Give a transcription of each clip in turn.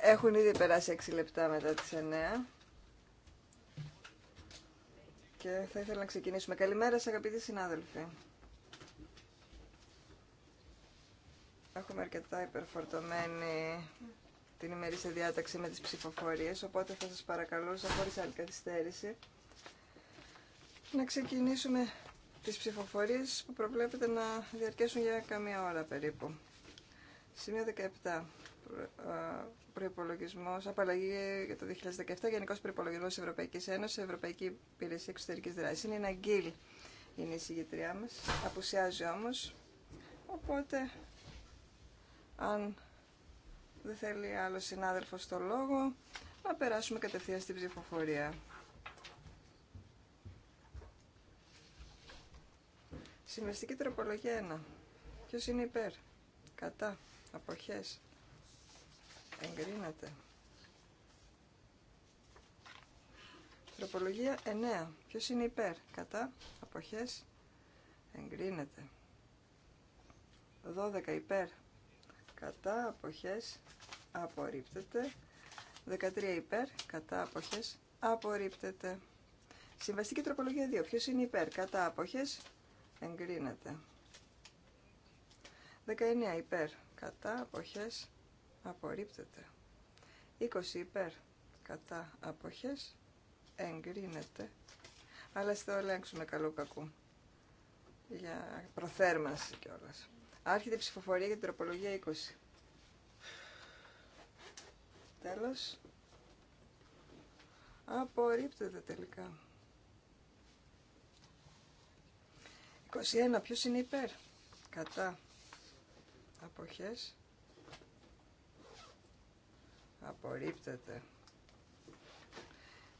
Έχουν ήδη περάσει 6 λεπτά μετά τις 9. Και θα ήθελα να ξεκινήσουμε. Καλημέρα σας αγαπητοί συνάδελφοι. Έχουμε αρκετά υπερφορτωμένη την ημερήσια διάταξη με τις ψηφοφορίες, οπότε θα σας παρακαλούσα χωρίς άλλη καθυστέρηση να ξεκινήσουμε τις ψηφοφορίες που προβλέπετε να διαρκέσουν για καμία ώρα περίπου. Σημείο 17. Ε, προπολογισμό, απαλλαγή για το 2017, Γενικό Προπολογισμό τη Ευρωπαϊκή Ένωση, Ευρωπαϊκή Υπηρεσία Εξωτερική Δράση. Είναι η Ναγκίλ, είναι η συγγετριά μα. Απουσιάζει όμω. Οπότε, αν δεν θέλει άλλο συνάδελφο το λόγο, να περάσουμε κατευθείαν στην ψηφοφορία. Συμβαστική τροπολογία 1. Ποιος είναι υπέρ, κατά, αποχές, Εγκρίνεται. Τροπολογία 9. Ποιος είναι υπέρ. Κατά. Αποχές. Εγκρίνεται. 12 υπέρ. Κατά. Αποχές. Απορρίπτεται. 13 υπέρ. Κατά. Αποχές. Απορρίπτεται. Συμβαστική τροπολογία 2. Ποιος είναι υπέρ. Κατά. Αποχές. Εγκρίνεται. 19 υπέρ. Κατά. Αποχές απορρίπτεται. 20 υπέρ κατά αποχές εγκρίνεται. Αλλά ας το ελέγξουμε καλό κακού. Για προθέρμανση κιόλα. Άρχεται η ψηφοφορία για την τροπολογία 20. Τέλος. Απορρίπτεται τελικά. 21. Ποιος είναι υπέρ. Κατά. Αποχές απορρίπτεται.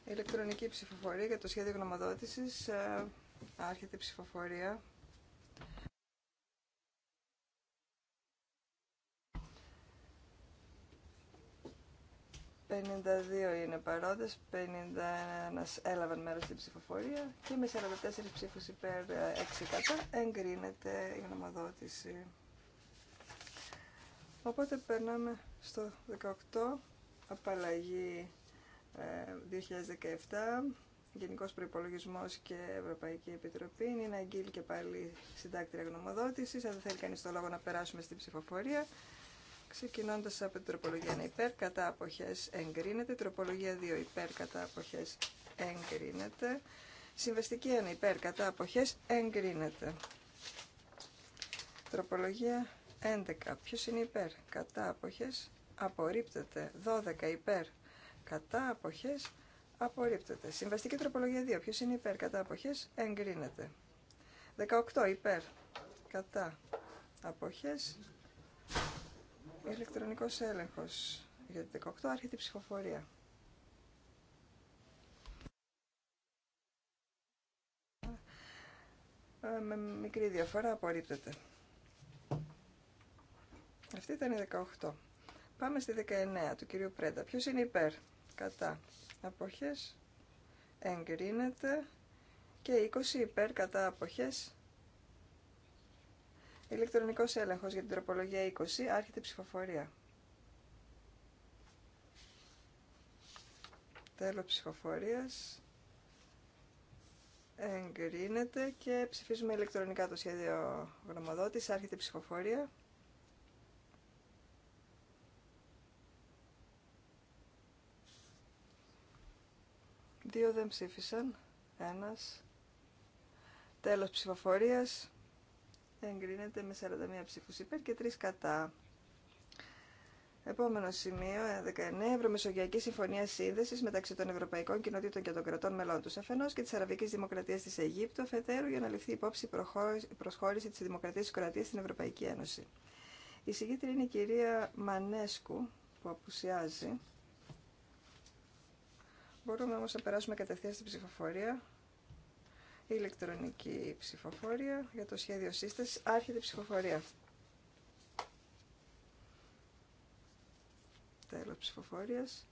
Ηλεκτρονική ψηφοφορία για το σχέδιο γνωμοδότησης. Ε, άρχεται η ψηφοφορία. ...52 είναι παρόντες, 51 έλαβαν μέρος στην ψηφοφορία και με 44 ψήφους υπέρ 6 ε, κατά εγκρίνεται η γνωμοδότηση. Οπότε περνάμε στο 18 απαλλαγή 2017, ε, Γενικός Προϋπολογισμός και Ευρωπαϊκή Επιτροπή. Είναι η και πάλι συντάκτρια γνωμοδότηση. Αν δεν θέλει κανείς το λόγο να περάσουμε στην ψηφοφορία. ξεκινώντα από την τροπολογία 1 υπέρ, κατά αποχέ εγκρίνεται. Τροπολογία 2 υπέρ, κατά αποχέ εγκρίνεται. Συμβαστική 1 υπέρ, κατά αποχέ εγκρίνεται. Τροπολογία 11. Ποιο είναι υπέρ, κατά αποχές απορρίπτεται. 12 υπέρ κατά αποχέ. απορρίπτεται. Συμβαστική τροπολογία 2. Ποιο είναι υπέρ κατά αποχές εγκρίνεται. 18 υπέρ κατά απόχέ. ηλεκτρονικός έλεγχος για το 18 άρχεται η ψηφοφορία. Ε, με μικρή διαφορά απορρίπτεται. Αυτή ήταν η 18. Πάμε στη 19 του κυρίου Πρέντα. Ποιο είναι υπέρ. Κατά. Αποχές. Εγκρίνεται. Και 20 υπέρ κατά αποχές. Ηλεκτρονικός έλεγχος για την τροπολογία 20. Άρχεται η ψηφοφορία. Τέλος ψηφοφορίας. Εγκρίνεται και ψηφίζουμε ηλεκτρονικά το σχέδιο γνωμοδότης. Άρχεται η ψηφοφορία. Δύο δεν ψήφισαν. Ένας. Τέλος ψηφοφορίας. Εγκρίνεται με 41 ψήφους υπέρ και 3 κατά. Επόμενο σημείο, 19. Ευρωμεσογειακή Συμφωνία Σύνδεση μεταξύ των Ευρωπαϊκών Κοινοτήτων και των κρατών μελών του αφενό και τη Αραβική Δημοκρατία τη Αιγύπτου αφετέρου για να ληφθεί υπόψη η προσχώρηση τη Δημοκρατία τη Κροατία στην Ευρωπαϊκή Ένωση. Η συγκίτρια είναι η κυρία Μανέσκου που απουσιάζει. Μπορούμε όμως να περάσουμε κατευθείαν στην ψηφοφορία. Η ηλεκτρονική ψηφοφορία για το σχέδιο σύστασης. Άρχεται η ψηφοφορία. Τέλος ψηφοφορίας.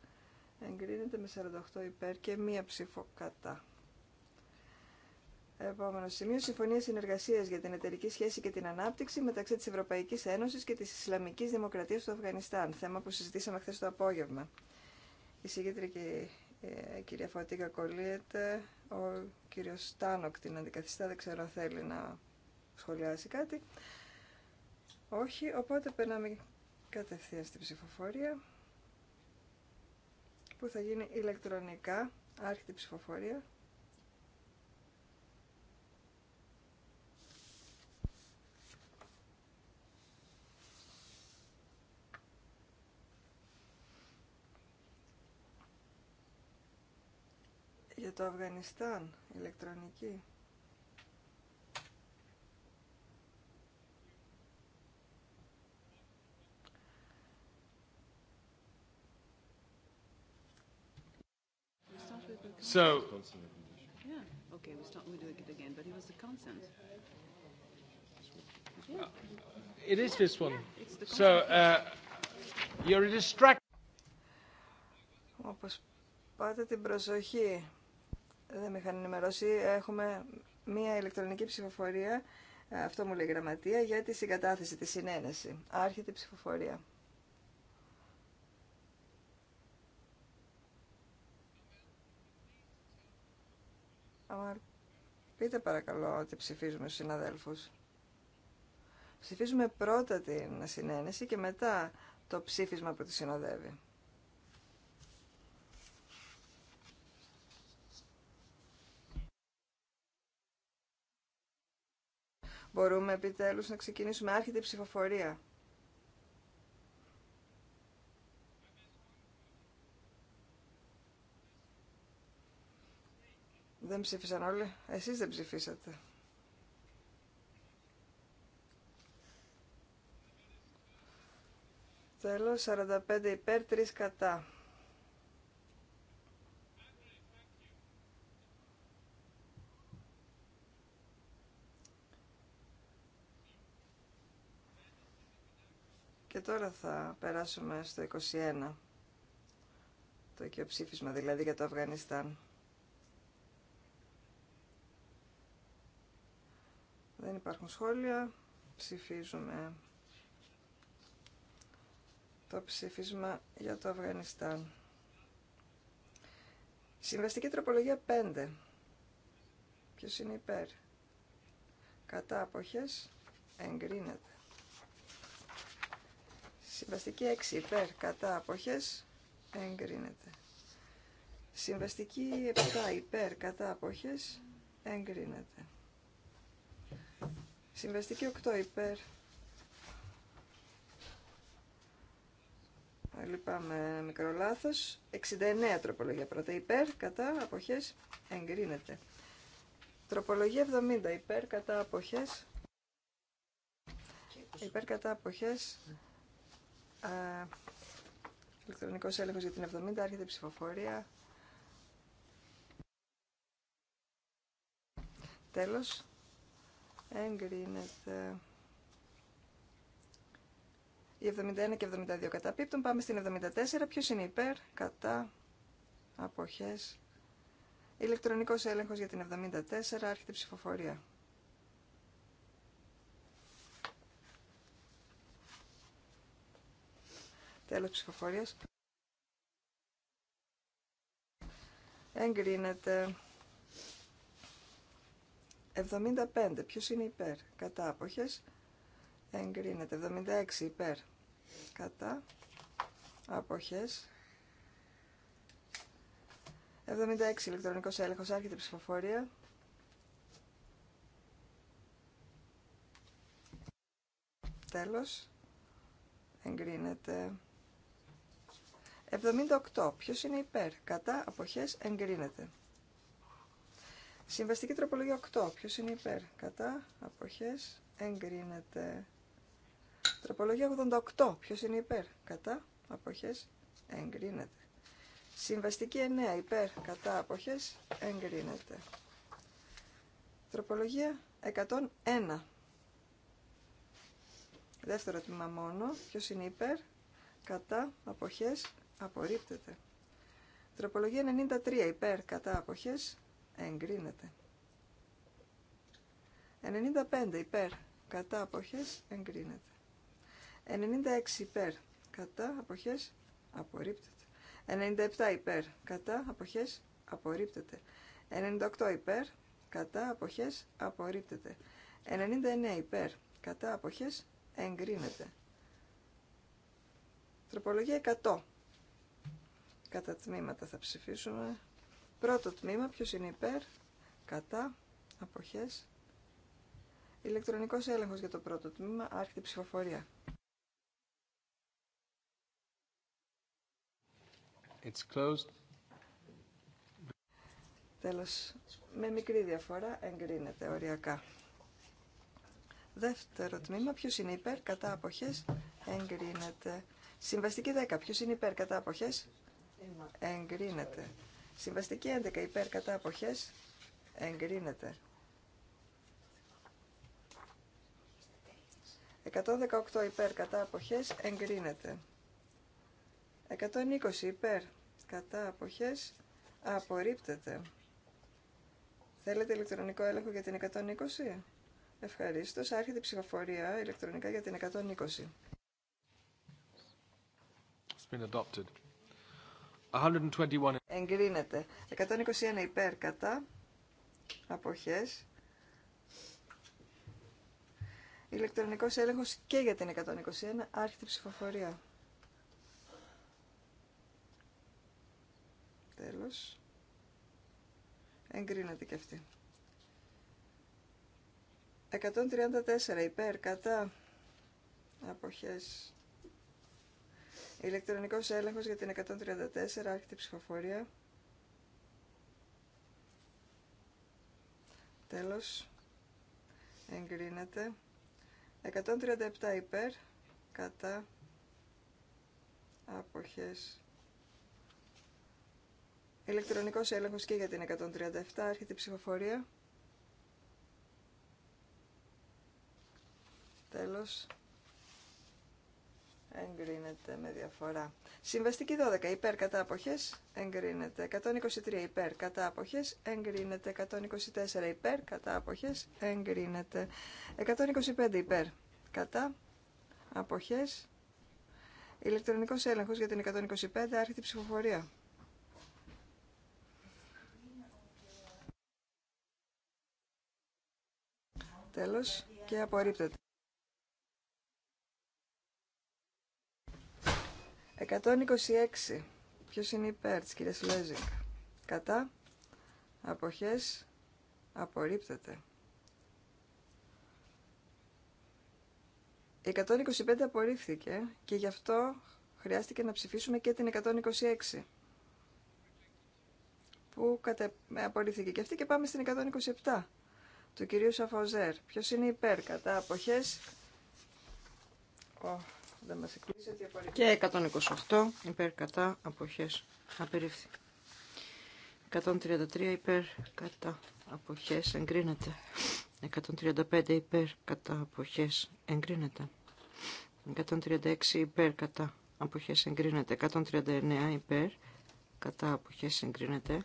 Εγκρίνεται με 48 υπέρ και μία ψηφοκατά. κατά. Επόμενο σημείο, Συμφωνία Συνεργασία για την Εταιρική Σχέση και την Ανάπτυξη μεταξύ τη Ευρωπαϊκή Ένωση και τη Ισλαμική Δημοκρατία του Αφγανιστάν. Θέμα που συζητήσαμε χθε το απόγευμα. Η η ε, κυρία Φωτίκα κολλείεται. Ο κύριος Στάνοκ την αντικαθιστά, δεν ξέρω θέλει να σχολιάσει κάτι. Όχι, οπότε περνάμε κατευθείαν στην ψηφοφορία που θα γίνει ηλεκτρονικά, άρχιτη ψηφοφορία. το Αφγανιστάν, ηλεκτρονική. So. Yeah. Okay. We start. We do it again. But it was the consent. Yeah. It is this one. Yeah, So uh, you're a distracted. Όπως πάτε την προσοχή δεν με είχαν ενημερώσει, έχουμε μία ηλεκτρονική ψηφοφορία, αυτό μου λέει η γραμματεία, για τη συγκατάθεση, τη συνένεση. Άρχεται η ψηφοφορία. Πείτε παρακαλώ ότι ψηφίζουμε στους συναδέλφους. Ψηφίζουμε πρώτα την συνένεση και μετά το ψήφισμα που τη συνοδεύει. Μπορούμε επιτέλους να ξεκινήσουμε. Άρχεται ψηφοφορία. Δεν ψήφισαν όλοι. Εσείς δεν ψηφίσατε. Τέλος, 45 υπέρ, 3 κατά. τώρα θα περάσουμε στο 21, το ψήφισμα δηλαδή για το Αφγανιστάν. Δεν υπάρχουν σχόλια, ψηφίζουμε το ψήφισμα για το Αφγανιστάν. Συμβαστική τροπολογία 5. Ποιος είναι υπέρ. Κατά αποχές εγκρίνεται. Συμβαστική 6 υπέρ κατά αποχές εγκρίνεται. Συμβαστική 7 υπέρ κατά αποχές εγκρίνεται. Συμβαστική 8 υπέρ. Λυπάμαι μικρό λάθος. 69 τροπολογία πρώτα υπέρ κατά αποχές εγκρίνεται. Τροπολογία 70 υπέρ κατά αποχές υπέρ κατά αποχές Ηλεκτρονικό ηλεκτρονικός έλεγχος για την 70, άρχεται η ψηφοφορία. Τέλος, εγκρίνεται. η 71 και 72 καταπίπτουν. Πάμε στην 74. Ποιος είναι υπέρ, κατά, αποχές. Ηλεκτρονικός έλεγχος για την 74, άρχεται η ψηφοφορία. Τέλος ψηφοφορίας. Εγκρίνεται. 75. Ποιος είναι υπέρ. Κατά αποχές. Εγκρίνεται. 76. Υπέρ. Κατά αποχές. 76. Ηλεκτρονικός έλεγχος. Άρχεται ψηφοφορία. Τέλος. Εγκρίνεται. 78. Ποιο είναι υπέρ. Κατά αποχέ, εγκρίνεται. Συμβαστική τροπολογία 8. Ποιο είναι υπέρ. Κατά αποχέ, εγκρίνεται. Τροπολογία 88. Ποιο είναι υπέρ. Κατά αποχέ, εγκρίνεται. Συμβαστική 9. Υπέρ. Κατά αποχέ, εγκρίνεται. Τροπολογία 101. Δεύτερο τμήμα μόνο. Ποιο είναι υπέρ. Κατά αποχές Απορρίπτεται. Τροπολογία 93 υπέρ κατά αποχές εγκρίνεται. 95 υπέρ κατά αποχές εγκρίνεται. 96 υπέρ κατά αποχές απορρίπτεται. 97 υπέρ κατά αποχές απορρίπτεται. 98 υπέρ κατά αποχές απορρίπτεται. 99 υπέρ κατά αποχές εγκρίνεται. Τροπολογία 100 Κατά τμήματα θα ψηφίσουμε. Πρώτο τμήμα, ποιος είναι υπέρ, κατά, αποχές. Ηλεκτρονικός έλεγχος για το πρώτο τμήμα, άρχιτη ψηφοφορία. It's Τέλος, με μικρή διαφορά εγκρίνεται οριακά. Δεύτερο τμήμα, ποιος είναι υπέρ, κατά, αποχές, εγκρίνεται. Συμβαστική 10, ποιος είναι υπέρ, κατά, αποχές, εγκρίνεται. Συμβαστική 11 υπέρ κατά αποχές εγκρίνεται. 118 υπέρ κατά αποχές εγκρίνεται. 120 υπέρ κατά αποχές απορρίπτεται. Θέλετε ηλεκτρονικό έλεγχο για την 120? Ευχαρίστω. Άρχεται η ψηφοφορία ηλεκτρονικά για την 120. It's been adopted. 121. Εγκρίνεται. 121 υπέρ κατά. Αποχές. Ηλεκτρονικός έλεγχος και για την 121. άρχιτη ψηφοφορία. Τέλος. Εγκρίνεται και αυτή. 134 υπέρ κατά. Αποχές. Ηλεκτρονικός έλεγχος για την 134, άρχεται ψηφοφορία. Τέλος. Εγκρίνεται. 137 υπέρ, κατά αποχές. Ηλεκτρονικός έλεγχος και για την 137, άρχεται ψηφοφορία. Τέλος εγκρίνεται με διαφορά. Συμβαστική 12 υπέρ κατά αποχές εγκρίνεται. 123 υπέρ κατά αποχές εγκρίνεται. 124 υπέρ κατά αποχές εγκρίνεται. 125 υπέρ κατά αποχές. Ηλεκτρονικός έλεγχος για την 125 άρχεται ψηφοφορία. Τέλος και απορρίπτεται. 126. Ποιος είναι υπέρ της κυρίας Λέζικ. Κατά. Αποχές. Απορρίπτεται. 125 απορρίφθηκε και γι' αυτό χρειάστηκε να ψηφίσουμε και την 126 που κατα... απορρίφθηκε και αυτή και πάμε στην 127 του κυρίου Σαφοζέρ. Ποιος είναι υπέρ κατά αποχές. Oh. Δεν Και 128 υπέρ κατά αποχές απερίφθη. 133 υπέρ κατά αποχές εγκρίνεται. 135 υπέρ κατά αποχές εγκρίνεται. 136 υπέρ κατά αποχές εγκρίνεται. 139 υπέρ κατά αποχές εγκρίνεται.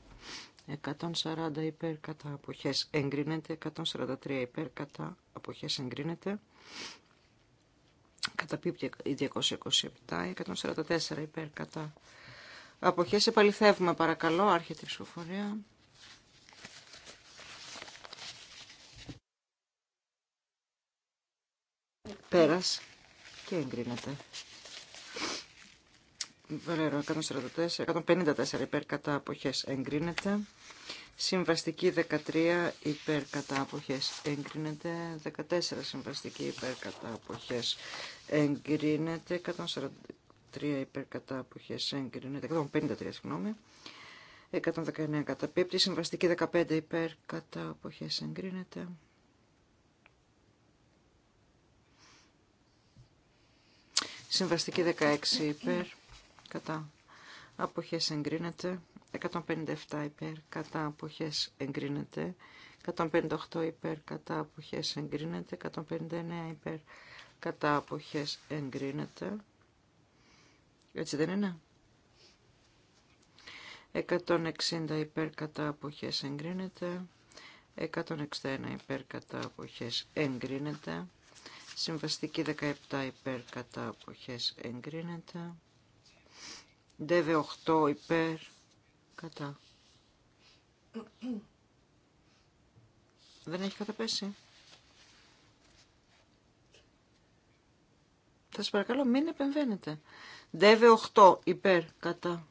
140 υπέρ κατά αποχές εγκρίνεται, 143 υπέρ κατά αποχές εγκρίνεται, Καταπίπτει η 227, 144 υπέρ κατά. Αποχές επαληθεύουμε παρακαλώ, άρχεται η ψηφοφορία. Πέρας και εγκρίνεται. 154 υπέρ κατά αποχές εγκρίνεται. Συμβαστική 13 υπέρ κατά εγκρίνεται. 14 συμβαστική υπέρ κατά εγκρίνεται. 143 υπέρ κατά εγκρίνεται. 153 συγγνώμη. 119 κατά Συμβαστική 15 υπέρ κατά αποχές εγκρίνεται. 16 υπέρ κατά αποχές εγκρίνεται. 157 υπέρ κατά αποχές εγκρίνεται, 158 υπέρ κατά αποχές εγκρίνεται, 159 υπέρ κατά αποχές εγκρίνεται. Έτσι δεν είναι. 160 υπέρ κατά αποχές εγκρίνεται, 161 υπέρ κατά αποχές εγκρίνεται, συμβαστική 17 υπέρ κατά αποχές εγκρίνεται, ΔΕΒΕ 8 υπέρ Κατά. Δεν έχει καταπέσει. Θα σας παρακαλώ μην επεμβαίνετε. Δεύε 8 υπέρ κατά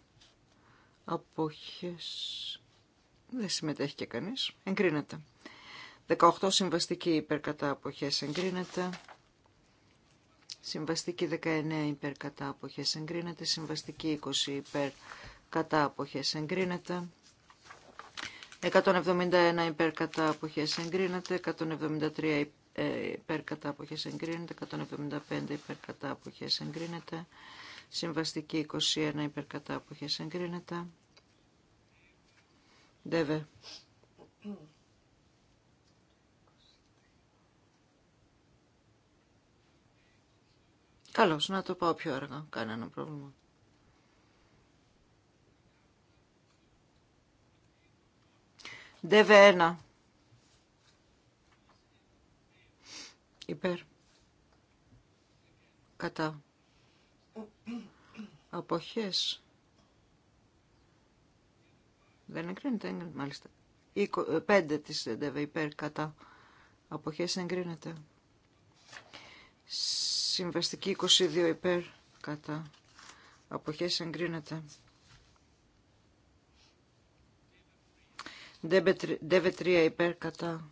αποχές. Δεν συμμετέχει και κανείς. Εγκρίνεται. 18 συμβαστική υπέρ κατά αποχές εγκρίνεται. Συμβαστική 19 υπέρ κατά αποχές εγκρίνεται. Συμβαστική 20 υπέρ κατά αποχές εγκρίνεται. 171 υπέρ κατά αποχές εγκρίνεται, 173 ε, υπέρ κατά αποχές εγκρίνεται, 175 υπέρ κατά αποχές εγκρίνεται, συμβαστική 21 υπέρ κατά αποχές εγκρίνεται. Δεύε. Καλώς, να το πάω πιο αργά, κανένα πρόβλημα. DV1. Υπέρ. Κατά. Αποχές. Δεν εγκρίνεται, μάλιστα. Ε, πέντε της ΔΕΒΕ υπέρ κατά. Αποχές εγκρίνεται. Συμβαστική 22 υπέρ κατά. Αποχές εγκρίνεται. Δεβετρία 3 υπέρ κατά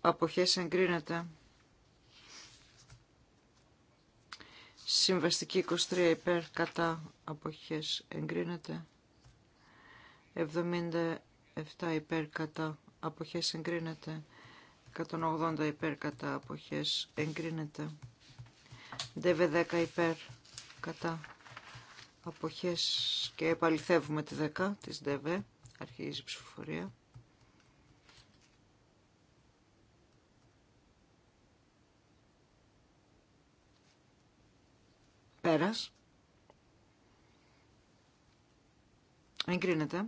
αποχές εγκρίνεται. Συμβαστική 23 υπέρ κατά αποχές εγκρίνεται. 77 υπέρ κατά αποχές εγκρίνεται. 180 υπέρ κατά αποχές Δεβε ΔΒ10 υπέρ κατά αποχές και επαληθεύουμε τη 10 της ΔΕΒΕ. Αρχίζει η ψηφοφορία. Πέρας. Εγκρίνεται.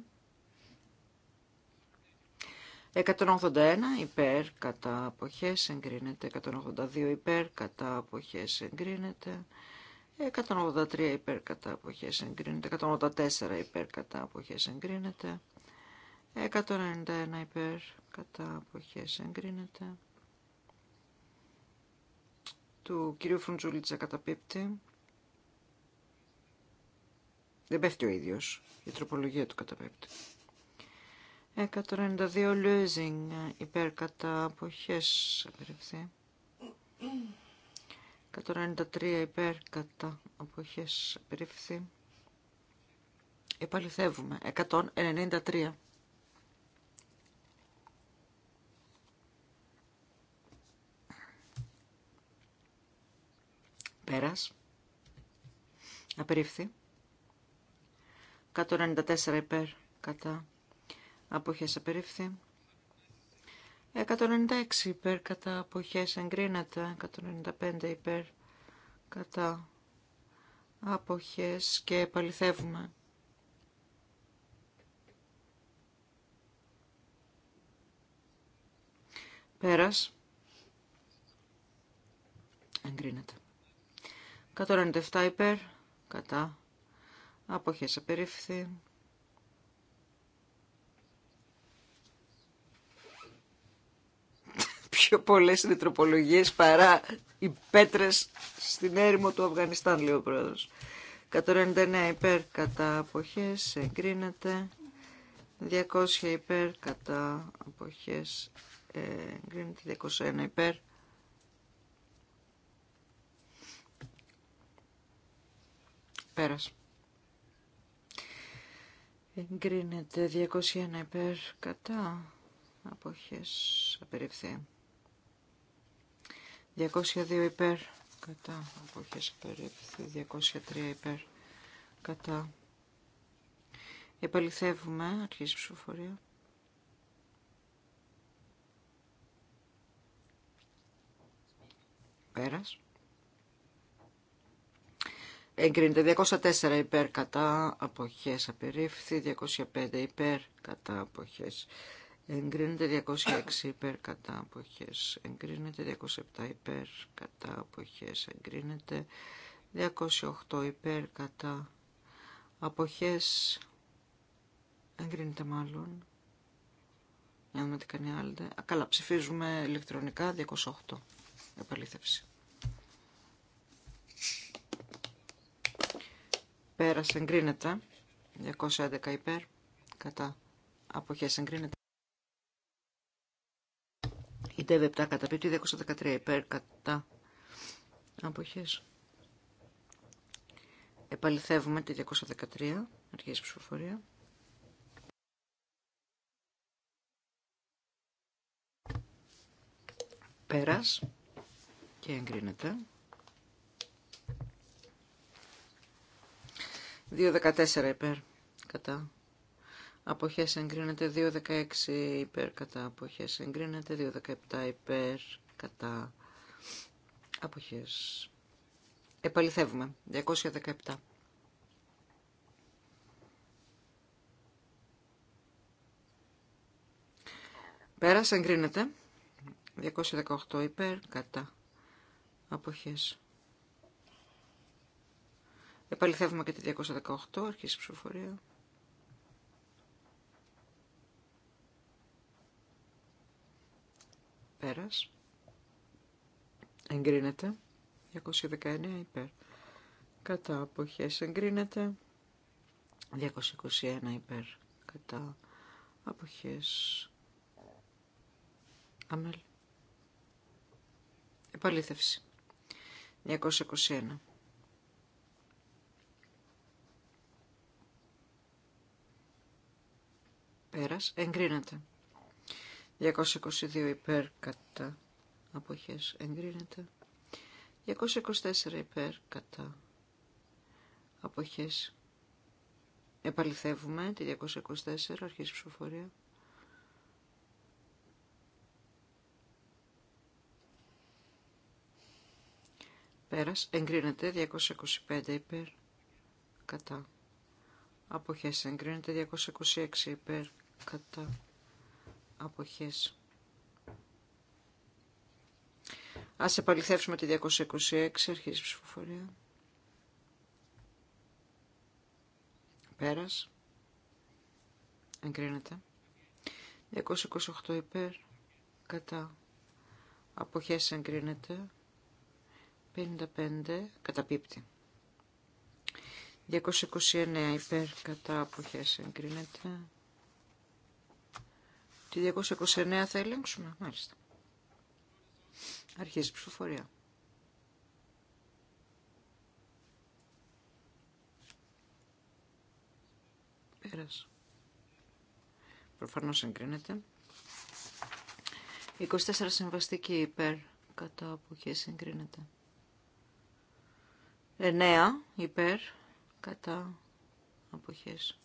181 υπέρ κατά αποχές εγκρίνεται, 182 υπέρ κατά αποχές εγκρίνεται, 183 υπέρ κατά αποχές εγκρίνεται, 184 υπέρ κατά αποχές εγκρίνεται, 191 υπέρ κατά αποχές εγκρίνεται του κυρίου Φρουντζούλητσα καταπίπτει δεν πέφτει ο ίδιος η τροπολογία του καταπίπτει 192 losing υπέρ κατά αποχές απεριφθεί 193 υπέρ κατά αποχές απεριφθεί επαληθεύουμε 193 Πέρας. Απερίφθη. 194 υπέρ κατά αποχές απερίφθη. 196 υπέρ κατά αποχές εγκρίνεται. 195 υπέρ κατά αποχές και επαληθεύουμε. Πέρας. Εγκρίνεται. 197 υπέρ, κατά, αποχές απερίφθη. Πιο πολλές είναι παρά οι πέτρες στην έρημο του Αφγανιστάν, λέει ο πρόεδρος. 199 υπέρ κατά αποχές εγκρίνεται. 200 υπέρ κατά αποχές εγκρίνεται. 201 υπέρ Πέρας. Εγκρίνεται 201 υπέρ κατά αποχές απεριφθεί. 202 υπέρ κατά αποχές απεριφθεί. 203 υπέρ κατά. Επαληθεύουμε, αρχίζει η ψηφοφορία. Πέρας. Εγκρίνεται 204 υπέρ κατά αποχές απερίφθη, 205 υπέρ κατά αποχές. Εγκρίνεται 206 υπέρ κατά αποχές. Εγκρίνεται 207 υπέρ κατά αποχές. Εγκρίνεται 208 υπέρ κατά αποχές. Εγκρίνεται μάλλον. να δούμε τι κάνει άλλη. Καλά, ψηφίζουμε ηλεκτρονικά 208. Επαλήθευση. πέρας εγκρίνεται 211 υπέρ κατά αποχές εγκρίνεται η ΤΕΒ 7 καταπίπτει 213 υπέρ κατά αποχές επαληθεύουμε τη 213 αρχής ψηφοφορία πέρας και εγκρίνεται 2.14 υπέρ κατά αποχές εγκρίνεται 2.16 υπέρ κατά αποχές εγκρίνεται 2.17 υπέρ κατά αποχές επαληθεύουμε 217 Πέρας εγκρίνεται 218 υπέρ κατά αποχές Επαληθεύουμε και τη 218, αρχής ψηφοφορία. Πέρας. Εγκρίνεται. 219 υπέρ. Κατά αποχές εγκρίνεται. 221 υπέρ. Κατά αποχές. Αμέλ. Επαλήθευση. 221. Πέρας. Εγκρίνεται. 222 υπέρ κατά αποχές. Εγκρίνεται. 224 υπέρ κατά αποχές. Επαληθεύουμε τη 224 αρχής ψηφοφορία. Πέρας εγκρίνεται 225 υπέρ κατά. Αποχές εγκρίνεται 226 υπέρ κατά αποχές. Ας επαληθεύσουμε τη 226, αρχίζει ψηφοφορία. Πέρας. Εγκρίνεται. 228 υπέρ, κατά αποχές εγκρίνεται. 55 καταπίπτει. 229 υπέρ κατά αποχές εγκρίνεται. Τη 229 θα ελέγξουμε. Μάλιστα. Αρχίζει η ψηφοφορία. Πέρασε. Προφανώς εγκρίνεται. 24 συμβαστική υπέρ κατά αποχές συγκρίνεται. 9 υπέρ κατά αποχές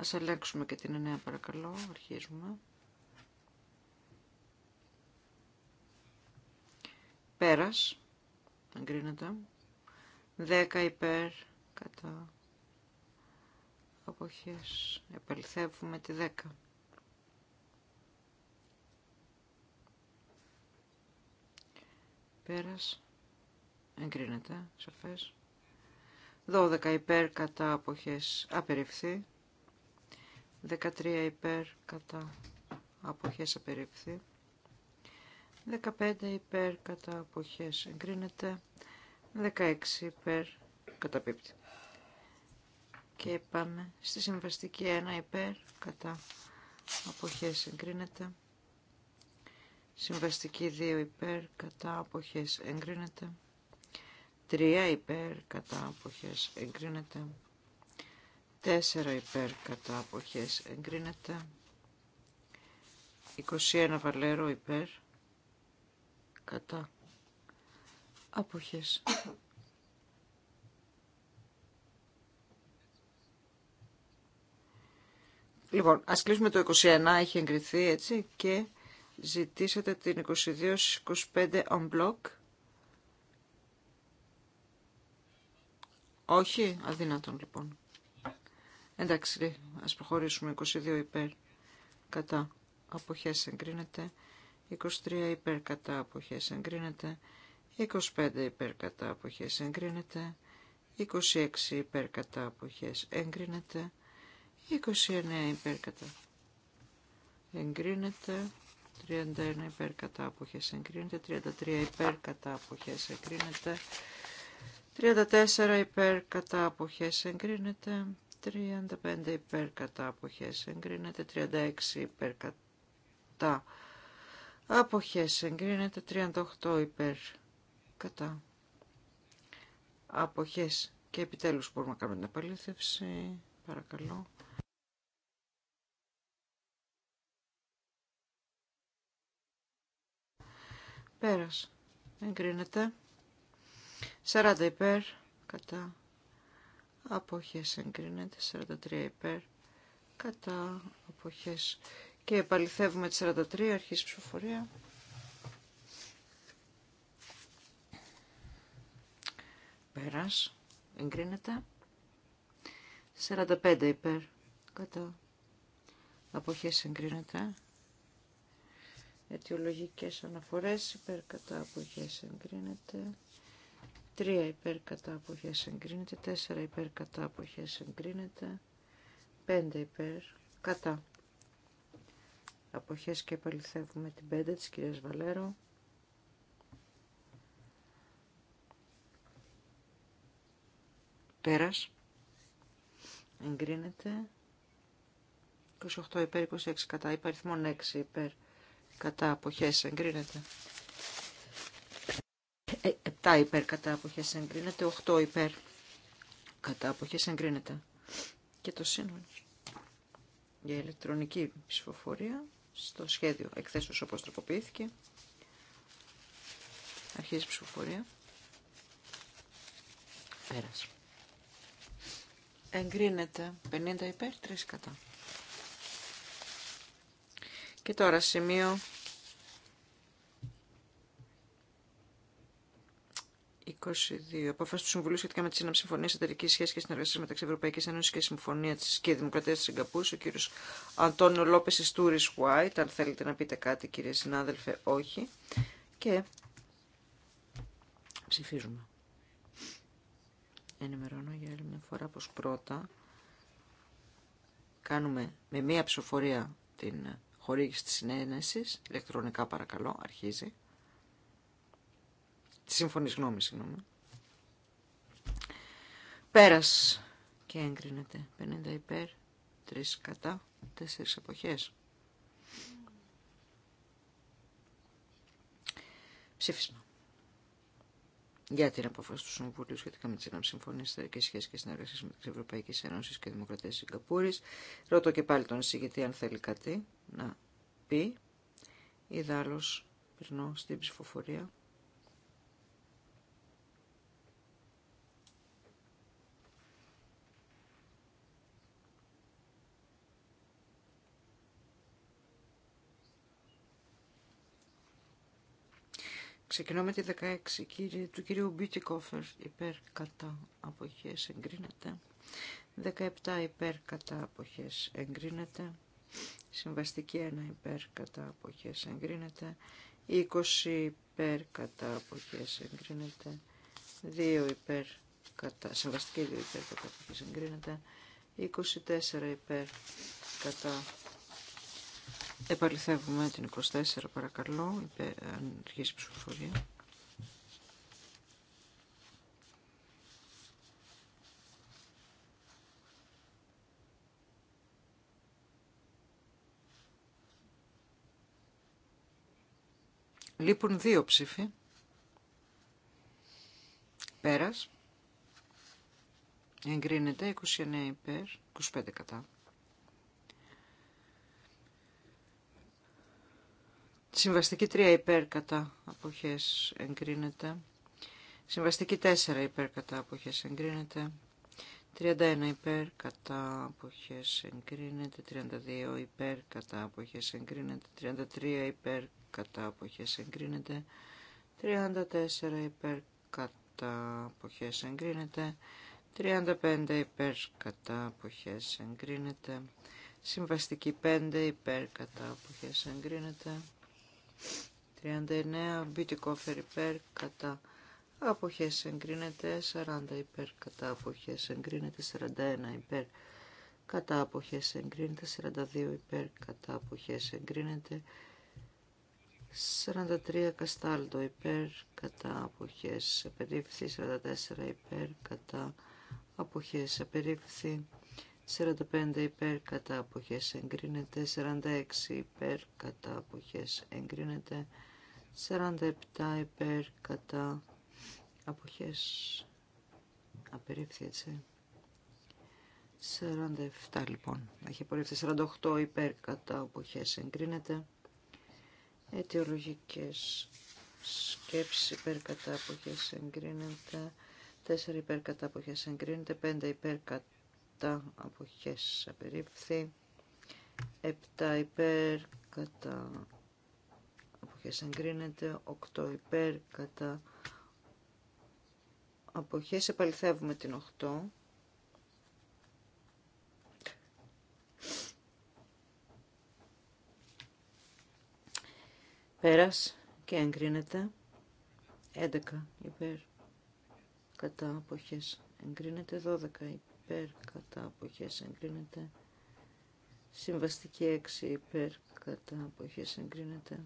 Ας αλλάξουμε και την 9 παρακαλώ. Αρχίζουμε. Πέρας. Εγκρίνεται. 10 υπέρ κατά αποχές. Επαληθεύουμε τη 10. Πέρας. Εγκρίνεται. Σαφές. 12 υπέρ κατά αποχές. Απεριφθεί. 13 υπέρ κατά αποχές απερίφθη. 15 υπέρ κατά αποχές εγκρίνεται. 16 υπέρ καταπίπτει. Και πάμε στη συμβαστική 1 υπέρ κατά αποχές εγκρίνεται. Συμβαστική 2 υπέρ κατά αποχές εγκρίνεται. 3 υπέρ κατά αποχές εγκρίνεται. 4 υπέρ κατά αποχές εγκρίνεται. 21 βαλέρο υπέρ κατά αποχές. Λοιπόν, ας κλείσουμε το 21, έχει εγκριθεί έτσι και ζητήσατε την 22-25 on block. Όχι, αδύνατον λοιπόν. Εντάξει, ας προχωρήσουμε. 22 υπέρ κατά αποχές εγκρίνεται. 23 υπέρ κατά αποχές εγκρίνεται. 25 υπέρ κατά αποχές εγκρίνεται. 26 υπέρ κατά αποχές εγκρίνεται. 29 υπέρ κατά εγκρίνεται. 31 υπέρ κατά αποχές εγκρίνεται. 33 υπέρ κατά αποχές εγκρίνεται. 34 υπέρ κατά αποχές εγκρίνεται. 35 υπέρ κατά αποχές εγκρίνεται, 36 υπέρ κατά αποχές εγκρίνεται, 38 υπέρ κατά αποχές και επιτέλους μπορούμε να κάνουμε την επαλήθευση. Παρακαλώ. Πέρας. Εγκρίνεται. 40 υπέρ κατά αποχές εγκρίνεται 43 υπέρ κατά αποχές και επαληθεύουμε τη 43 αρχής ψηφοφορία πέρας εγκρίνεται 45 υπέρ κατά αποχές εγκρίνεται αιτιολογικές αναφορές υπέρ κατά αποχές εγκρίνεται 3 υπέρ κατά αποχές εγκρίνεται, 4 υπέρ κατά αποχές εγκρίνεται, 5 υπέρ κατά αποχές και επαληθεύουμε την 5 της κυρίας Βαλέρο. Πέρας. Εγκρίνεται. 28 υπέρ, 26 κατά. Υπαριθμόν 6 υπέρ κατά αποχές εγκρίνεται. 7 υπέρ κατά εγκρίνεται, 8 υπέρ κατά αποχές εγκρίνεται. Και το σύνολο για ηλεκτρονική ψηφοφορία στο σχέδιο εκθέσεως όπως τροποποιήθηκε. Αρχίζει η ψηφοφορία. Πέρασε. Εγκρίνεται 50 υπέρ, 3 κατά. Και τώρα σημείο 22. Απόφαση του Συμβουλίου σχετικά με τη σύναψη συμφωνία εταιρική σχέση και συνεργασία μεταξύ Ευρωπαϊκή Ένωση και Συμφωνία της και Δημοκρατία τη Σιγκαπούρη. Ο κύριο Αντώνιο Λόπε Ιστούρη Χουάιτ. Αν θέλετε να πείτε κάτι, κύριε συνάδελφε, όχι. Και ψηφίζουμε. Ενημερώνω για άλλη μια φορά πω πρώτα κάνουμε με μία ψηφοφορία την χορήγηση τη συνένεση. ηλεκτρονικά παρακαλώ, αρχίζει. Τη σύμφωνη γνώμη, συγγνώμη. Πέρας και έγκρινεται. 50 υπέρ, 3 κατά, 4 εποχές. Ψήφισμα. Για την απόφαση του Συμβουλίου σχετικά με τι ενάμει συμφωνίε εταιρική σχέσει και με μεταξύ Ευρωπαϊκή Ένωση και Δημοκρατία Σιγκαπούρη. Ρωτώ και πάλι τον εισηγητή αν θέλει κάτι να πει. Ιδάλω περνώ στην ψηφοφορία. Ξεκινώ με τη 16 κύριε, του κυρίου Μπίτικοφερ υπέρ κατά αποχές εγκρίνεται. 17 υπέρ κατά αποχές εγκρίνεται. Συμβαστική 1 υπέρ κατά αποχές εγκρίνεται. 20 υπέρ κατά αποχές εγκρίνεται. 2 υπέρ κατά, συμβαστική 2 υπέρ κατά αποχές εγκρίνεται. 24 υπέρ κατά Επαληθεύουμε την 24 παρακαλώ, αν αρχίσει η ψηφοφορία. Λείπουν δύο ψήφοι. Πέρας. Εγκρίνεται 29 υπέρ, 25 κατά. Συμβαστική 3 υπέρ κατά αποχές εγκρίνεται. Συμβαστική 4 υπέρ κατά αποχές εγκρίνεται. 31 υπέρ αποχές εγκρίνεται. 32 υπέρκατα κατά αποχές εγκρίνεται. 33 υπέρκατα κατά αποχές εγκρίνεται. 34 υπέρ κατά αποχές εγκρίνεται. 35 υπέρκατα κατά αποχές εγκρίνεται. Συμβαστική 5 υπέρ κατά αποχές εγκρίνεται. 39 μπιτικόφερ υπέρ κατά αποχές εγκρίνεται 40 υπέρ κατά αποχές εγκρίνεται 41 υπέρ κατά αποχές εγκρίνεται 42 υπέρ κατά αποχές εγκρίνεται 43 καστάλτο υπέρ κατά αποχές απερίφθη 44 υπέρ κατά αποχές απερίφθη 45 υπέρ κατά αποχές εγκρίνεται, 46 υπέρ κατά αποχές εγκρίνεται, 47 υπέρ κατά αποχές απερίφθη έτσι. 47 λοιπόν, έχει απορρίφθει 48 υπέρ κατά αποχές εγκρίνεται, αιτιολογικές σκέψεις υπέρ κατά αποχές εγκρίνεται, 4 υπέρ κατά αποχές εγκρίνεται, 5 υπέρ κατά κατά αποχές απερίφθη 7 υπέρ κατά αποχές εγκρίνεται 8 υπέρ κατά αποχές επαληθεύουμε την 8 Πέρας και εγκρίνεται 11 υπέρ κατά αποχές εγκρίνεται 12 υπέρ υπέρ κατά αποχές εγκρίνεται. Συμβαστική 6 υπέρ κατά αποχές εγκρίνεται.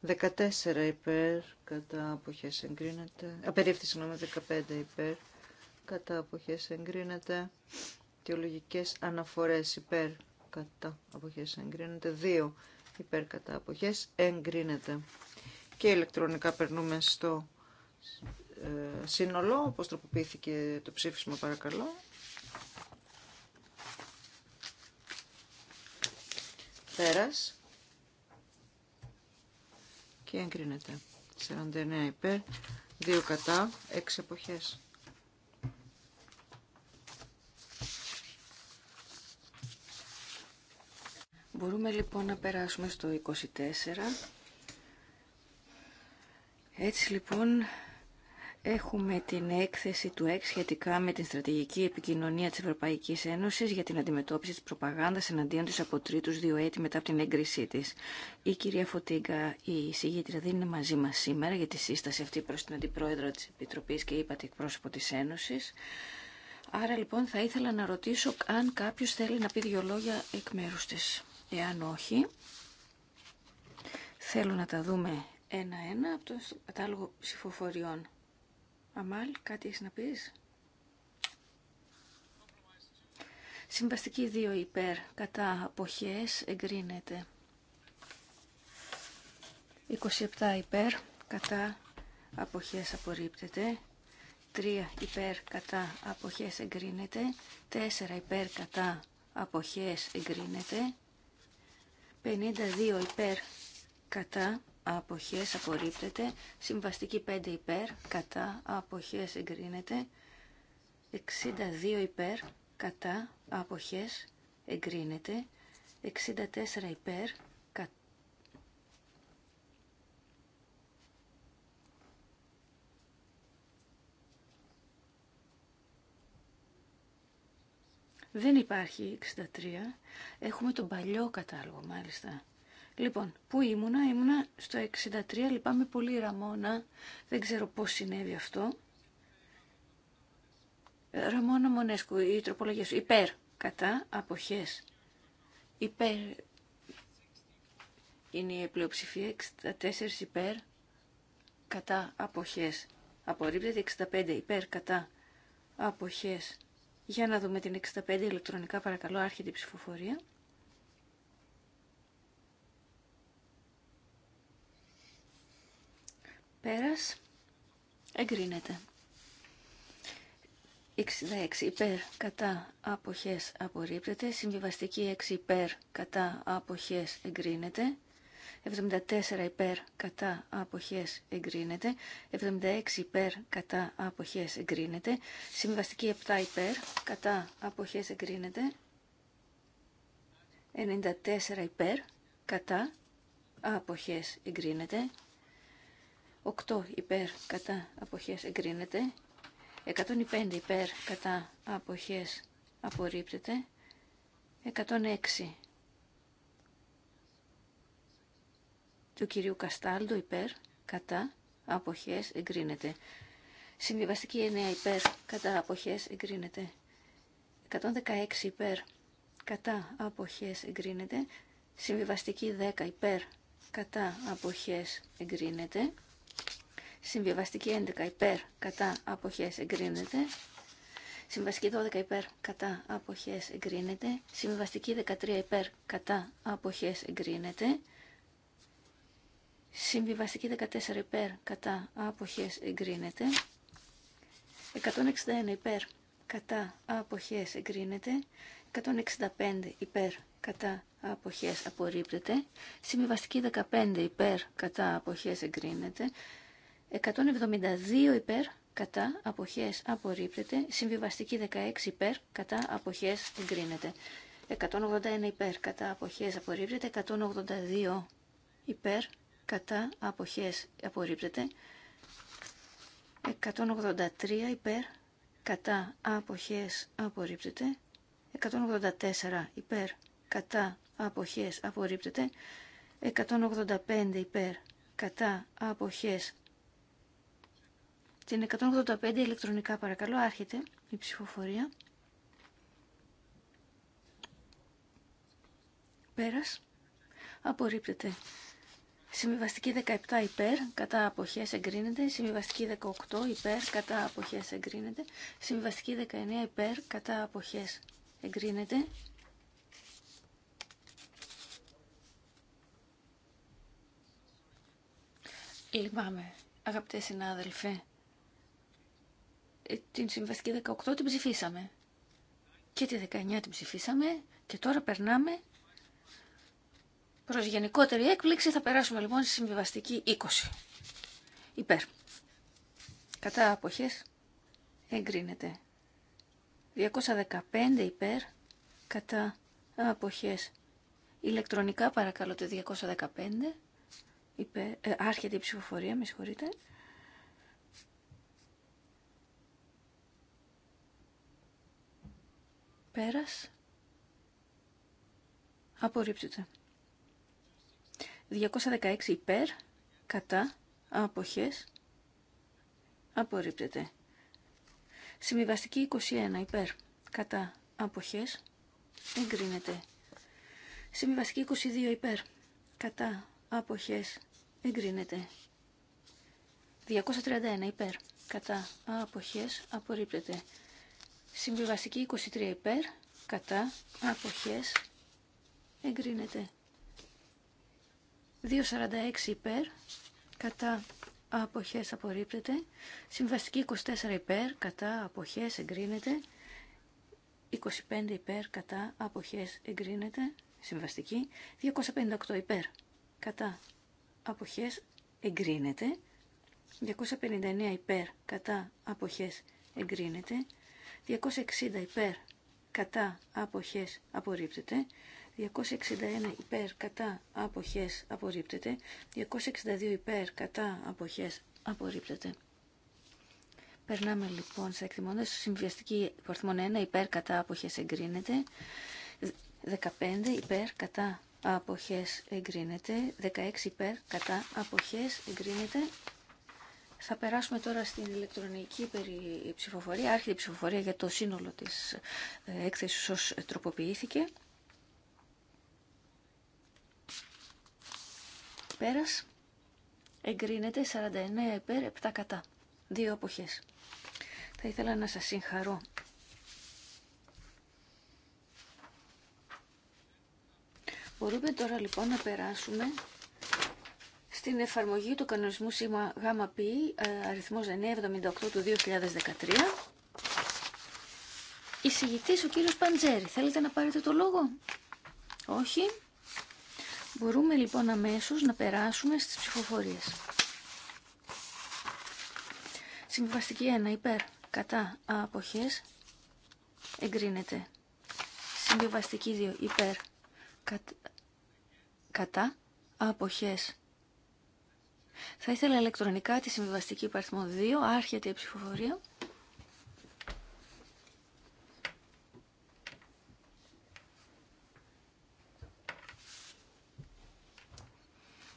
Δεκατέσσερα υπέρ κατά αποχές εγκρίνεται. Απερίφθη συγγνώμη, 15 υπέρ κατά αποχές εγκρίνεται. Τιολογικές αναφορές υπέρ κατά αποχές εγκρίνεται. 2 υπέρ κατά αποχές εγκρίνεται και ηλεκτρονικά περνούμε στο ε, σύνολο, όπως τροποποιήθηκε το ψήφισμα παρακαλώ. Πέρας. Και εγκρίνεται. 49 υπέρ, 2 κατά, 6 εποχές. Μπορούμε λοιπόν να περάσουμε στο 24. Έτσι λοιπόν έχουμε την έκθεση του ΕΚ σχετικά με την στρατηγική επικοινωνία της Ευρωπαϊκής Ένωσης για την αντιμετώπιση της προπαγάνδας εναντίον της από τρίτους δύο έτη μετά από την έγκρισή της. Η κυρία Φωτίγκα, η συγγήτρια, δεν είναι μαζί μας σήμερα για τη σύσταση αυτή προς την Αντιπρόεδρο της Επιτροπής και είπατε εκπρόσωπο της Ένωσης. Άρα λοιπόν θα ήθελα να ρωτήσω αν κάποιο θέλει να πει δύο λόγια εκ μέρους της. Εάν όχι, θέλω να τα δούμε ένα-ένα από το κατάλογο ψηφοφοριών. Αμάλ, κάτι έχεις να πεις? Συμβαστική 2 υπέρ κατά αποχές εγκρίνεται. 27 υπέρ κατά αποχές απορρίπτεται. 3 υπέρ κατά αποχές εγκρίνεται. 4 υπέρ κατά αποχές εγκρίνεται. 52 υπέρ κατά αποχές απορρίπτεται. Συμβαστική 5 υπέρ, κατά, αποχές εγκρίνεται. 62 υπέρ, κατά, αποχές εγκρίνεται. 64 υπέρ, Δεν υπάρχει 63. Έχουμε τον παλιό κατάλογο μάλιστα. Λοιπόν, πού ήμουνα, ήμουνα στο 63, λυπάμαι πολύ Ραμόνα, δεν ξέρω πώς συνέβη αυτό. Ραμόνα Μονέσκου, η τροπολογία σου, υπέρ, κατά, αποχές, υπέρ, είναι η πλειοψηφία, 64 υπέρ, κατά, αποχές, απορρίπτεται 65 υπέρ, κατά, αποχές. Για να δούμε την 65 ηλεκτρονικά παρακαλώ, άρχεται η ψηφοφορία. Πέρας. Εγκρίνεται. 66 υπέρ κατά αποχές απορρίπτεται. Συμβιβαστική 6 υπέρ κατά αποχές εγκρίνεται. 74 υπέρ κατά αποχές εγκρίνεται. 76 υπέρ κατά αποχές εγκρίνεται. Συμβιβαστική 7 υπέρ κατά αποχές εγκρίνεται. 94 υπέρ κατά αποχές εγκρίνεται. 8 υπέρ κατά αποχές εγκρίνεται. 105 υπέρ κατά αποχές απορρίπτεται. 106 του κυρίου Καστάλντο υπέρ κατά αποχές εγκρίνεται. Συμβιβαστική 9 υπέρ κατά αποχές εγκρίνεται. 116 υπέρ κατά αποχές εγκρίνεται. Συμβιβαστική 10 υπέρ κατά αποχές εγκρίνεται. Συμβιβαστική 11 υπέρ κατά αποχές εγκρίνεται. Συμβαστική 12 υπέρ κατά αποχές εγκρίνεται. Συμβιβαστική 13 υπέρ κατά αποχές εγκρίνεται. Συμβιβαστική 14 υπέρ κατά αποχές εγκρίνεται. 161 υπέρ κατά αποχές εγκρίνεται. 165 υπέρ κατά αποχές απορρίπτεται. Συμβιβαστική 15 υπέρ κατά αποχές εγκρίνεται. 172 υπέρ κατά αποχές απορρίπτεται. Συμβιβαστική 16 υπέρ κατά αποχές εγκρίνεται. 181 υπέρ κατά αποχές απορρίπτεται. 182 υπέρ κατά αποχές απορρίπτεται. 183 υπέρ κατά αποχές απορρίπτεται. 184 υπέρ κατά αποχές απορρίπτεται. 185 υπέρ κατά αποχές στην 185 ηλεκτρονικά παρακαλώ, άρχεται η ψηφοφορία. Πέρας. Απορρίπτεται. Συμβιβαστική 17 υπέρ, κατά αποχές εγκρίνεται. Συμβιβαστική 18 υπέρ, κατά αποχές εγκρίνεται. Συμβιβαστική 19 υπέρ, κατά αποχές εγκρίνεται. Λυπάμαι, αγαπητέ συνάδελφε. Ε, την συμβαστική 18 την ψηφίσαμε. Και τη 19 την ψηφίσαμε και τώρα περνάμε προς γενικότερη έκπληξη. Θα περάσουμε λοιπόν στη συμβιβαστική 20. Υπέρ. Κατά αποχές εγκρίνεται. 215 υπέρ κατά αποχές. Ηλεκτρονικά παρακαλώ το 215. Υπέρ, ε, άρχεται η ψηφοφορία, με συγχωρείτε. Πέρας. Απορρίπτεται. 216 υπέρ, κατά, αποχές. Απορρίπτεται. Συμβιβαστική 21 υπέρ, κατά, αποχές. Εγκρίνεται. Συμβιβαστική 22 υπέρ, κατά, αποχές. Εγκρίνεται. 231 υπέρ, κατά, αποχές. Απορρίπτεται. Συμβιβαστική 23 υπέρ, κατά, αποχές, εγκρίνεται. 2.46 υπέρ, κατά, αποχές απορρίπτεται. Συμβιβαστική 24 υπέρ, κατά, αποχές, εγκρίνεται. 25 υπέρ, κατά, αποχές, εγκρίνεται. Συμβαστική 258 υπέρ, κατά, αποχές, εγκρίνεται. 259 υπέρ, κατά, αποχές, εγκρίνεται. 260 υπέρ κατά αποχές απορρίπτεται. 261 υπέρ κατά αποχές απορρίπτεται. 262 υπέρ κατά αποχές απορρίπτεται. Περνάμε λοιπόν σε εκτιμώντας. Συμβιαστική υπορθμόν 1 υπέρ κατά αποχές εγκρίνεται. 15 υπέρ κατά αποχές εγκρίνεται. 16 υπέρ κατά αποχές εγκρίνεται. Θα περάσουμε τώρα στην ηλεκτρονική ψηφοφορία, άρχιτη ψηφοφορία για το σύνολο της ε, έκθεσης ως τροποποιήθηκε. Πέρας εγκρίνεται 49 επέρ 7 κατά. Δύο εποχές. Θα ήθελα να σας συγχαρώ. Μπορούμε τώρα λοιπόν να περάσουμε στην εφαρμογή του κανονισμού σήμα ΓΑΜΑΠΗ ε, αριθμός 978 του 2013. Εισηγητής ο κύριος Παντζέρη. Θέλετε να πάρετε το λόγο? Όχι. Μπορούμε λοιπόν αμέσως να περάσουμε στις ψηφοφορίες. Συμβαστική 1 υπέρ κατά αποχές εγκρίνεται. Συμβιβαστική 2 υπέρ κατα, κατά αποχές θα ήθελα ηλεκτρονικά τη συμβιβαστική υπαριθμό 2. Άρχεται η ψηφοφορία.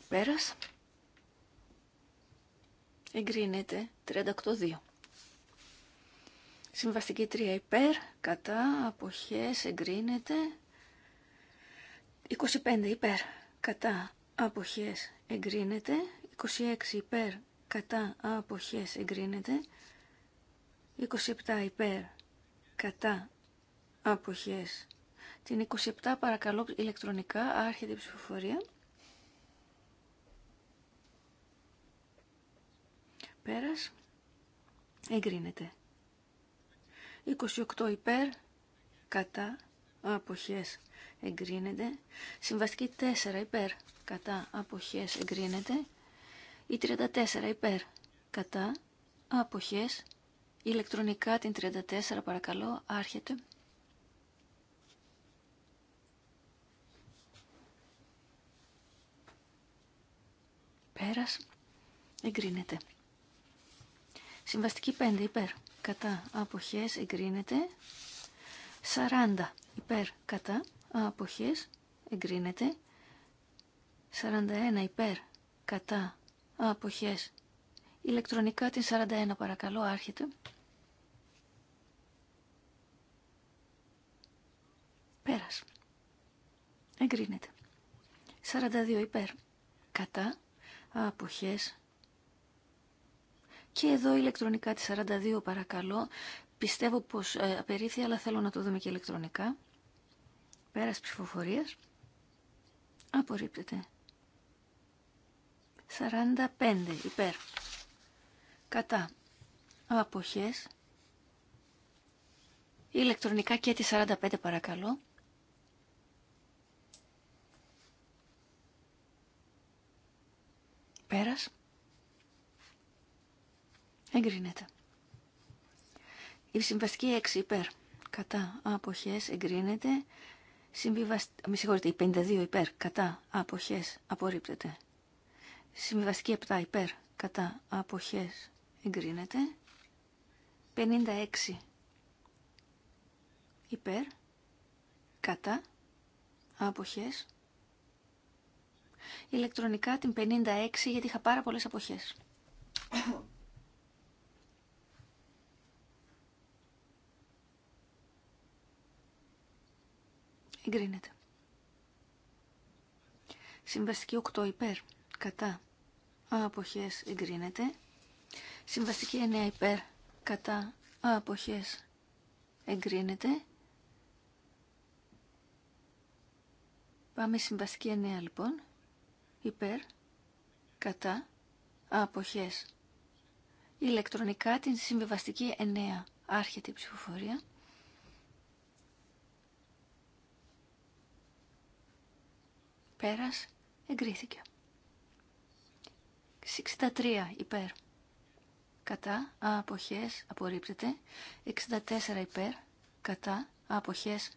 Πέρας. Εγκρίνεται 38-2. Συμβαστική 3 υπέρ, κατά, αποχές, εγκρίνεται. 25 υπέρ, κατά, αποχές, εγκρίνεται. 26 υπέρ κατά αποχές εγκρίνεται. 27 υπέρ κατά αποχές. Την 27 παρακαλώ ηλεκτρονικά άρχεται η ψηφοφορία. Πέρας. Εγκρίνεται. 28 υπέρ κατά αποχές εγκρίνεται. Συμβαστική 4 υπέρ κατά αποχές εγκρίνεται. Η 34 υπέρ. Κατά. Αποχές. Ηλεκτρονικά την 34 παρακαλώ. Άρχεται. Πέρας. Εγκρίνεται. Συμβαστική 5 υπέρ. Κατά. Αποχές. Εγκρίνεται. 40 υπέρ. Κατά. Αποχές. Εγκρίνεται. 41 υπέρ. Κατά αποχές. Ηλεκτρονικά την 41 παρακαλώ, άρχεται. Πέρας. Εγκρίνεται. 42 υπέρ. Κατά. Αποχές. Και εδώ ηλεκτρονικά τη 42 παρακαλώ. Πιστεύω πως ε, αλλά θέλω να το δούμε και ηλεκτρονικά. Πέρας ψηφοφορίας. Απορρίπτεται. 45 υπέρ. Κατά. Αποχές. Ηλεκτρονικά και τη 45 παρακαλώ. Πέρας. Εγκρίνεται. Η συμβαστική 6 υπέρ. Κατά. Αποχές. Εγκρίνεται. Συμβιβασ... Με συγχωρείτε, η 52 υπέρ. Κατά. Αποχές. Απορρίπτεται. Συμβιβαστική 7 υπέρ κατά αποχές εγκρίνεται. 56 υπέρ κατά αποχές. Ηλεκτρονικά την 56 γιατί είχα πάρα πολλές αποχές. Εγκρίνεται. Συμβαστική 8 υπέρ κατά αποχές εγκρίνεται. Συμβαστική 9 υπέρ κατά αποχές εγκρίνεται. Πάμε συμβαστική ενέα λοιπόν. Υπέρ κατά αποχές. Ηλεκτρονικά την συμβιβαστική ενέα Άρχεται η ψηφοφορία. Πέρας εγκρίθηκε. 63 υπέρ. Κατά αποχές απορρίπτεται. 64 υπέρ. Κατά αποχές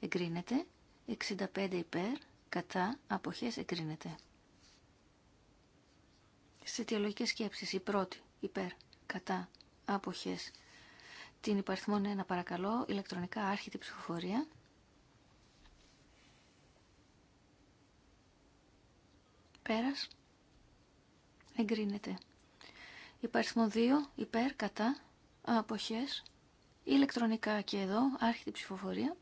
εγκρίνεται. 65 υπέρ. Κατά αποχές εγκρίνεται. Σε αιτιολογικές σκέψεις η πρώτη υπέρ. Κατά αποχές την υπαριθμόν να παρακαλώ ηλεκτρονικά άρχιτη ψηφοφορία. Πέρας εγκρίνεται. Υπάρχουν 2, υπέρ, κατά, αποχές, ηλεκτρονικά και εδώ, άρχιτη ψηφοφορία.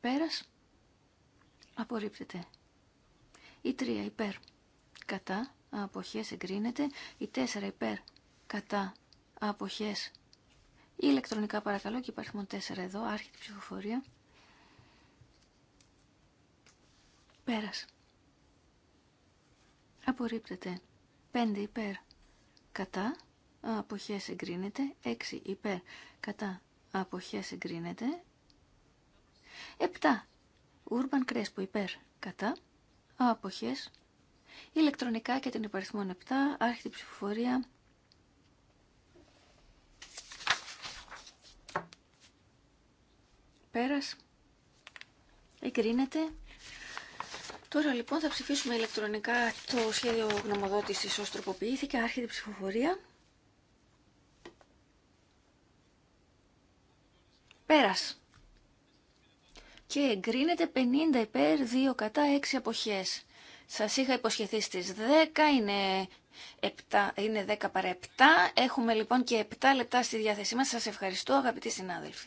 Πέρας, απορρίπτεται. Η 3, υπέρ, κατά, αποχές, εγκρίνεται. Η 4, υπέρ, κατά, αποχές, ηλεκτρονικά παρακαλώ και υπαριθμό 4 εδώ, άρχιτη ψηφοφορία. Πέρας. Απορρίπτεται. 5 υπέρ. Κατά. Αποχές εγκρίνεται. 6 υπέρ. Κατά. Αποχές εγκρίνεται. 7. Urban Crespo υπέρ. Κατά. Αποχές. Ηλεκτρονικά και την υπαριθμόν 7. Άρχιτη ψηφοφορία. Πέρας. Εγκρίνεται. Τώρα λοιπόν θα ψηφίσουμε ηλεκτρονικά το σχέδιο γνωμοδότησης ως τροποποιήθηκε, άρχεται η ψηφοφορία. Πέρας. Και εγκρίνεται 50 υπέρ, 2 κατά, 6 αποχές. Σας είχα υποσχεθεί στις 10, είναι 7, είναι 10 παρά 7. Έχουμε λοιπόν και 7 λεπτά στη διάθεσή μας. Σας ευχαριστώ αγαπητοί συνάδελφοι.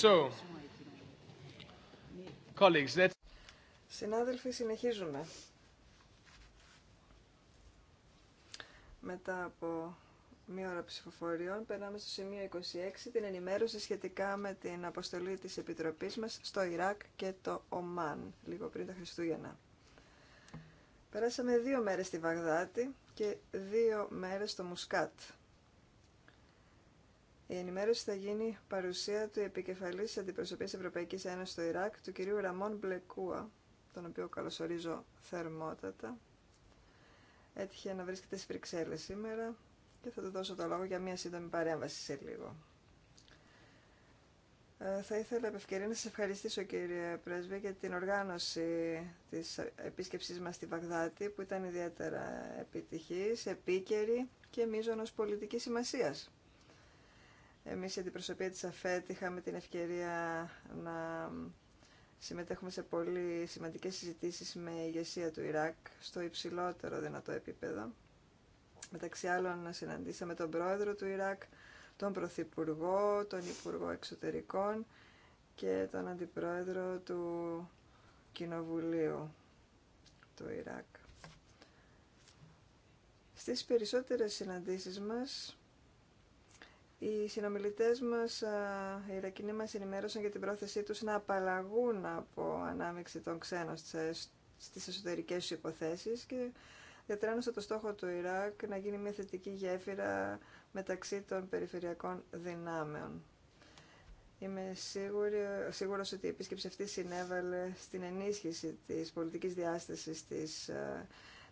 So, colleagues, let's... Συνάδελφοι, συνεχίζουμε. Μετά από μία ώρα ψηφοφοριών, περνάμε στο σημείο 26, την ενημέρωση σχετικά με την αποστολή της Επιτροπής μας στο Ιράκ και το Ομάν, λίγο πριν τα Χριστούγεννα. Περάσαμε δύο μέρες στη Βαγδάτη και δύο μέρες στο Μουσκάτ. Η ενημέρωση θα γίνει παρουσία του επικεφαλής αντιπροσωπείας Ευρωπαϊκής Ένωσης στο Ιράκ, του κυρίου Ραμόν Μπλεκούα, τον οποίο καλωσορίζω θερμότατα. Έτυχε να βρίσκεται στις Βρυξέλλες σήμερα και θα του δώσω το λόγο για μια σύντομη παρέμβαση σε λίγο. Ε, θα ήθελα επ' ευκαιρία να σας ευχαριστήσω κύριε Πρέσβη για την οργάνωση της επίσκεψής μας στη Βαγδάτη που ήταν ιδιαίτερα επιτυχής, επίκαιρη και μείζωνος πολιτικής σημασίας. Εμείς η αντιπροσωπεία της ΑΦΕΤ είχαμε την ευκαιρία να συμμετέχουμε σε πολύ σημαντικές συζητήσεις με ηγεσία του Ιράκ στο υψηλότερο δυνατό επίπεδο. Μεταξύ άλλων συναντήσαμε τον πρόεδρο του Ιράκ, τον πρωθυπουργό, τον υπουργό εξωτερικών και τον αντιπρόεδρο του Κοινοβουλίου του Ιράκ. Στις περισσότερες συναντήσεις μας οι συνομιλητέ μας, οι Ιρακινοί μα ενημέρωσαν για την πρόθεσή τους να απαλλαγούν από ανάμειξη των ξένων στις εσωτερικέ του υποθέσεις και διατρένωσε το στόχο του Ιράκ να γίνει μια θετική γέφυρα μεταξύ των περιφερειακών δυνάμεων. Είμαι σίγουρη, σίγουρος ότι η επίσκεψη αυτή συνέβαλε στην ενίσχυση της πολιτικής διάστασης της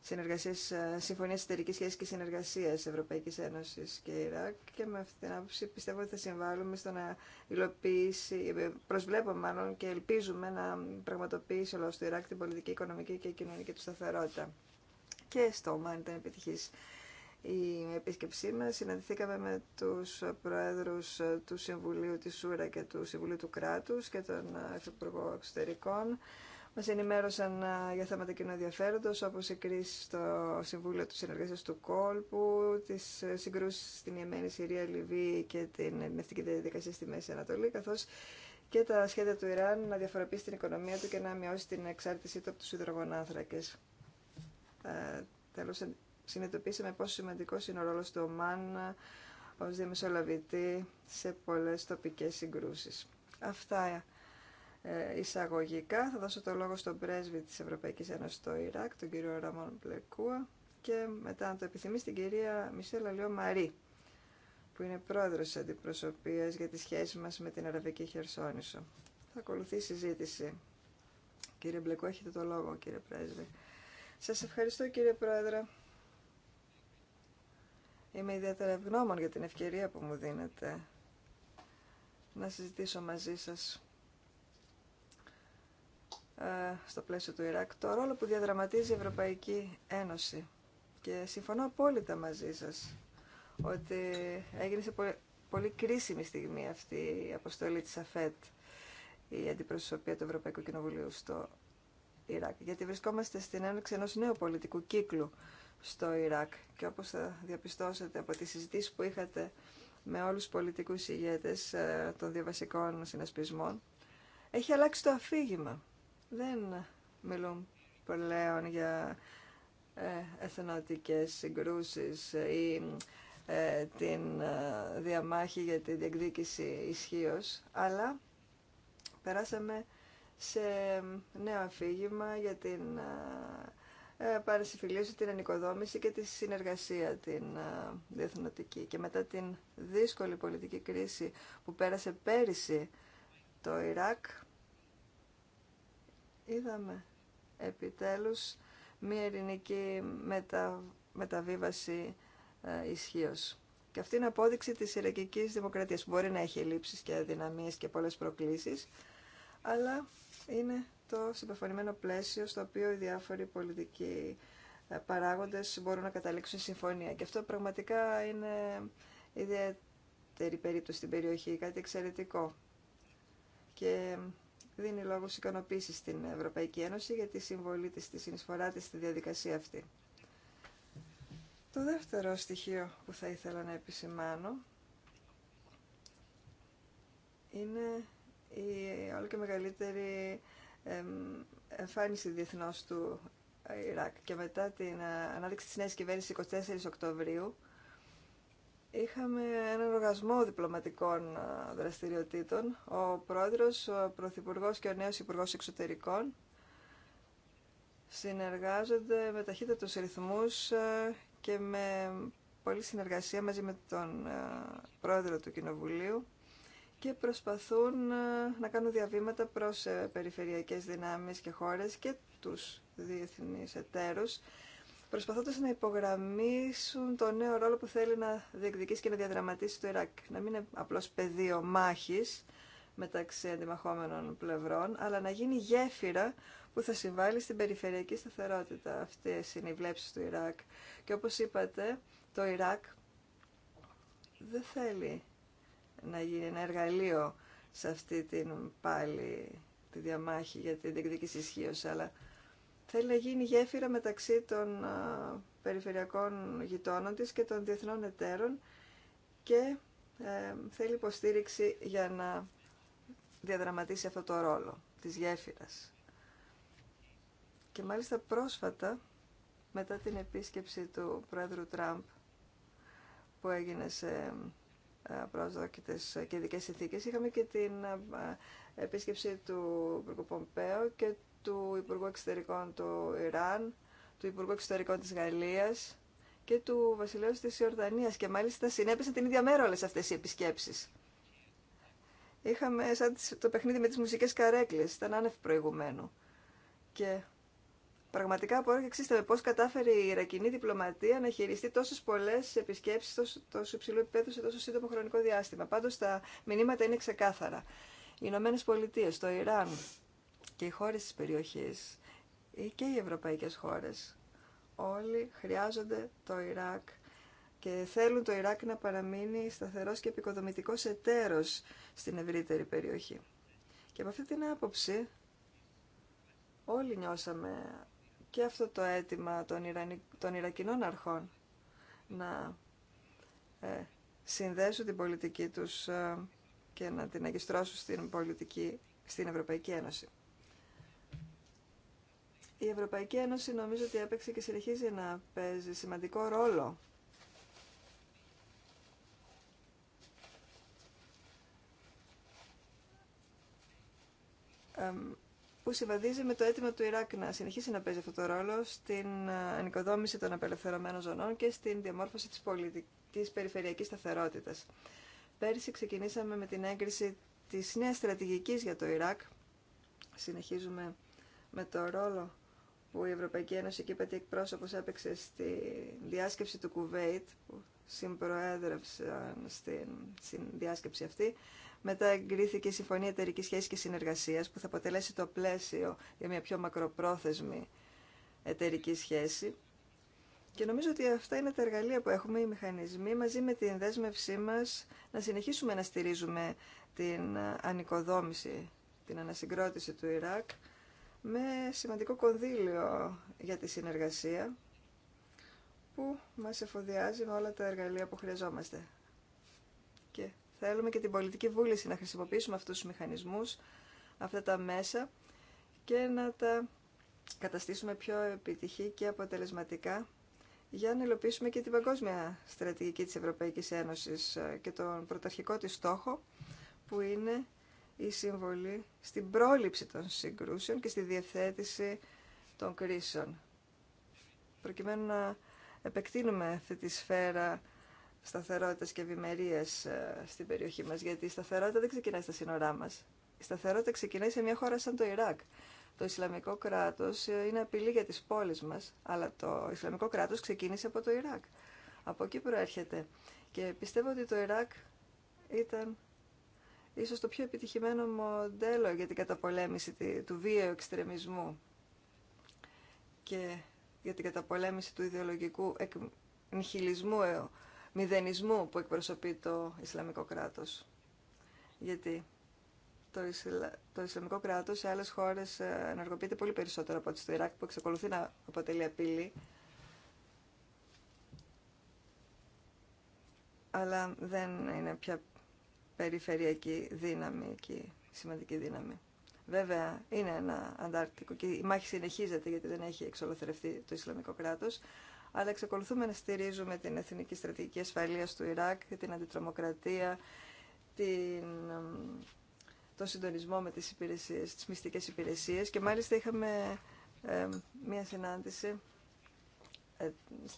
συνεργασίες, ε, Συμφωνίας Εταιρικής Σχέσης και Συνεργασίας Ευρωπαϊκής Ένωσης και Ιράκ και με αυτή την άποψη πιστεύω ότι θα συμβάλλουμε στο να υλοποιήσει, ε, προσβλέπω μάλλον και ελπίζουμε να πραγματοποιήσει όλο το Ιράκ την πολιτική, οικονομική και κοινωνική του σταθερότητα. Και στο Μάν ήταν επιτυχής η επίσκεψή μα, Συναντηθήκαμε με τους Προέδρους του Συμβουλίου της ΣΟΥΡΑ και του Συμβουλίου του Κράτους και τον ε, Υπουργό Εξωτερικών Μα ενημέρωσαν για θέματα κοινού ενδιαφέροντο, όπω η κρίση στο Συμβούλιο του Συνεργασία του Κόλπου, τι ε, συγκρούσει στην Ιεμένη, Συρία, Λιβύη και την εθνική διαδικασία στη Μέση Ανατολή, καθώ και τα σχέδια του Ιράν να διαφοροποιήσει την οικονομία του και να μειώσει την εξάρτησή του από του υδρογονάνθρακε. Ε, Τέλο, συνειδητοποίησαμε πόσο σημαντικό είναι ο ρόλο του ΟΜΑΝ ε, ω διαμεσολαβητή σε πολλέ τοπικέ συγκρούσει. Αυτά ε, εισαγωγικά. Θα δώσω το λόγο στον πρέσβη της Ευρωπαϊκής Ένωσης στο Ιράκ, τον κύριο Ραμόν Πλεκούα και μετά αν το επιθυμεί στην κυρία Μισελ Αλιό Μαρή που είναι πρόεδρος της Αντιπροσωπείας για τη σχέση μας με την Αραβική Χερσόνησο. Θα ακολουθεί η συζήτηση. Κύριε Μπλεκού, έχετε το λόγο, κύριε Πρέσβη. Σας ευχαριστώ, κύριε Πρόεδρε. Είμαι ιδιαίτερα ευγνώμων για την ευκαιρία που μου δίνετε να συζητήσω μαζί σας ε, στο πλαίσιο του Ιράκ το ρόλο που διαδραματίζει η Ευρωπαϊκή Ένωση. Και συμφωνώ απόλυτα μαζί σας ότι έγινε σε πολύ κρίσιμη στιγμή αυτή η αποστολή της ΑΦΕΤ, η αντιπροσωπεία του Ευρωπαϊκού Κοινοβουλίου στο Ιράκ. Γιατί βρισκόμαστε στην έναρξη ενός νέου πολιτικού κύκλου στο Ιράκ. Και όπως θα διαπιστώσετε από τις συζητήσεις που είχατε με όλους τους πολιτικούς ηγέτες ε, των δύο βασικών συνασπισμών, έχει αλλάξει το αφήγημα δεν μιλούν πλέον για ε, εθνοτικές συγκρούσεις ή ε, την ε, διαμάχη για τη διεκδίκηση ισχύω, αλλά περάσαμε σε νέο αφήγημα για την παρασυμφιλίωση, την ενοικοδόμηση και τη συνεργασία την διεθνωτική. Και μετά την δύσκολη πολιτική κρίση που πέρασε πέρυσι το Ιράκ, είδαμε επιτέλους μία ειρηνική μετα... μεταβίβαση ε, ισχύω. Και αυτή είναι απόδειξη της ελληνικής Δημοκρατίας. Μπορεί να έχει ελλείψεις και αδυναμίες και πολλές προκλήσεις, αλλά είναι το συμπεφωνημένο πλαίσιο στο οποίο οι διάφοροι πολιτικοί ε, παράγοντες μπορούν να καταλήξουν συμφωνία. Και αυτό πραγματικά είναι ιδιαίτερη περίπτωση στην περιοχή, κάτι εξαιρετικό δίνει λόγο ικανοποίηση στην Ευρωπαϊκή Ένωση για τη συμβολή της, τη συνεισφορά της στη διαδικασία αυτή. Το δεύτερο στοιχείο που θα ήθελα να επισημάνω είναι η όλο και μεγαλύτερη εμφάνιση διεθνώς του Ιράκ. Και μετά την ε, ανάδειξη της νέας κυβέρνησης 24 Οκτωβρίου, Είχαμε έναν οργασμό διπλωματικών δραστηριοτήτων. Ο πρόεδρος, ο πρωθυπουργός και ο νέος υπουργός εξωτερικών συνεργάζονται με ταχύτατους ρυθμούς και με πολλή συνεργασία μαζί με τον πρόεδρο του Κοινοβουλίου και προσπαθούν να κάνουν διαβήματα προς ε, περιφερειακές δυνάμεις και χώρες και τους διεθνείς εταίρους προσπαθώντας να υπογραμμίσουν το νέο ρόλο που θέλει να διεκδικήσει και να διαδραματίσει το Ιράκ. Να μην είναι απλώς πεδίο μάχης μεταξύ αντιμαχόμενων πλευρών, αλλά να γίνει γέφυρα που θα συμβάλλει στην περιφερειακή σταθερότητα. Αυτές είναι οι βλέψεις του Ιράκ. Και όπως είπατε, το Ιράκ δεν θέλει να γίνει ένα εργαλείο σε αυτή την πάλι τη διαμάχη για την διεκδίκηση ισχύω, αλλά θέλει να γίνει γέφυρα μεταξύ των περιφερειακών γειτόνων της και των διεθνών εταίρων και ε, θέλει υποστήριξη για να διαδραματίσει αυτό το ρόλο της γέφυρας. Και μάλιστα πρόσφατα, μετά την επίσκεψη του Πρόεδρου Τραμπ που έγινε σε ε, προσδόκητες και ειδικές συνθήκες, είχαμε και την ε, επίσκεψη του Υπουργού και του Υπουργού Εξωτερικών του Ιράν, του Υπουργού Εξωτερικών της Γαλλίας και του Βασιλέως της Ιορδανίας και μάλιστα συνέπεσαν την ίδια μέρα όλες αυτές οι επισκέψεις. Είχαμε σαν το παιχνίδι με τις μουσικές καρέκλες, ήταν άνευ προηγουμένου. Και πραγματικά εξήστε με πώς κατάφερε η Ιρακινή διπλωματία να χειριστεί τόσες πολλές επισκέψεις τόσο, τόσο υψηλού επίπεδου σε τόσο σύντομο χρονικό διάστημα. Πάντως τα μηνύματα είναι ξεκάθαρα. Οι Ηνωμένε Πολιτείε, το Ιράν, και οι χώρες της περιοχής ε, και οι ευρωπαϊκές χώρες όλοι χρειάζονται το Ιράκ και θέλουν το Ιράκ να παραμείνει σταθερός και επικοδομητικός εταίρος στην ευρύτερη περιοχή. Και από αυτή την άποψη όλοι νιώσαμε και αυτό το αίτημα των, Ιρανι... Ιρακινών αρχών να ε, συνδέσουν την πολιτική τους ε, και να την αγκιστρώσουν στην πολιτική στην Ευρωπαϊκή Ένωση. Η Ευρωπαϊκή Ένωση νομίζω ότι έπαιξε και συνεχίζει να παίζει σημαντικό ρόλο που συμβαδίζει με το αίτημα του Ιράκ να συνεχίσει να παίζει αυτό το ρόλο στην ε, ανοικοδόμηση των απελευθερωμένων ζωνών και στην διαμόρφωση της πολιτικής περιφερειακής σταθερότητας. Πέρυσι ξεκινήσαμε με την έγκριση της νέας στρατηγικής για το Ιράκ. Συνεχίζουμε με το ρόλο που η Ευρωπαϊκή Ένωση και η Πατή έπαιξε στη διάσκεψη του Κουβέιτ που συμπροέδρευσαν στην, στην διάσκεψη αυτή. Μετά εγκρίθηκε η Συμφωνία Εταιρικής Σχέσης και Συνεργασίας που θα αποτελέσει το πλαίσιο για μια πιο μακροπρόθεσμη εταιρική σχέση. Και νομίζω ότι αυτά είναι τα εργαλεία που έχουμε, οι μηχανισμοί, μαζί με την δέσμευσή μας να συνεχίσουμε να στηρίζουμε την ανοικοδόμηση, την ανασυγκρότηση του Ιράκ με σημαντικό κονδύλιο για τη συνεργασία που μας εφοδιάζει με όλα τα εργαλεία που χρειαζόμαστε. Και θέλουμε και την πολιτική βούληση να χρησιμοποιήσουμε αυτούς τους μηχανισμούς, αυτά τα μέσα και να τα καταστήσουμε πιο επιτυχή και αποτελεσματικά για να υλοποιήσουμε και την παγκόσμια στρατηγική της Ευρωπαϊκής Ένωσης και τον πρωταρχικό της στόχο που είναι η συμβολή στην πρόληψη των συγκρούσεων και στη διευθέτηση των κρίσεων. Προκειμένου να επεκτείνουμε αυτή τη σφαίρα σταθερότητας και ευημερία ε, στην περιοχή μας, γιατί η σταθερότητα δεν ξεκινάει στα σύνορά μας. Η σταθερότητα ξεκινάει σε μια χώρα σαν το Ιράκ. Το Ισλαμικό κράτος ε, είναι απειλή για τις πόλεις μας, αλλά το Ισλαμικό κράτος ξεκίνησε από το Ιράκ. Από εκεί προέρχεται. Και πιστεύω ότι το Ιράκ ήταν ίσως το πιο επιτυχημένο μοντέλο για την καταπολέμηση του βίαιου εξτρεμισμού και για την καταπολέμηση του ιδεολογικού νιχιλισμού, ε, μηδενισμού που εκπροσωπεί το Ισλαμικό κράτος. Γιατί το, το Ισλαμικό κράτος σε άλλες χώρες ε, ενεργοποιείται πολύ περισσότερο από ό,τι στο Ιράκ που εξακολουθεί να αποτελεί απειλή. Αλλά δεν είναι πια περιφερειακή δύναμη και σημαντική δύναμη. Βέβαια, είναι ένα αντάρτικο και η μάχη συνεχίζεται γιατί δεν έχει εξολοθερευτεί το Ισλαμικό κράτο. Αλλά εξακολουθούμε να στηρίζουμε την εθνική στρατηγική ασφαλεία του Ιράκ, την αντιτρομοκρατία, την, τον συντονισμό με τις, υπηρεσίες, τις μυστικές υπηρεσίες και μάλιστα είχαμε ε, μία συνάντηση ε,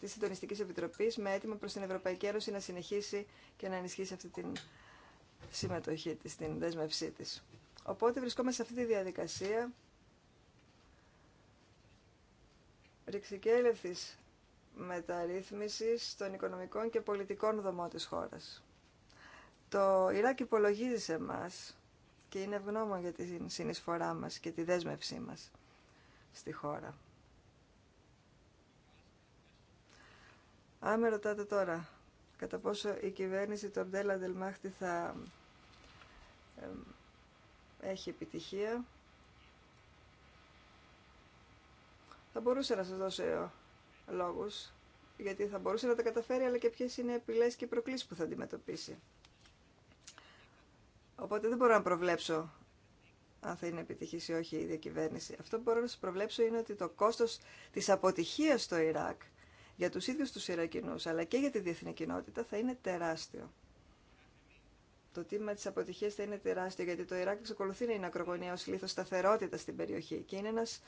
Συντονιστική Συντονιστική με έτοιμο προς την Ευρωπαϊκή Ένωση να συνεχίσει και να ενισχύσει αυτή την συμμετοχή της, την δέσμευσή της. Οπότε βρισκόμαστε σε αυτή τη διαδικασία ρηξικέλευθης μεταρρύθμισης των οικονομικών και πολιτικών δομών της χώρας. Το Ιράκ υπολογίζει σε μας και είναι ευγνώμων για τη συνεισφορά μας και τη δέσμευσή μας στη χώρα. Αν με ρωτάτε τώρα κατά πόσο η κυβέρνηση του Αμπτέλα Δελμάχτη θα έχει επιτυχία. Θα μπορούσα να σας δώσω ε, λόγους, γιατί θα μπορούσε να τα καταφέρει, αλλά και ποιες είναι οι επιλέσεις και οι προκλήσεις που θα αντιμετωπίσει. Οπότε δεν μπορώ να προβλέψω αν θα είναι επιτυχής ή όχι η διακυβέρνηση. Αυτό που μπορώ να σας προβλέψω είναι ότι το κόστος της αποτυχίας στο Ιράκ για τους ίδιους τους Ιρακινούς αλλά και για τη διεθνή κοινότητα θα είναι τεράστιο. Το τίμημα της αποτυχίας θα είναι τεράστιο γιατί το Ιράκ εξακολουθεί να είναι ως λίθος σταθερότητα στην περιοχή και είναι ένας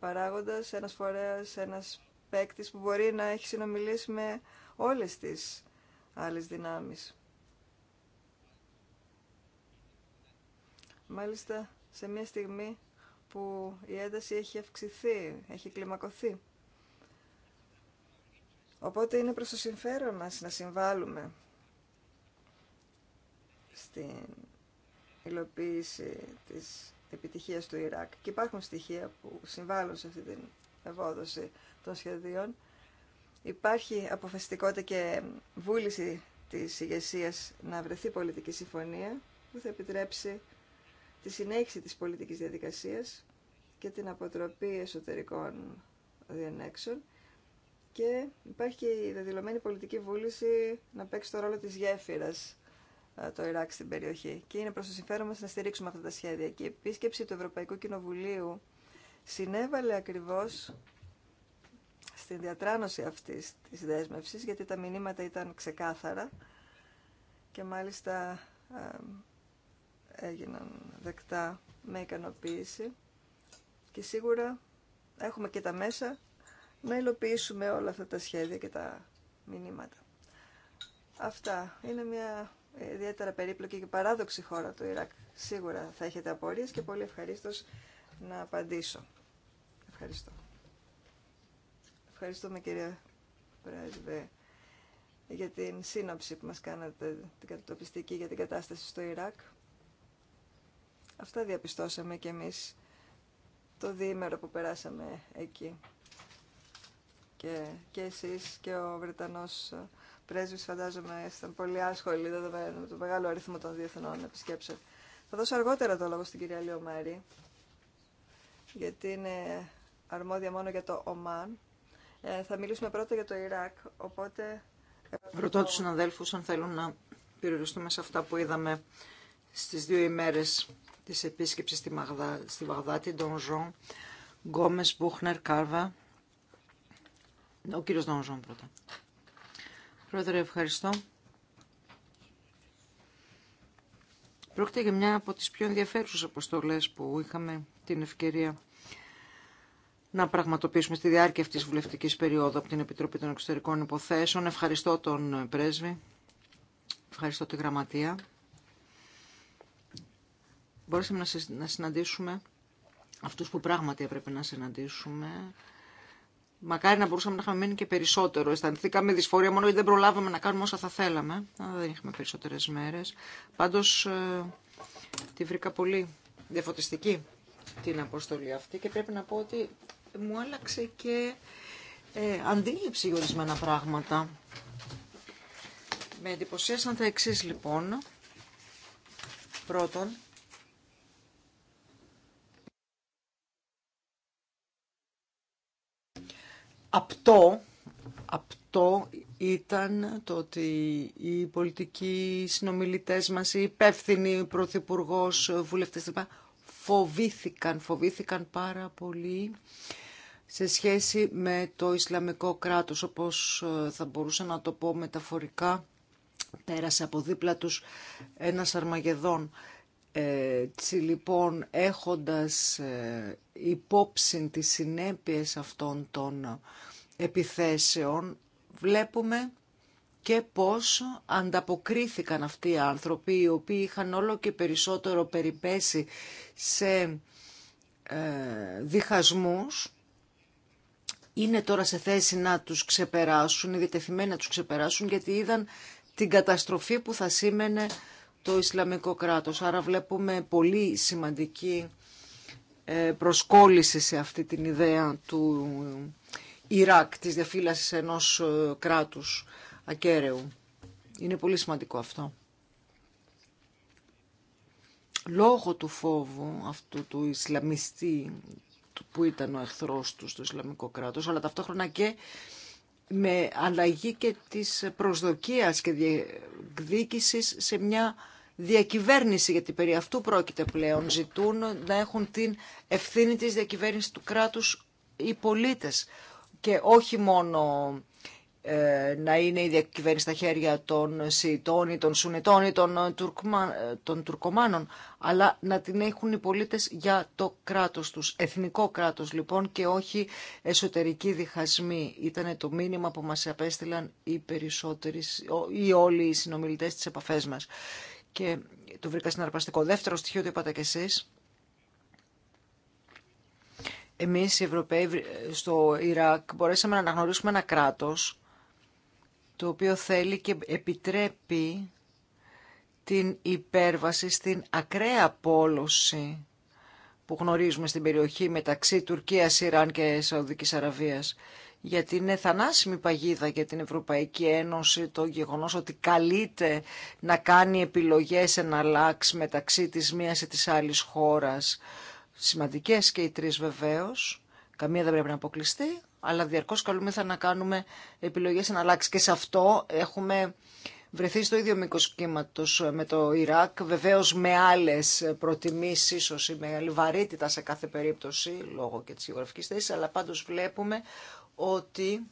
παράγοντας, ένας φορέας, ένας παίκτη που μπορεί να έχει συνομιλήσει με όλες τις άλλες δυνάμεις. Μάλιστα σε μια στιγμή που η ένταση έχει αυξηθεί, έχει κλιμακωθεί. Οπότε είναι προς το συμφέρον μας να συμβάλλουμε στην υλοποίηση της επιτυχίας του Ιράκ. Και υπάρχουν στοιχεία που συμβάλλουν σε αυτή την ευόδοση των σχεδίων. Υπάρχει αποφασιστικότητα και βούληση της ηγεσία να βρεθεί πολιτική συμφωνία που θα επιτρέψει τη συνέχιση της πολιτικής διαδικασίας και την αποτροπή εσωτερικών διενέξεων και υπάρχει και η δεδηλωμένη πολιτική βούληση να παίξει το ρόλο της γέφυρας ε, το Ιράκ στην περιοχή. Και είναι προς το συμφέρον να στηρίξουμε αυτά τα σχέδια. Και η επίσκεψη του Ευρωπαϊκού Κοινοβουλίου συνέβαλε ακριβώς στην διατράνωση αυτής της δέσμευσης, γιατί τα μηνύματα ήταν ξεκάθαρα και μάλιστα ε, έγιναν δεκτά με ικανοποίηση. Και σίγουρα έχουμε και τα μέσα να υλοποιήσουμε όλα αυτά τα σχέδια και τα μηνύματα. Αυτά. Είναι μια ιδιαίτερα περίπλοκη και παράδοξη χώρα το Ιράκ. Σίγουρα θα έχετε απορίες και πολύ ευχαρίστω να απαντήσω. Ευχαριστώ. Ευχαριστούμε κυρία Πρέσβε για την σύνοψη που μας κάνατε, την κατατοπιστική για την κατάσταση στο Ιράκ. Αυτά διαπιστώσαμε κι εμείς το διήμερο που περάσαμε εκεί και, και εσείς και ο Βρετανός ε, πρέσβης φαντάζομαι ήταν πολύ άσχολοι δεδομένου με το μεγάλο αριθμό των διεθνών επισκέψεων. Θα δώσω αργότερα το λόγο στην κυρία Λιωμάρη, γιατί είναι αρμόδια μόνο για το ΟΜΑΝ. Ε, θα μιλήσουμε πρώτα για το Ιράκ, οπότε... Ρωτώ τους συναδέλφους αν θέλουν να περιοριστούμε σε αυτά που είδαμε στις δύο ημέρες της επίσκεψης στη, Μαγδα, στη Βαγδάτη, Ντονζόν, Γκόμες, Μπούχνερ, Κάρβα ο κύριος Νόμζον πρώτα. Πρόεδρε, ευχαριστώ. Πρόκειται για μια από τις πιο ενδιαφέρουσες αποστολές που είχαμε την ευκαιρία να πραγματοποιήσουμε στη διάρκεια αυτής της βουλευτικής περίοδου από την Επιτροπή των Εξωτερικών Υποθέσεων. Ευχαριστώ τον πρέσβη, ευχαριστώ τη γραμματεία. Μπορέσαμε να συναντήσουμε αυτούς που πράγματι έπρεπε να συναντήσουμε, Μακάρι να μπορούσαμε να είχαμε μείνει και περισσότερο. Αισθανθήκαμε δυσφορία μόνο γιατί δεν προλάβαμε να κάνουμε όσα θα θέλαμε. δεν είχαμε περισσότερε μέρε. Πάντω ε, τη βρήκα πολύ διαφωτιστική την αποστολή αυτή και πρέπει να πω ότι μου άλλαξε και ε, αντίληψη για ορισμένα πράγματα. Με εντυπωσίασαν τα εξή λοιπόν. Πρώτον, απτό, απτό ήταν το ότι οι πολιτικοί συνομιλητές μας, οι υπεύθυνοι, ο Πρωθυπουργός, βουλευτές, φοβήθηκαν, φοβήθηκαν πάρα πολύ σε σχέση με το Ισλαμικό κράτος, όπως ε, θα μπορούσα να το πω μεταφορικά, πέρασε από δίπλα τους ένας Αρμαγεδόν. Έτσι λοιπόν έχοντας ε, υπόψη τις συνέπειες αυτών των επιθέσεων βλέπουμε και πώς ανταποκρίθηκαν αυτοί οι άνθρωποι οι οποίοι είχαν όλο και περισσότερο περιπέσει σε ε, διχασμούς είναι τώρα σε θέση να τους ξεπεράσουν, είναι να τους ξεπεράσουν γιατί είδαν την καταστροφή που θα σήμαινε το Ισλαμικό κράτος. Άρα βλέπουμε πολύ σημαντική ε, προσκόλληση σε αυτή την ιδέα του Ιράκ, της διαφύλασης ενός ε, κράτους ακέραιου. Είναι πολύ σημαντικό αυτό. Λόγω του φόβου αυτού του Ισλαμιστή που ήταν ο εχθρός του στο Ισλαμικό κράτος, αλλά ταυτόχρονα και με αλλαγή και της προσδοκίας και διεκδίκησης σε μια διακυβέρνηση, γιατί περί αυτού πρόκειται πλέον. Ζητούν να έχουν την ευθύνη της διακυβέρνησης του κράτους οι πολίτες και όχι μόνο ε, να είναι η διακυβέρνηση στα χέρια των Σιητών ή των Σουνετών ή των, ε, Τουρκμα, ε, Τουρκομάνων, αλλά να την έχουν οι πολίτες για το κράτος τους, εθνικό κράτος λοιπόν και όχι εσωτερική διχασμή. Ήταν το μήνυμα που μας απέστειλαν οι περισσότεροι ή όλοι οι συνομιλητές της επαφές μας και το βρήκα συναρπαστικό. Δεύτερο στοιχείο, το είπατε κι εσείς, εμείς οι Ευρωπαίοι στο Ιράκ μπορέσαμε να αναγνωρίσουμε ένα κράτος το οποίο θέλει και επιτρέπει την υπέρβαση στην ακραία πόλωση που γνωρίζουμε στην περιοχή μεταξύ Τουρκίας, Ιράν και Σαουδικής Αραβίας. Γιατί είναι θανάσιμη παγίδα για την Ευρωπαϊκή Ένωση το γεγονός ότι καλείται να κάνει επιλογές εναλλάξ μεταξύ της μίας ή της άλλης χώρας. Σημαντικές και οι τρεις βεβαίως, καμία δεν πρέπει να αποκλειστεί, αλλά διαρκώς καλούμεθα να κάνουμε επιλογές εναλλάξ. Και σε αυτό έχουμε βρεθεί στο ίδιο μήκο κύματο με το Ιράκ, βεβαίω με άλλε προτιμήσει, ίσω με άλλη βαρύτητα σε κάθε περίπτωση, λόγω και τη γεωγραφική θέση, αλλά πάντω βλέπουμε ότι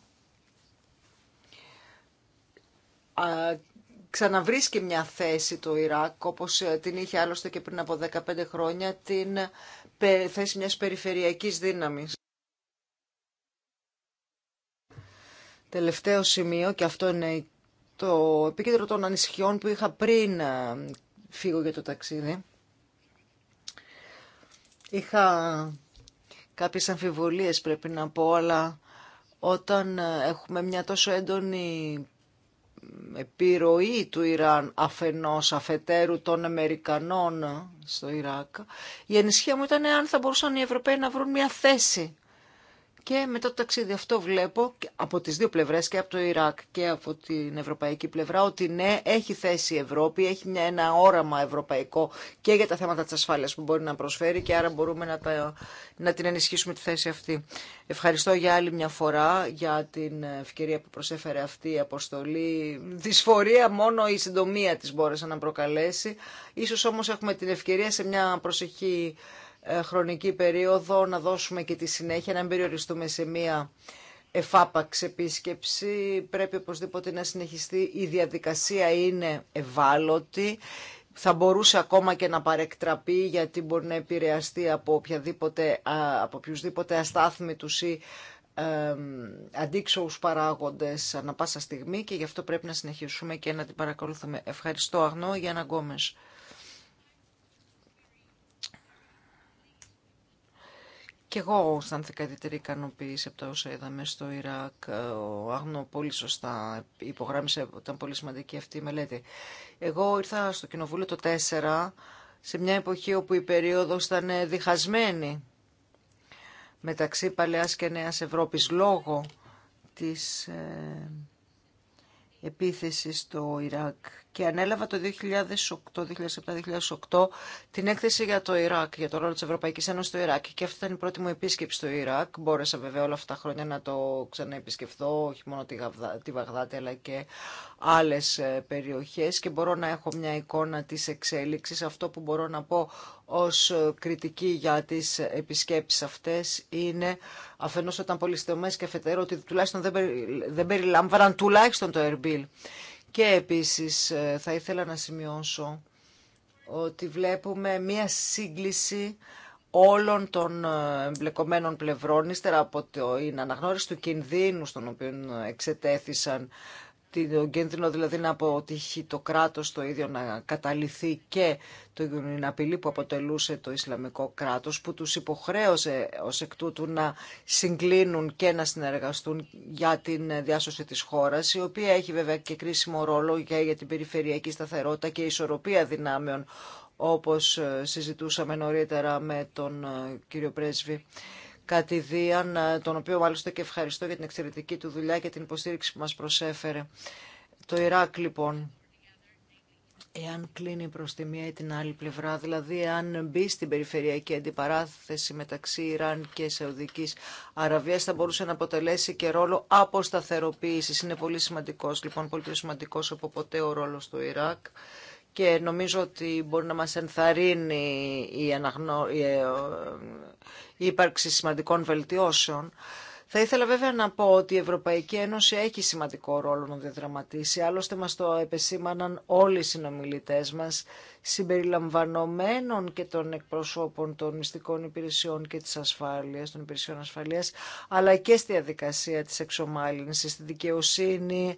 ξαναβρίσκει μια θέση το Ιράκ, όπως ε, την είχε άλλωστε και πριν από 15 χρόνια, την θέση μιας περιφερειακής δύναμης. Τελευταίο σημείο, και αυτό είναι το επίκεντρο των ανησυχιών που είχα πριν ε, φύγω για το ταξίδι. Είχα κάποιες αμφιβολίες πρέπει να πω, αλλά όταν ε, έχουμε μια τόσο έντονη επιρροή του Ιράν αφενός αφετέρου των Αμερικανών στο Ιράκ, η ανησυχία μου ήταν αν θα μπορούσαν οι Ευρωπαίοι να βρουν μια θέση και μετά το ταξίδι αυτό βλέπω από τις δύο πλευρές και από το Ιράκ και από την ευρωπαϊκή πλευρά ότι ναι, έχει θέση η Ευρώπη, έχει μια, ένα όραμα ευρωπαϊκό και για τα θέματα της ασφάλειας που μπορεί να προσφέρει και άρα μπορούμε να, να την ενισχύσουμε τη θέση αυτή. Ευχαριστώ για άλλη μια φορά για την ευκαιρία που προσέφερε αυτή η αποστολή. Δυσφορία μόνο η συντομία της μπόρεσε να προκαλέσει. Ίσως όμως έχουμε την ευκαιρία σε μια προσεχή ε, χρονική περίοδο, να δώσουμε και τη συνέχεια, να μην περιοριστούμε σε μία εφάπαξ επίσκεψη. Πρέπει οπωσδήποτε να συνεχιστεί. Η διαδικασία είναι ευάλωτη. Θα μπορούσε ακόμα και να παρεκτραπεί γιατί μπορεί να επηρεαστεί από, οποιαδήποτε, από οποιουσδήποτε αστάθμητους ή ε, αντίξωους παράγοντες ανα πάσα στιγμή και γι' αυτό πρέπει να συνεχίσουμε και να την παρακολουθούμε. Ευχαριστώ Αγνώ, Γιάννα Γκόμες. Και εγώ αισθάνθηκα ιδιαίτερη ικανοποίηση από τα όσα είδαμε στο Ιράκ. Ε, ο Άγνο πολύ σωστά υπογράμμισε, ήταν πολύ σημαντική αυτή η μελέτη. Εγώ ήρθα στο Κοινοβούλιο το 4 σε μια εποχή όπου η περίοδο ήταν ε, διχασμένη μεταξύ Παλαιάς και Νέας Ευρώπης λόγω της ε, επίθεση στο Ιράκ και ανέλαβα το 2007-2008 την έκθεση για το Ιράκ, για το ρόλο της Ευρωπαϊκής Ένωσης στο Ιράκ. Και αυτή ήταν η πρώτη μου επίσκεψη στο Ιράκ. Μπόρεσα βέβαια όλα αυτά τα χρόνια να το ξαναεπισκεφθώ, όχι μόνο τη Βαγδάτη αλλά και άλλες ε, περιοχές και μπορώ να έχω μια εικόνα της εξέλιξης. Αυτό που μπορώ να πω ως κριτική για τις επισκέψεις αυτές είναι αφενός όταν πολυστομές και αφετέρου ότι τουλάχιστον δεν περιλάμβαναν τουλάχιστον το Ερμπίλ. Και επίσης ε, θα ήθελα να σημειώσω ότι βλέπουμε μία σύγκληση όλων των ε, εμπλεκομένων πλευρών, ύστερα από την αναγνώριση του κινδύνου στον οποίο εξετέθησαν τον κίνδυνο δηλαδή να αποτύχει το κράτος το ίδιο να καταληθεί και το την απειλή που αποτελούσε το Ισλαμικό κράτος που τους υποχρέωσε ως εκ τούτου να συγκλίνουν και να συνεργαστούν για την διάσωση της χώρας η οποία έχει βέβαια και κρίσιμο ρόλο για την περιφερειακή σταθερότητα και ισορροπία δυνάμεων όπως ε, συζητούσαμε νωρίτερα με τον ε, κύριο Πρέσβη κατηδίαν, ε, τον οποίο μάλιστα και ευχαριστώ για την εξαιρετική του δουλειά και την υποστήριξη που μας προσέφερε. Το Ιράκ λοιπόν, εάν κλείνει προς τη μία ή την άλλη πλευρά, δηλαδή εάν μπει στην περιφερειακή αντιπαράθεση μεταξύ Ιράν και Σαουδικής Αραβίας, θα μπορούσε να αποτελέσει και ρόλο αποσταθεροποίησης. Είναι πολύ σημαντικός, λοιπόν, πολύ πιο σημαντικός από ποτέ ο ρόλος του Ιράκ και νομίζω ότι μπορεί να μας ενθαρρύνει ε, η, ύπαρξη σημαντικών βελτιώσεων. Θα ήθελα βέβαια να πω ότι η Ευρωπαϊκή Ένωση έχει σημαντικό ρόλο να διαδραματίσει, άλλωστε μας το επεσήμαναν όλοι οι συνομιλητές μας, συμπεριλαμβανομένων και των εκπροσώπων των μυστικών υπηρεσιών και της ασφάλειας, των υπηρεσιών ασφαλείας, αλλά και στη διαδικασία της εξομάλυνσης, στη δικαιοσύνη,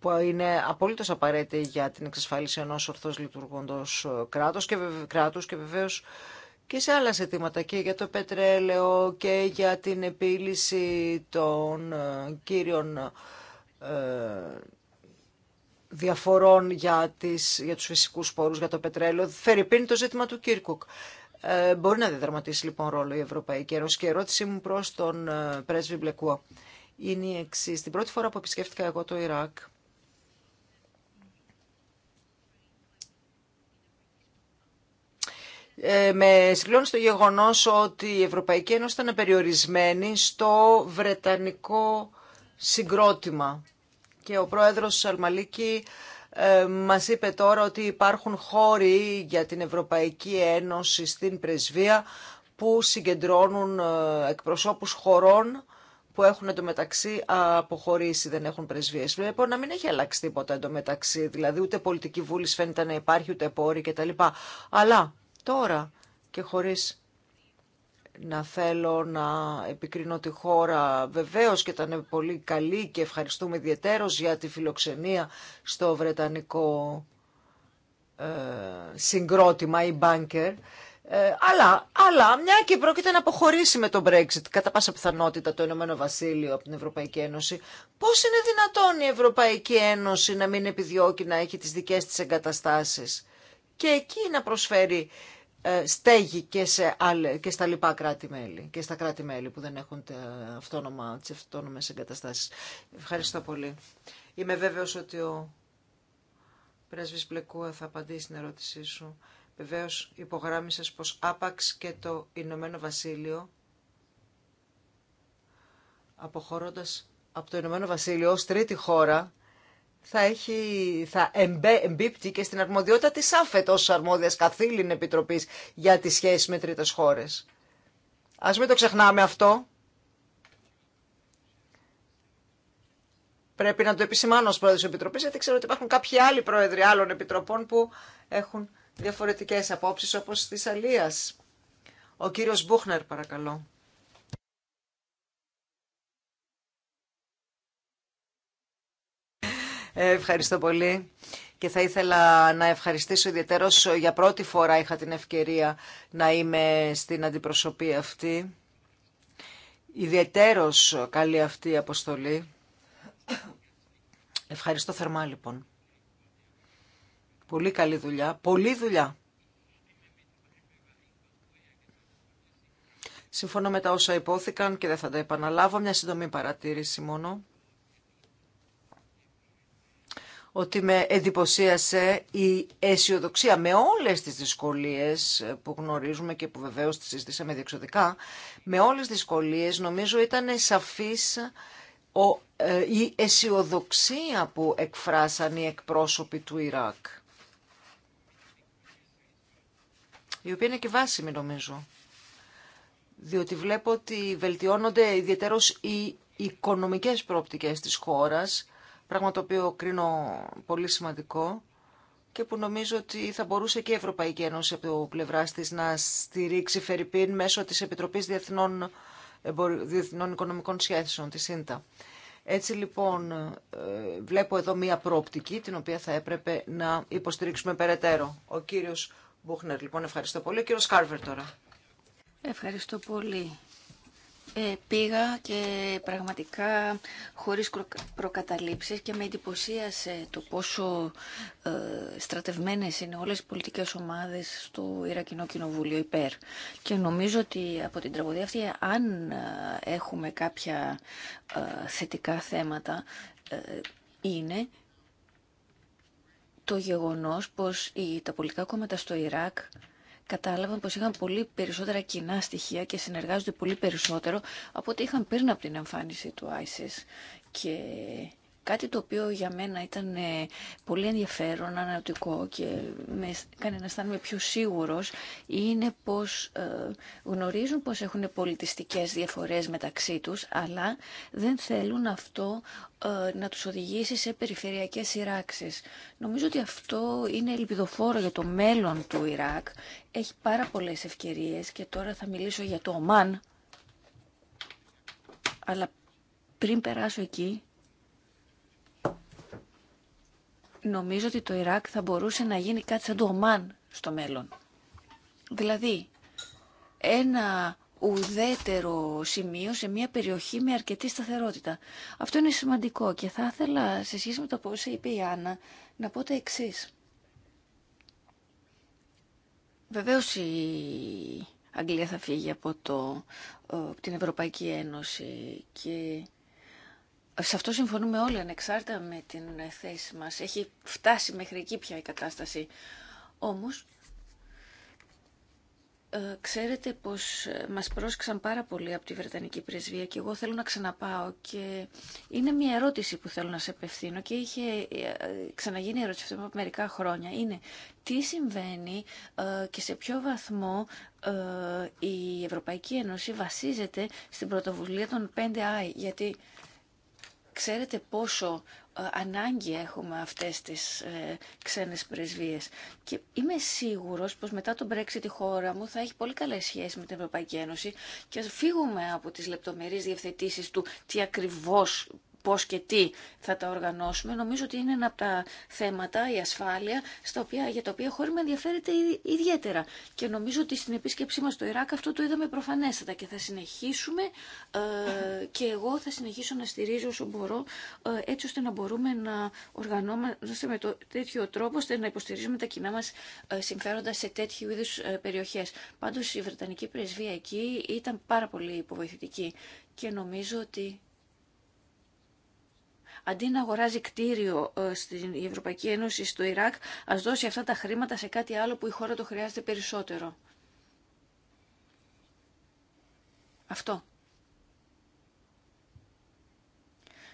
που είναι απολύτω απαραίτητη για την εξασφάλιση ενός ορθώς λειτουργώντο ε, κράτου και, και βεβαίως και σε άλλα ζητήματα και για το πετρέλαιο και για την επίλυση των ε, κύριων ε, διαφορών για, τις, για τους φυσικούς πόρους, για το πετρέλαιο. Φερρυπίνει το ζήτημα του Κίρκουκ. Ε, μπορεί να διαδραματίσει λοιπόν ρόλο η Ευρωπαϊκή Ένωση. Και η ερώτησή μου προς τον πρέσβη Μπλεκουά είναι η εξή. Την πρώτη φορά που επισκέφτηκα εγώ το Ιράκ, Ε, με συγκλώνει στο γεγονός ότι η Ευρωπαϊκή Ένωση ήταν περιορισμένη στο βρετανικό συγκρότημα. Και ο πρόεδρος Σαλμαλίκη ε, μας είπε τώρα ότι υπάρχουν χώροι για την Ευρωπαϊκή Ένωση στην Πρεσβεία που συγκεντρώνουν ε, εκπροσώπους χωρών που έχουν εντωμεταξύ αποχωρήσει, δεν έχουν πρεσβείες Βλέπω λοιπόν, να μην έχει αλλάξει τίποτα εντωμεταξύ, δηλαδή ούτε πολιτική βούληση φαίνεται να υπάρχει, ούτε πόροι κτλ. Αλλά τώρα και χωρίς να θέλω να επικρίνω τη χώρα. Βεβαίως και ήταν πολύ καλή και ευχαριστούμε ιδιαίτερως για τη φιλοξενία στο βρετανικό ε, συγκρότημα ή μπάνκερ. αλλά, αλλά μια και πρόκειται να αποχωρήσει με το Brexit κατά πάσα πιθανότητα το Ηνωμένο Βασίλειο από την Ευρωπαϊκή Ένωση, πώς είναι δυνατόν η Ευρωπαϊκή Ένωση να μην επιδιώκει να έχει τις δικές της εγκαταστάσεις και εκεί να προσφέρει ε, στέγη και, σε και στα λοιπά κράτη-μέλη και στα κράτη-μέλη που δεν έχουν τα αυτόνομα, τις αυτόνομες εγκαταστάσεις. Ευχαριστώ πολύ. Είμαι βέβαιος ότι ο πρέσβης Πλεκού θα απαντήσει στην ερώτησή σου. Βεβαίω υπογράμμισες πως άπαξ και το Ηνωμένο Βασίλειο αποχωρώντας από το Ηνωμένο Βασίλειο ως τρίτη χώρα θα, έχει, θα εμπέ, εμπίπτει και στην αρμοδιότητα της ΑΦΕΤ ως αρμόδιας καθήλυν επιτροπής για τις σχέσεις με τρίτες χώρες. Ας μην το ξεχνάμε αυτό. Πρέπει να το επισημάνω ως πρόεδρος Επιτροπής, γιατί ξέρω ότι υπάρχουν κάποιοι άλλοι πρόεδροι άλλων επιτροπών που έχουν διαφορετικές απόψεις, όπως της Αλίας. Ο κύριος Μπούχνερ, παρακαλώ. Ε, ευχαριστώ πολύ. Και θα ήθελα να ευχαριστήσω ιδιαίτερως ε, για πρώτη φορά είχα την ευκαιρία να είμαι στην αντιπροσωπή αυτή. Ιδιαίτερος καλή αυτή η αποστολή. Ευχαριστώ θερμά λοιπόν. Πολύ καλή δουλειά. Πολύ δουλειά. Συμφωνώ με τα όσα υπόθηκαν και δεν θα τα επαναλάβω. Μια σύντομη παρατήρηση μόνο ότι με εντυπωσίασε η αισιοδοξία με όλες τις δυσκολίες που γνωρίζουμε και που βεβαίως τις συζητήσαμε διεξοδικά, με όλες τις δυσκολίες νομίζω ήταν σαφής ο, ε, η αισιοδοξία που εκφράσαν οι εκπρόσωποι του Ιράκ. Η οποία είναι και βάσιμη νομίζω. Διότι βλέπω ότι βελτιώνονται ιδιαίτερως οι οικονομικές προοπτικές της χώρας Πράγμα το οποίο κρίνω πολύ σημαντικό και που νομίζω ότι θα μπορούσε και η Ευρωπαϊκή Ένωση από πλευρά τη να στηρίξει Φερρυπίν μέσω τη Επιτροπή Διεθνών, Διεθνών Οικονομικών Σχέσεων, τη ΣΥΝΤΑ. Έτσι λοιπόν ε, βλέπω εδώ μία προοπτική την οποία θα έπρεπε να υποστηρίξουμε περαιτέρω. Ο κύριος Μπούχνερ λοιπόν ευχαριστώ πολύ. Ο κύριος Κάρβερ τώρα. Ευχαριστώ πολύ ε, πήγα και πραγματικά χωρίς προκαταλήψεις και με εντυπωσίασε το πόσο ε, στρατευμένες είναι όλες οι πολιτικές ομάδες στο Ιρακινό Κοινοβούλιο υπέρ. Και νομίζω ότι από την τραγωδία αυτή, αν ε, έχουμε κάποια ε, θετικά θέματα, ε, είναι το γεγονός πως η τα πολιτικά κόμματα στο Ιράκ κατάλαβαν πως είχαν πολύ περισσότερα κοινά στοιχεία και συνεργάζονται πολύ περισσότερο από ό,τι είχαν πριν από την εμφάνιση του ISIS και Κάτι το οποίο για μένα ήταν ε, πολύ ενδιαφέρον, αναρωτικό και με έκανε να αισθάνομαι πιο σίγουρος είναι πως ε, γνωρίζουν πως έχουν πολιτιστικές διαφορές μεταξύ τους αλλά δεν θέλουν αυτό ε, να τους οδηγήσει σε περιφερειακές σειράξεις. Νομίζω ότι αυτό είναι ελπιδοφόρο για το μέλλον του Ιράκ. Έχει πάρα πολλές ευκαιρίες και τώρα θα μιλήσω για το ΟΜΑΝ αλλά πριν περάσω εκεί Νομίζω ότι το Ιράκ θα μπορούσε να γίνει κάτι σαν το Ομάν στο μέλλον. Δηλαδή, ένα ουδέτερο σημείο σε μια περιοχή με αρκετή σταθερότητα. Αυτό είναι σημαντικό και θα ήθελα σε σχέση με το πώς είπε η Άννα να πω τα εξή. Βεβαίω η Αγγλία θα φύγει από, το, από ε, την Ευρωπαϊκή Ένωση και σε αυτό συμφωνούμε όλοι ανεξάρτητα με την ε, θέση μας. Έχει φτάσει μέχρι εκεί πια η κατάσταση. Όμως, ε, ξέρετε πως ε, μας πρόσκησαν πάρα πολύ από τη Βρετανική Πρεσβεία και εγώ θέλω να ξαναπάω και είναι μια ερώτηση που θέλω να σε απευθύνω και είχε ξαναγίνει ερώτηση αυτό από μερικά χρόνια. Είναι τι συμβαίνει και σε ποιο βαθμό η Ευρωπαϊκή Ένωση βασίζεται στην πρωτοβουλία των 5i γιατί Ξέρετε πόσο ε, ανάγκη έχουμε αυτές τις ε, ξένες πρεσβείες. Και είμαι σίγουρος πως μετά τον Brexit η χώρα μου θα έχει πολύ καλές σχέσεις με την Ευρωπαϊκή Ένωση και ας φύγουμε από τις λεπτομερείς διευθετήσεις του τι ακριβώς πώς και τι θα τα οργανώσουμε. Νομίζω ότι είναι ένα από τα θέματα, η ασφάλεια, στα οποία, για τα οποία χώρη με ενδιαφέρεται ιδιαίτερα. Και νομίζω ότι στην επίσκεψή μας στο Ιράκ αυτό το είδαμε προφανέστατα και θα συνεχίσουμε ε, και εγώ θα συνεχίσω να στηρίζω όσο μπορώ ε, έτσι ώστε να μπορούμε να οργανώμαστε με το, τέτοιο τρόπο ώστε να υποστηρίζουμε τα κοινά μας ε, συμφέροντα σε τέτοιου είδους ε, περιοχές. Πάντως η Βρετανική πρεσβεία εκεί ήταν πάρα πολύ υποβοηθητική και νομίζω ότι Αντί να αγοράζει κτίριο ε, στην Ευρωπαϊκή Ένωση στο Ιράκ, ας δώσει αυτά τα χρήματα σε κάτι άλλο που η χώρα το χρειάζεται περισσότερο. Αυτό.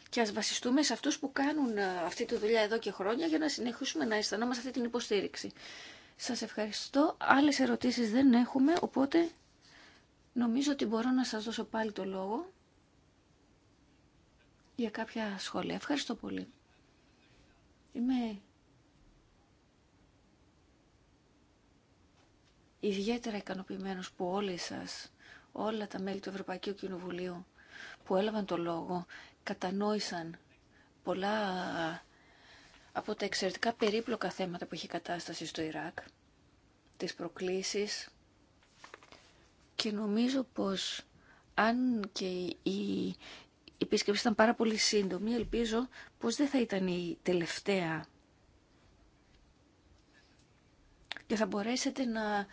Και ας βασιστούμε σε αυτούς που κάνουν ε, αυτή τη δουλειά εδώ και χρόνια για να συνεχίσουμε να αισθανόμαστε αυτή την υποστήριξη. Σας ευχαριστώ. Άλλες ερωτήσεις δεν έχουμε, οπότε νομίζω ότι μπορώ να σας δώσω πάλι το λόγο για κάποια σχόλια. Ευχαριστώ πολύ. Είμαι ιδιαίτερα ικανοποιημένος που όλοι σας, όλα τα μέλη του Ευρωπαϊκού Κοινοβουλίου που έλαβαν το λόγο, κατανόησαν πολλά από τα εξαιρετικά περίπλοκα θέματα που έχει κατάσταση στο Ιράκ, τις προκλήσεις και νομίζω πως αν και η η επίσκεψη ήταν πάρα πολύ σύντομη. Ελπίζω πως δεν θα ήταν η τελευταία και θα μπορέσετε να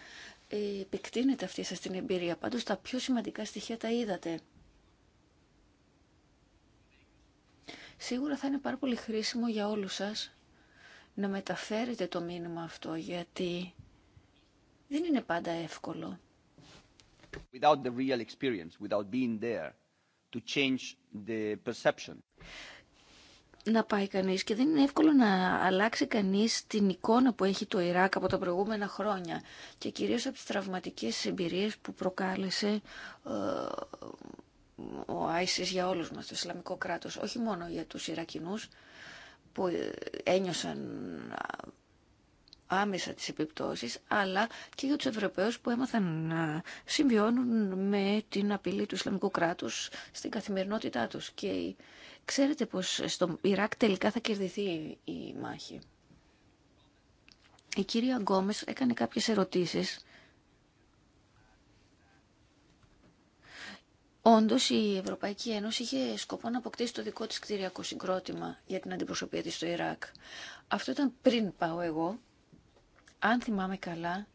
ε, επεκτείνετε αυτή σας την εμπειρία. Πάντως τα πιο σημαντικά στοιχεία τα είδατε. Σίγουρα θα είναι πάρα πολύ χρήσιμο για όλους σας να μεταφέρετε το μήνυμα αυτό, γιατί δεν είναι πάντα εύκολο. Without the real experience, without being there, να πάει κανεί και δεν είναι εύκολο να αλλάξει κανεί την εικόνα που έχει το Ιράκ από τα προηγούμενα χρόνια και κυρίω από τι τραυματικέ εμπειρίε που προκάλεσε ε, ο Άισις για όλους μας, το Ισλαμικό κράτος, όχι μόνο για τους Ιρακινούς που ε, ένιωσαν άμεσα τις επιπτώσεις, αλλά και για τους Ευρωπαίους που έμαθαν να συμβιώνουν με την απειλή του Ισλαμικού κράτους στην καθημερινότητά τους. Και ξέρετε πως στο Ιράκ τελικά θα κερδιθεί η μάχη. Η κυρία Γκόμες έκανε κάποιες ερωτήσεις. όντως η Ευρωπαϊκή Ένωση είχε σκοπό να αποκτήσει το δικό της κτηριακό συγκρότημα για την αντιπροσωπεία της στο Ιράκ. Αυτό ήταν πριν πάω εγώ αν θυμάμαι καλά,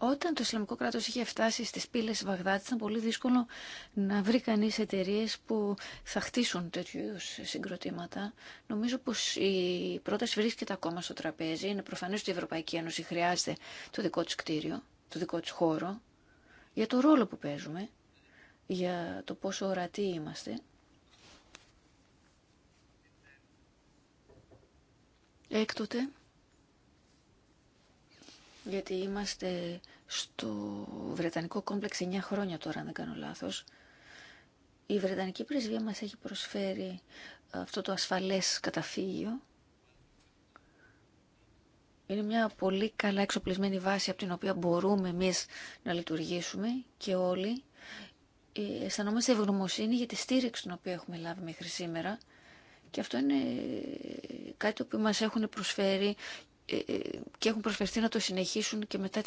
Όταν το Ισλαμικό κράτος είχε φτάσει στις πύλες Βαγδάτη ήταν πολύ δύσκολο να βρει κανείς εταιρείε που θα χτίσουν τέτοιου συγκροτήματα. Νομίζω πως η πρόταση βρίσκεται ακόμα στο τραπέζι. Είναι προφανές ότι η Ευρωπαϊκή Ένωση χρειάζεται το δικό της κτίριο, το δικό της χώρο, για το ρόλο που παίζουμε, για το πόσο ορατοί είμαστε. Έκτοτε, γιατί είμαστε στο Βρετανικό κόμπλεξ 9 χρόνια τώρα, αν δεν κάνω λάθος, η Βρετανική πρεσβεία μας έχει προσφέρει αυτό το ασφαλές καταφύγιο. Είναι μια πολύ καλά εξοπλισμένη βάση από την οποία μπορούμε εμείς να λειτουργήσουμε και όλοι. Ε, αισθανόμαστε ευγνωμοσύνη για τη στήριξη την οποία έχουμε λάβει μέχρι σήμερα και αυτό είναι κάτι που μας έχουν προσφέρει ε, ε, και έχουν προσφερθεί να το συνεχίσουν και μετά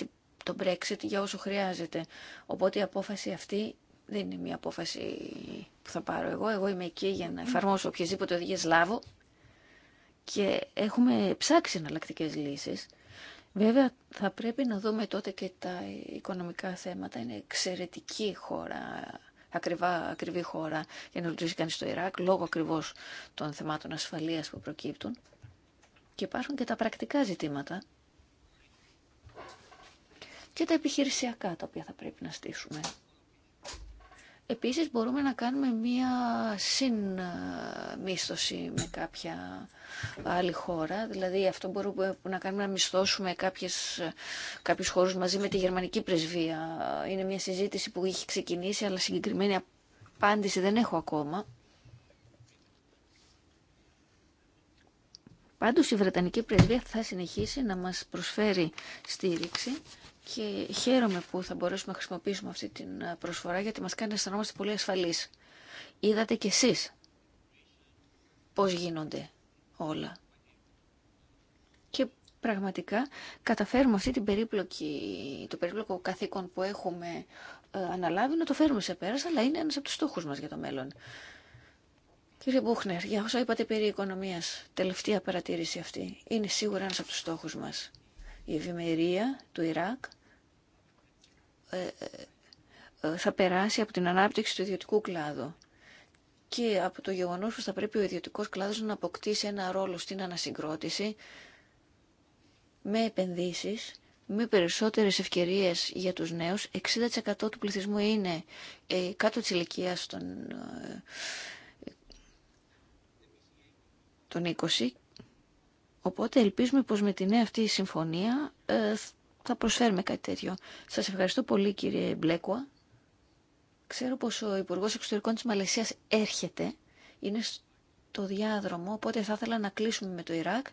το Brexit για όσο χρειάζεται. Οπότε η απόφαση αυτή δεν είναι μια απόφαση που θα πάρω εγώ. Εγώ είμαι εκεί για να εφαρμόσω οποιασδήποτε οδηγίε λάβω και έχουμε ψάξει εναλλακτικέ λύσεις. Βέβαια θα πρέπει να δούμε τότε και τα οικονομικά θέματα. Είναι εξαιρετική χώρα ακριβά, ακριβή χώρα για να λειτουργήσει κανείς στο Ιράκ, λόγω ακριβώς των θεμάτων ασφαλείας που προκύπτουν. Και υπάρχουν και τα πρακτικά ζητήματα και τα επιχειρησιακά τα οποία θα πρέπει να στήσουμε. Επίσης μπορούμε να κάνουμε μία συνμίσθωση με κάποια άλλη χώρα. Δηλαδή αυτό μπορούμε να κάνουμε να μισθώσουμε κάποιες, κάποιους χώρους μαζί με τη γερμανική πρεσβεία. Είναι μια συζήτηση που έχει ξεκινήσει αλλά συγκεκριμένη απάντηση δεν έχω ακόμα. Πάντως η Βρετανική Πρεσβεία θα συνεχίσει να μας προσφέρει στήριξη και χαίρομαι που θα μπορέσουμε να χρησιμοποιήσουμε αυτή την ε, προσφορά γιατί μας κάνει να αισθανόμαστε πολύ ασφαλείς. Είδατε κι εσείς πώς γίνονται όλα. Και πραγματικά καταφέρουμε αυτή την περίπλοκη, το περίπλοκο καθήκον που έχουμε ε, αναλάβει να το φέρουμε σε πέρας, αλλά είναι ένας από τους στόχους μας για το μέλλον. Κύριε Μπούχνερ, για όσα είπατε περί οικονομίας, τελευταία παρατήρηση αυτή, είναι σίγουρα ένας από τους στόχους μας η ευημερία του Ιράκ ε, ε, ε, θα περάσει από την ανάπτυξη του ιδιωτικού κλάδου και από το γεγονός που θα πρέπει ο ιδιωτικός κλάδος να αποκτήσει ένα ρόλο στην ανασυγκρότηση με επενδύσεις, με περισσότερες ευκαιρίες για τους νέους. 60% του πληθυσμού είναι κάτω της ηλικία των, των 20 Οπότε ελπίζουμε πως με τη νέα αυτή συμφωνία ε, θα προσφέρουμε κάτι τέτοιο. Σας ευχαριστώ πολύ κύριε Μπλέκουα. Ξέρω πως ο Υπουργό Εξωτερικών της Μαλαισίας έρχεται. Είναι στο διάδρομο, οπότε θα ήθελα να κλείσουμε με το Ιράκ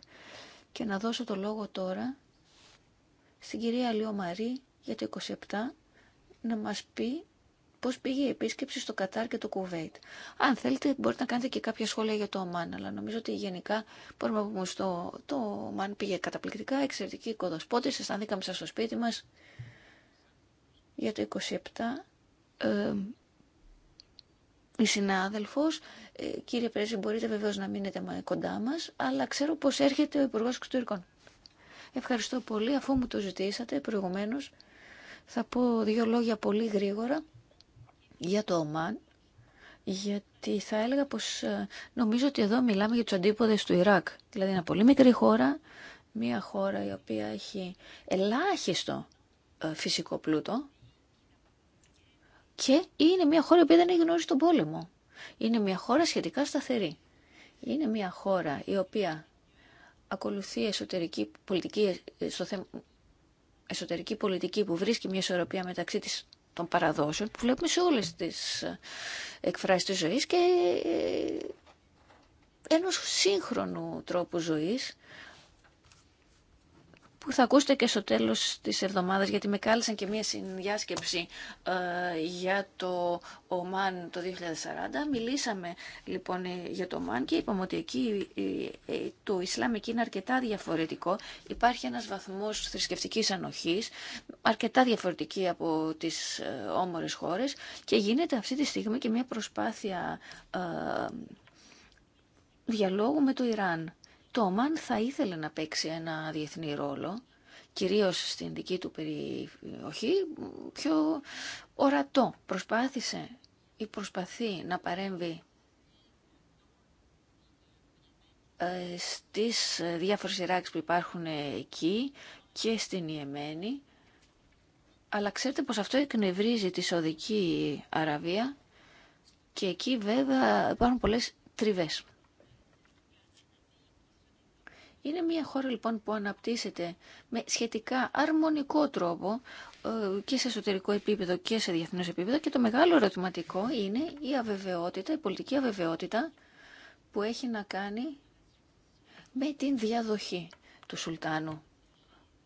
και να δώσω το λόγο τώρα στην κυρία Λιωμαρή για το 27 να μας πει πώς πήγε η επίσκεψη στο Κατάρ και το Κουβέιτ. Αν θέλετε μπορείτε να κάνετε και κάποια σχόλια για το Ομάν, αλλά νομίζω ότι γενικά μπορούμε να πούμε στο το Ομάν πήγε καταπληκτικά, εξαιρετική οικοδοσπότης, αισθανθήκαμε στο σπίτι μας για το 27. Ε, η συνάδελφος, ε, κύριε Πρέσβη, μπορείτε βεβαίως να μείνετε κοντά μας, αλλά ξέρω πως έρχεται ο Υπουργός Εξωτερικών. Ευχαριστώ πολύ, αφού μου το ζητήσατε προηγουμένως, θα πω δύο λόγια πολύ γρήγορα για το ΟΜΑΝ, γιατί θα έλεγα πως ε, νομίζω ότι εδώ μιλάμε για τους αντίποδες του Ιράκ. Δηλαδή χώρα, μία χώρα πολύ μικρή χώρα, μια χώρα η οποία έχει ελάχιστο ε, φυσικό πλούτο και είναι μια χώρα η οποία δεν έχει γνωρίσει τον πόλεμο. Είναι μια χώρα σχετικά σταθερή. Είναι μια χώρα η οποία ακολουθεί εσωτερική πολιτική, ε, εσωτερική πολιτική που βρίσκει μια ισορροπία μεταξύ της των παραδόσεων που βλέπουμε σε όλες τις ε, εκφράσεις της ζωής και ε, ενός σύγχρονου τρόπου ζωής που θα ακούσετε και στο τέλος της εβδομάδας, γιατί με κάλεσαν και μία συνδιάσκεψη ε, για το ΟΜΑΝ το 2040. Μιλήσαμε λοιπόν ε, για το ΟΜΑΝ και είπαμε ότι εκεί ε, ε, το Ισλάμ εκεί είναι αρκετά διαφορετικό. Υπάρχει ένας βαθμός θρησκευτικής ανοχής, αρκετά διαφορετική από τις όμορες χώρες και γίνεται αυτή τη στιγμή και μία προσπάθεια διαλόγου με το Ιράν. Το ΟΜΑΝ θα ήθελε να παίξει ένα διεθνή ρόλο, κυρίως στην δική του περιοχή, πιο ορατό. Προσπάθησε ή προσπαθεί να παρέμβει ε, στις διάφορες Ιράκες που υπάρχουν εκεί και στην Ιεμένη. Αλλά ξέρετε πως αυτό εκνευρίζει τη Σοδική Αραβία και εκεί βέβαια υπάρχουν πολλές τριβές. Είναι μια χώρα λοιπόν που αναπτύσσεται με σχετικά αρμονικό τρόπο ε, και σε εσωτερικό επίπεδο και σε διεθνές επίπεδο και το μεγάλο ερωτηματικό είναι η αβεβαιότητα, η πολιτική αβεβαιότητα που έχει να κάνει με την διαδοχή του Σουλτάνου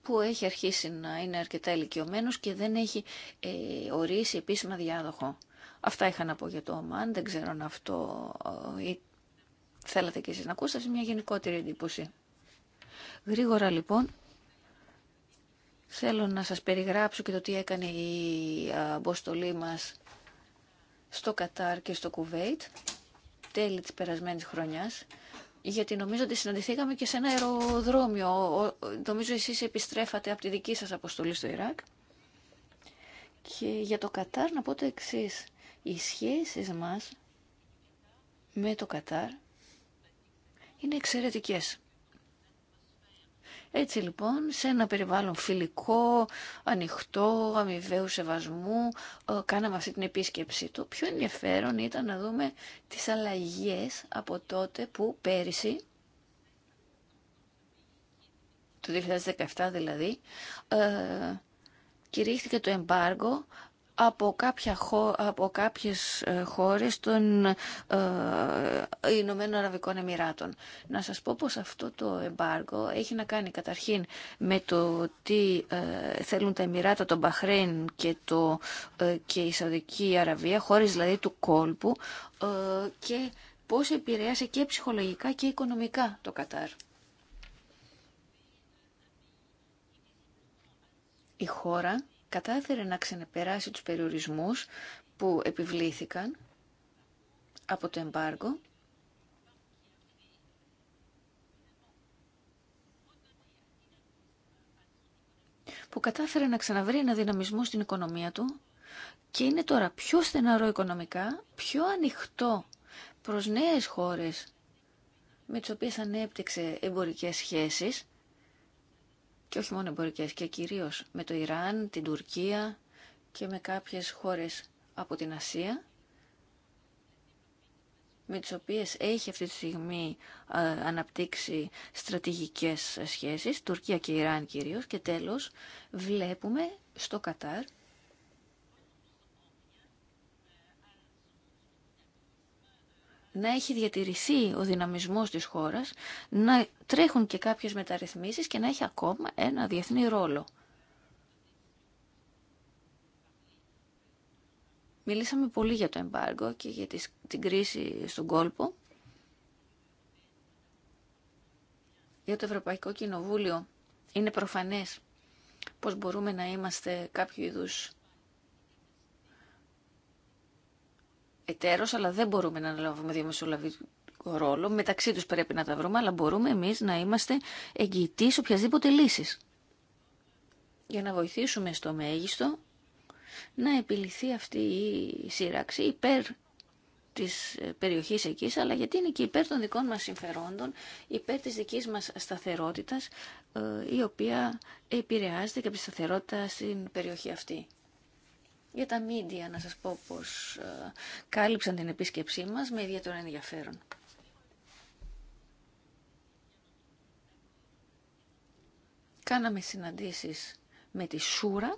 που έχει αρχίσει να είναι αρκετά ηλικιωμένο και δεν έχει ε, ορίσει επίσημα διάδοχο. Αυτά είχα να πω για το ΟΜΑΝ, δεν ξέρω αν αυτό ε, θέλατε και εσείς να ακούσετε, μια γενικότερη εντύπωση. Γρήγορα λοιπόν, θέλω να σας περιγράψω και το τι έκανε η αποστολή μας στο Κατάρ και στο Κουβέιτ, τέλη της περασμένης χρονιάς, γιατί νομίζω ότι συναντηθήκαμε και σε ένα αεροδρόμιο. Νομίζω εσείς επιστρέφατε από τη δική σας αποστολή στο Ιράκ. Και για το Κατάρ να πω το εξή. Οι σχέσεις μας με το Κατάρ είναι εξαιρετικές. Έτσι λοιπόν, σε ένα περιβάλλον φιλικό, ανοιχτό, αμοιβαίου σεβασμού, ε, κάναμε αυτή την επίσκεψη. του. πιο ενδιαφέρον ήταν να δούμε τις αλλαγές από τότε που πέρυσι, το 2017 δηλαδή, ε, κηρύχθηκε το εμπάργο από, κάποια, από κάποιες ε, χώρες των ε, Ηνωμένων Αραβικών Εμμυράτων. Να σας πω πως αυτό το εμπάργο έχει να κάνει καταρχήν με το τι ε, θέλουν τα Εμμυράτα, τον Μπαχρέν και, το, ε, και η Σαουδική Αραβία, χώρες δηλαδή του κόλπου και πώς επηρέασε και ψυχολογικά και οικονομικά το Κατάρ. Η χώρα κατάφερε να ξεπεράσει τους περιορισμούς που επιβλήθηκαν από το εμπάργο που κατάφερε να ξαναβρει ένα δυναμισμό στην οικονομία του και είναι τώρα πιο στεναρό οικονομικά, πιο ανοιχτό προς νέες χώρες με τις οποίες ανέπτυξε εμπορικές σχέσεις και όχι μόνο εμπορικές και κυρίως με το Ιράν, την Τουρκία και με κάποιες χώρες από την Ασία με τις οποίες έχει αυτή τη στιγμή ε, αναπτύξει στρατηγικές ε, σχέσεις, Τουρκία και Ιράν κυρίως, και τέλος βλέπουμε στο Κατάρ να έχει διατηρηθεί ο δυναμισμός της χώρας, να τρέχουν και κάποιες μεταρρυθμίσεις και να έχει ακόμα ένα διεθνή ρόλο. Μιλήσαμε πολύ για το εμπάργκο και για την κρίση στον κόλπο. Για το Ευρωπαϊκό Κοινοβούλιο είναι προφανές πως μπορούμε να είμαστε κάποιο είδους αλλά δεν μπορούμε να αναλάβουμε διαμεσολαβητικό ρόλο. Μεταξύ του πρέπει να τα βρούμε, αλλά μπορούμε εμείς να είμαστε εγγυητή οποιασδήποτε λύση. Για να βοηθήσουμε στο μέγιστο να επιληθεί αυτή η σύραξη υπέρ της περιοχής εκεί, αλλά γιατί είναι και υπέρ των δικών μας συμφερόντων, υπέρ τη δικής μας σταθερότητα, ε, η οποία επηρεάζεται και από τη σταθερότητα στην περιοχή αυτή. Για τα μίντια να σας πω πως ε, κάλυψαν την επίσκεψή μας με ιδιαίτερο ενδιαφέρον. Κάναμε συναντήσεις με τη Σούρα,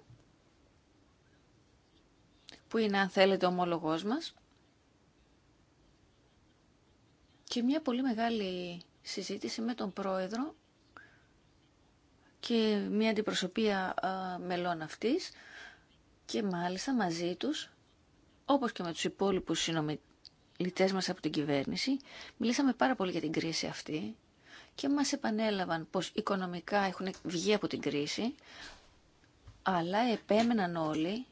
που είναι αν θέλετε ομόλογός μας, και μια πολύ μεγάλη συζήτηση με τον πρόεδρο και μια αντιπροσωπεία ε, μελών αυτής, και μάλιστα μαζί τους, όπως και με τους υπόλοιπους συνομιλητές μας από την κυβέρνηση, μιλήσαμε πάρα πολύ για την κρίση αυτή και μας επανέλαβαν πως οικονομικά έχουν βγει από την κρίση, αλλά επέμεναν όλοι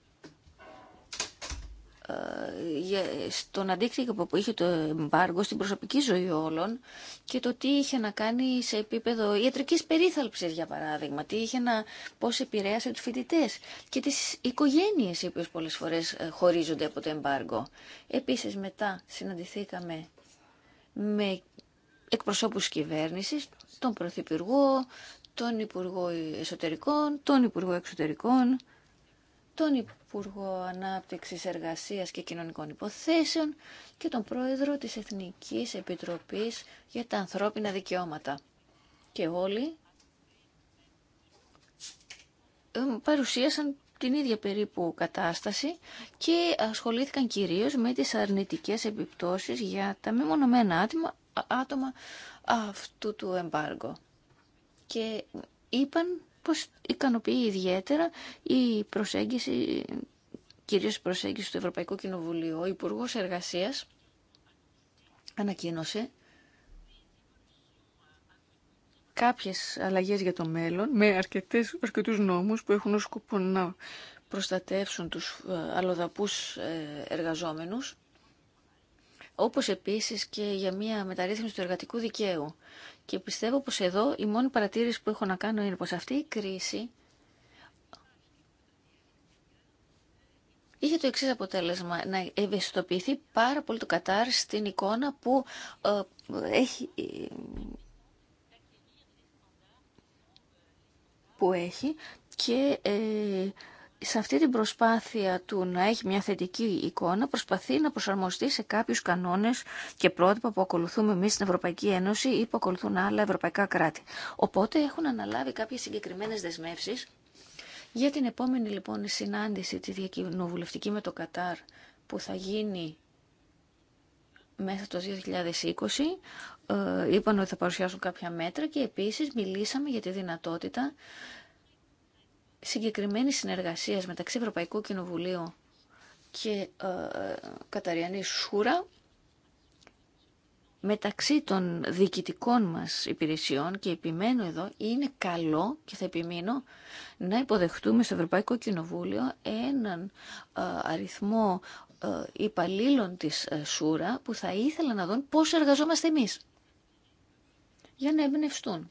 ε, στον αντίκτυπο που είχε το εμπάργο στην προσωπική ζωή όλων και το τι είχε να κάνει σε επίπεδο ιατρική περίθαλψης για παράδειγμα, τι είχε να, πώς επηρέασε του φοιτητέ και τι οικογένειε οι οποίε πολλέ φορέ ε, χωρίζονται από το εμπάργκο. Επίση, μετά συναντηθήκαμε με εκπροσώπους κυβέρνησης, τον Πρωθυπουργό, τον Υπουργό Εσωτερικών, τον Υπουργό Εξωτερικών, τον Υπουργό Ανάπτυξης Εργασίας και Κοινωνικών Υποθέσεων και τον Πρόεδρο της Εθνικής Επιτροπής για τα Ανθρώπινα Δικαιώματα. Και όλοι ε, παρουσίασαν την ίδια περίπου κατάσταση και ασχολήθηκαν κυρίως με τις αρνητικές επιπτώσεις για τα μεμονωμένα άτομα, άτομα αυτού του εμπάργου. Και είπαν πως ικανοποιεί ιδιαίτερα η προσέγγιση, κυρίως η προσέγγιση του Ευρωπαϊκού Κοινοβουλίου. Ο υπουργό Εργασίας ανακοίνωσε κάποιες αλλαγές για το μέλλον με αρκετές, αρκετούς νόμους που έχουν ως σκοπό να προστατεύσουν τους ε, αλλοδαπούς ε, εργαζόμενους όπως επίσης και για μια μεταρρύθμιση του εργατικού δικαίου. Και πιστεύω πως εδώ η μόνη παρατήρηση που έχω να κάνω είναι πως αυτή η κρίση είχε το εξής αποτέλεσμα, να ευαισθητοποιηθεί πάρα πολύ το Κατάρ στην εικόνα που ε, έχει... Ε, που έχει και ε, σε αυτή την προσπάθεια του να έχει μια θετική εικόνα προσπαθεί να προσαρμοστεί σε κάποιους κανόνες και πρότυπα που ακολουθούμε εμείς στην Ευρωπαϊκή Ένωση ή που ακολουθούν άλλα ευρωπαϊκά κράτη. Οπότε έχουν αναλάβει κάποιες συγκεκριμένες δεσμεύσεις για την επόμενη λοιπόν συνάντηση τη διακοινοβουλευτική με το Κατάρ που θα γίνει μέσα το 2020 ε, είπαν ότι θα παρουσιάσουν κάποια μέτρα και επίσης μιλήσαμε για τη δυνατότητα Συγκεκριμένη συνεργασία μεταξύ Ευρωπαϊκού Κοινοβουλίου και ε, Καταριανής Σούρα μεταξύ των διοικητικών μας υπηρεσιών και επιμένω εδώ είναι καλό και θα επιμείνω να υποδεχτούμε στο Ευρωπαϊκό Κοινοβούλιο έναν ε, αριθμό ε, υπαλλήλων της ε, Σούρα που θα ήθελα να δουν πώς εργαζόμαστε εμείς για να εμπνευστούν.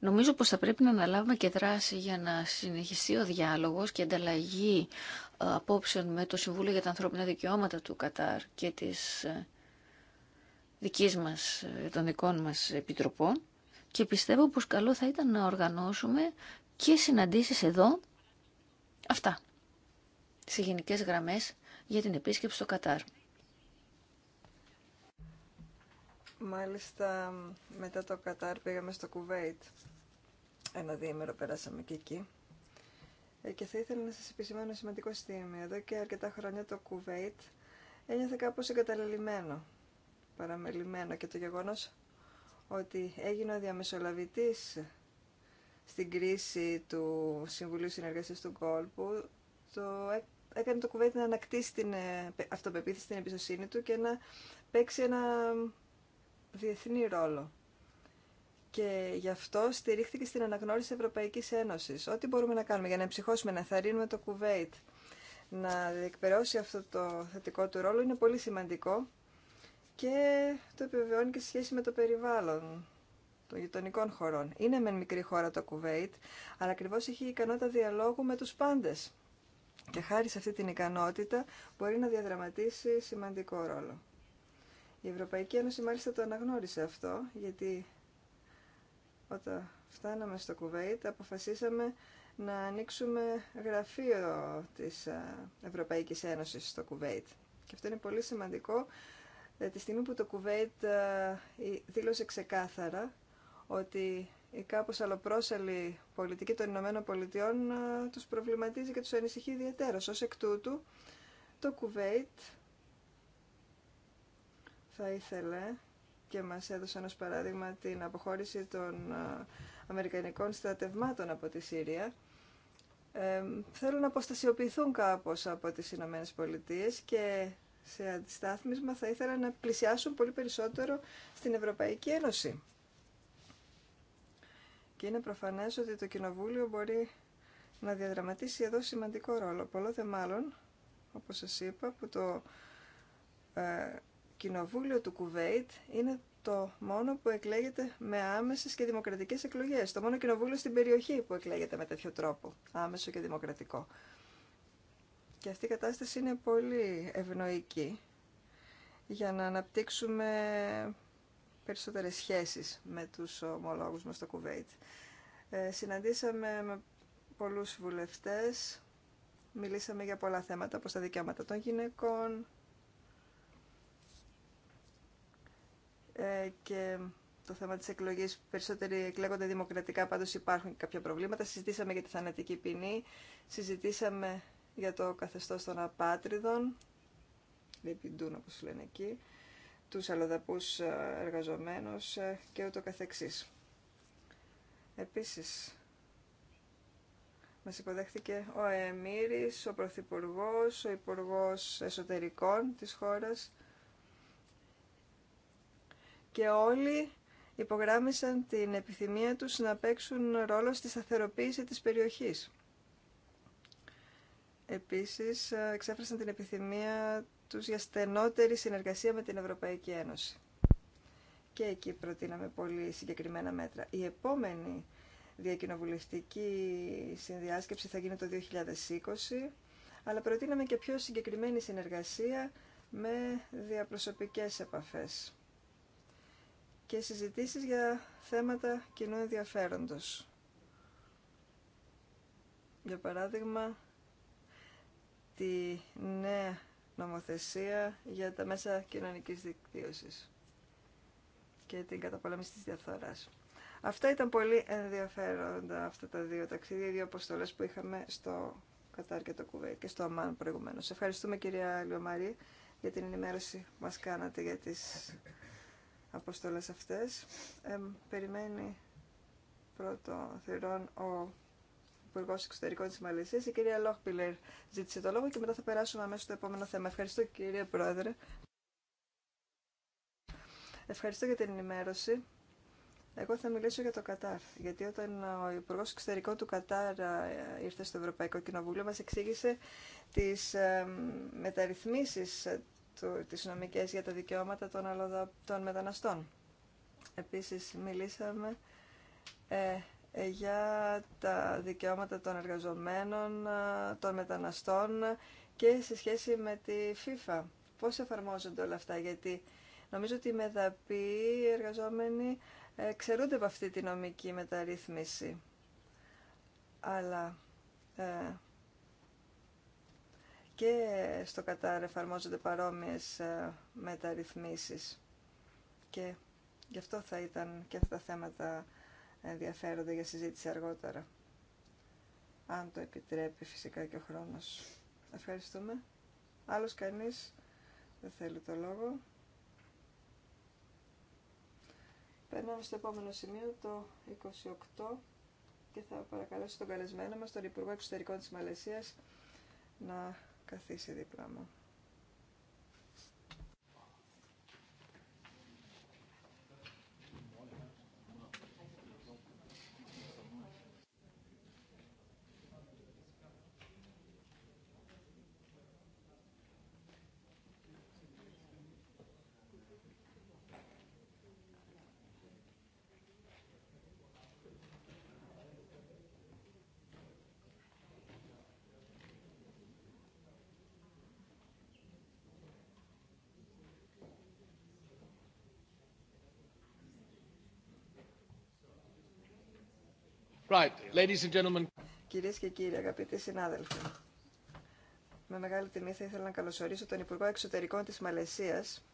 Νομίζω πως θα πρέπει να αναλάβουμε και δράση για να συνεχιστεί ο διάλογος και ανταλλαγή ε, απόψεων με το Συμβούλιο για τα Ανθρώπινα Δικαιώματα του Κατάρ και της ε, δικής μας, ε, των δικών μας επιτροπών και πιστεύω πως καλό θα ήταν να οργανώσουμε και συναντήσεις εδώ αυτά σε γενικές γραμμές για την επίσκεψη στο Κατάρ. Μάλιστα, μετά το Κατάρ πήγαμε στο Κουβέιτ. Ένα διήμερο περάσαμε και εκεί. Ε, και θα ήθελα να σας επισημάνω σημαντικό στιγμή, Εδώ και αρκετά χρόνια το Κουβέιτ ένιωθε κάπως εγκαταλελειμμένο, παραμελημένο. Και το γεγονός ότι έγινε ο διαμεσολαβητής στην κρίση του Συμβουλίου Συνεργασίας του Κόλπου, το έκανε το Κουβέιτ να ανακτήσει την ε, αυτοπεποίθηση, την εμπιστοσύνη του και να παίξει ένα διεθνή ρόλο. Και γι' αυτό στηρίχθηκε στην αναγνώριση της Ευρωπαϊκής Ένωσης. Ό,τι μπορούμε να κάνουμε για να εμψυχώσουμε, να θαρρύνουμε το κουβέιτ, να διεκπαιρεώσει αυτό το θετικό του ρόλο είναι πολύ σημαντικό και το επιβεβαιώνει και σε σχέση με το περιβάλλον των γειτονικών χωρών. Είναι μεν μικρή χώρα το Κουβέιτ, αλλά ακριβώ έχει ικανότητα διαλόγου με τους πάντες. Και χάρη σε αυτή την ικανότητα μπορεί να διαδραματίσει σημαντικό ρόλο. Η Ευρωπαϊκή Ένωση μάλιστα το αναγνώρισε αυτό, γιατί όταν φτάναμε στο Κουβέιτ αποφασίσαμε να ανοίξουμε γραφείο της ε, Ευρωπαϊκής Ένωσης στο Κουβέιτ. Και αυτό είναι πολύ σημαντικό, ε, τη στιγμή που το Κουβέιτ ε, δήλωσε ξεκάθαρα ότι η κάπως αλλοπρόσελη πολιτική των Ηνωμένων Πολιτειών τους προβληματίζει και τους ανησυχεί ιδιαίτερα. Ως εκ τούτου, το Κουβέιτ θα ήθελε και μας έδωσε ως παράδειγμα την αποχώρηση των ε, Αμερικανικών στρατευμάτων από τη Σύρια ε, θέλουν να αποστασιοποιηθούν κάπως από τις Ηνωμένες Πολιτείες και σε αντιστάθμισμα θα ήθελα να πλησιάσουν πολύ περισσότερο στην Ευρωπαϊκή Ένωση. Και είναι προφανές ότι το Κοινοβούλιο μπορεί να διαδραματίσει εδώ σημαντικό ρόλο. Πολλό μάλλον, όπως σας είπα, που το ε, κοινοβούλιο του Κουβέιτ είναι το μόνο που εκλέγεται με άμεσες και δημοκρατικές εκλογές. Το μόνο κοινοβούλιο στην περιοχή που εκλέγεται με τέτοιο τρόπο, άμεσο και δημοκρατικό. Και αυτή η κατάσταση είναι πολύ ευνοϊκή για να αναπτύξουμε περισσότερες σχέσεις με τους ομολόγους μας στο Κουβέιτ. Ε, συναντήσαμε με πολλούς βουλευτές, μιλήσαμε για πολλά θέματα, όπως τα δικαιώματα των γυναικών, Ε, και το θέμα της εκλογής. Περισσότεροι εκλέγονται δημοκρατικά, πάντως υπάρχουν και κάποια προβλήματα. Συζητήσαμε για τη θανατική ποινή, συζητήσαμε για το καθεστώς των απάτριδων, λεπιντούν όπως λένε εκεί, τους αλλοδαπούς ε, εργαζομένους ε, και ούτω καθεξής. Επίσης, μας υποδέχθηκε ο Εμμύρης, ο Πρωθυπουργός, ο Υπουργός Εσωτερικών της χώρας, και όλοι υπογράμμισαν την επιθυμία τους να παίξουν ρόλο στη σταθεροποίηση της περιοχής. Επίσης, ε, εξέφρασαν την επιθυμία τους για στενότερη συνεργασία με την Ευρωπαϊκή Ένωση. Και εκεί προτείναμε πολύ συγκεκριμένα μέτρα. Η επόμενη διακοινοβουλευτική συνδιάσκεψη θα γίνει το 2020, αλλά προτείναμε και πιο συγκεκριμένη συνεργασία με διαπροσωπικές επαφές και συζητήσεις για θέματα κοινού ενδιαφέροντος. Για παράδειγμα, τη νέα νομοθεσία για τα μέσα κοινωνικής δικτύωσης και την καταπολέμηση της διαφθοράς. Αυτά ήταν πολύ ενδιαφέροντα αυτά τα δύο ταξίδια, οι δύο αποστολές που είχαμε στο Κατάρ και το Κουβέ και στο Αμάν προηγουμένως. Ευχαριστούμε κυρία Λιωμαρή για την ενημέρωση που μας κάνατε για τις αποστολές αυτές. Ε, περιμένει πρώτο θεωρών ο Υπουργό Εξωτερικών της Μαλαισίας η κυρία Λόχπιλερ, ζήτησε το λόγο και μετά θα περάσουμε αμέσως στο επόμενο θέμα. Ευχαριστώ, κύριε Πρόεδρε. Ευχαριστώ για την ενημέρωση. Εγώ θα μιλήσω για το Κατάρ, γιατί όταν ο Υπουργό Εξωτερικών του Κατάρ ε, ήρθε στο Ευρωπαϊκό Κοινοβούλιο, μα εξήγησε τι μεταρρυθμίσει τις νομικές για τα δικαιώματα των, των μεταναστών. Επίσης μιλήσαμε ε, ε, για τα δικαιώματα των εργαζομένων, ε, των μεταναστών και σε σχέση με τη FIFA. Πώς εφαρμόζονται όλα αυτά, γιατί νομίζω ότι οι μεδαποί οι εργαζόμενοι ε, ξερούνται από αυτή τη νομική μεταρρύθμιση. Αλλά και στο Κατάρ εφαρμόζονται παρόμοιες ε, μεταρρυθμίσεις και γι' αυτό θα ήταν και αυτά τα θέματα ενδιαφέροντα για συζήτηση αργότερα. Αν το επιτρέπει φυσικά και ο χρόνος. Ευχαριστούμε. Άλλος κανείς δεν θέλει το λόγο. Περνάμε στο επόμενο σημείο, το 28, και θα παρακαλέσω τον καλεσμένο μας, τον Υπουργό Εξωτερικών της Μαλαισίας, να καθίσει δίπλα μου. Right, ladies and gentlemen. Κυρίες και κύριοι, αγαπητοί συνάδελφοι, με μεγάλη τιμή θα ήθελα να καλωσορίσω τον Υπουργό Εξωτερικών της Μαλαισίας,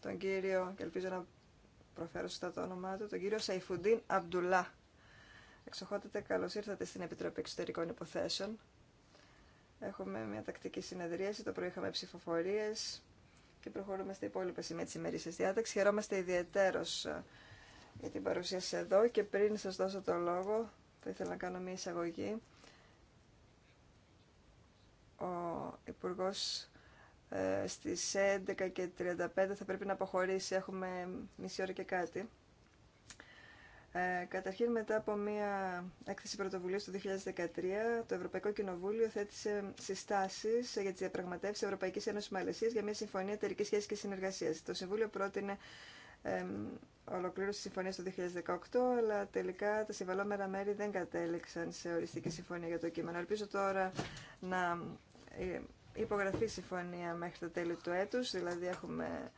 τον κύριο, και ελπίζω να προφέρω σωστά το όνομά του, τον κύριο Σαϊφουντίν Αμπτουλά. Εξοχότατε, καλώς ήρθατε στην Επιτροπή Εξωτερικών Υποθέσεων. Έχουμε μια τακτική συνεδρίαση, το πρωί είχαμε ψηφοφορίες και προχωρούμε στα υπόλοιπα σημεία της ημερήσιας διάταξης. Χαιρόμαστε ιδιαίτερος ε, για την παρουσία εδώ και πριν σα δώσω το λόγο θα ήθελα να κάνω μια εισαγωγή. Ο υπουργό ε, στις 11 και 35 θα πρέπει να αποχωρήσει. Έχουμε μισή ώρα και κάτι. Ε, καταρχήν, μετά από μια έκθεση πρωτοβουλία του 2013, το Ευρωπαϊκό Κοινοβούλιο θέτησε συστάσεις για τι διαπραγματεύσει Ευρωπαϊκή Ένωση Μαλαισία για μια συμφωνία εταιρική σχέση και συνεργασία. Το Συμβούλιο πρότεινε ολοκλήρωση συμφωνία το 2018, αλλά τελικά τα συμβαλόμενα μέρη δεν κατέληξαν σε οριστική συμφωνία για το κείμενο. Ελπίζω τώρα να ε, υπογραφεί συμφωνία μέχρι το τέλη του έτους, δηλαδή έχουμε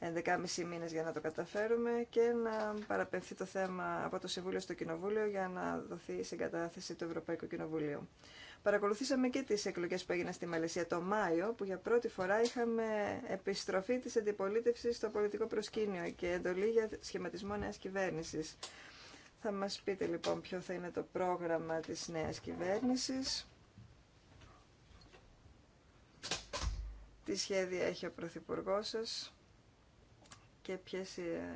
11,5 μήνες για να το καταφέρουμε και να παραπευθεί το θέμα από το Συμβούλιο στο Κοινοβούλιο για να δοθεί η συγκατάθεση του Ευρωπαϊκού Κοινοβουλίου. Παρακολουθήσαμε και τις εκλογές που έγιναν στη Μαλαισία το Μάιο, που για πρώτη φορά είχαμε επιστροφή της αντιπολίτευσης στο πολιτικό προσκήνιο και εντολή για σχηματισμό νέας κυβέρνησης. Θα μας πείτε λοιπόν ποιο θα είναι το πρόγραμμα της νέας κυβέρνησης. Τι σχέδια έχει ο Πρωθυπουργό σα και ποιε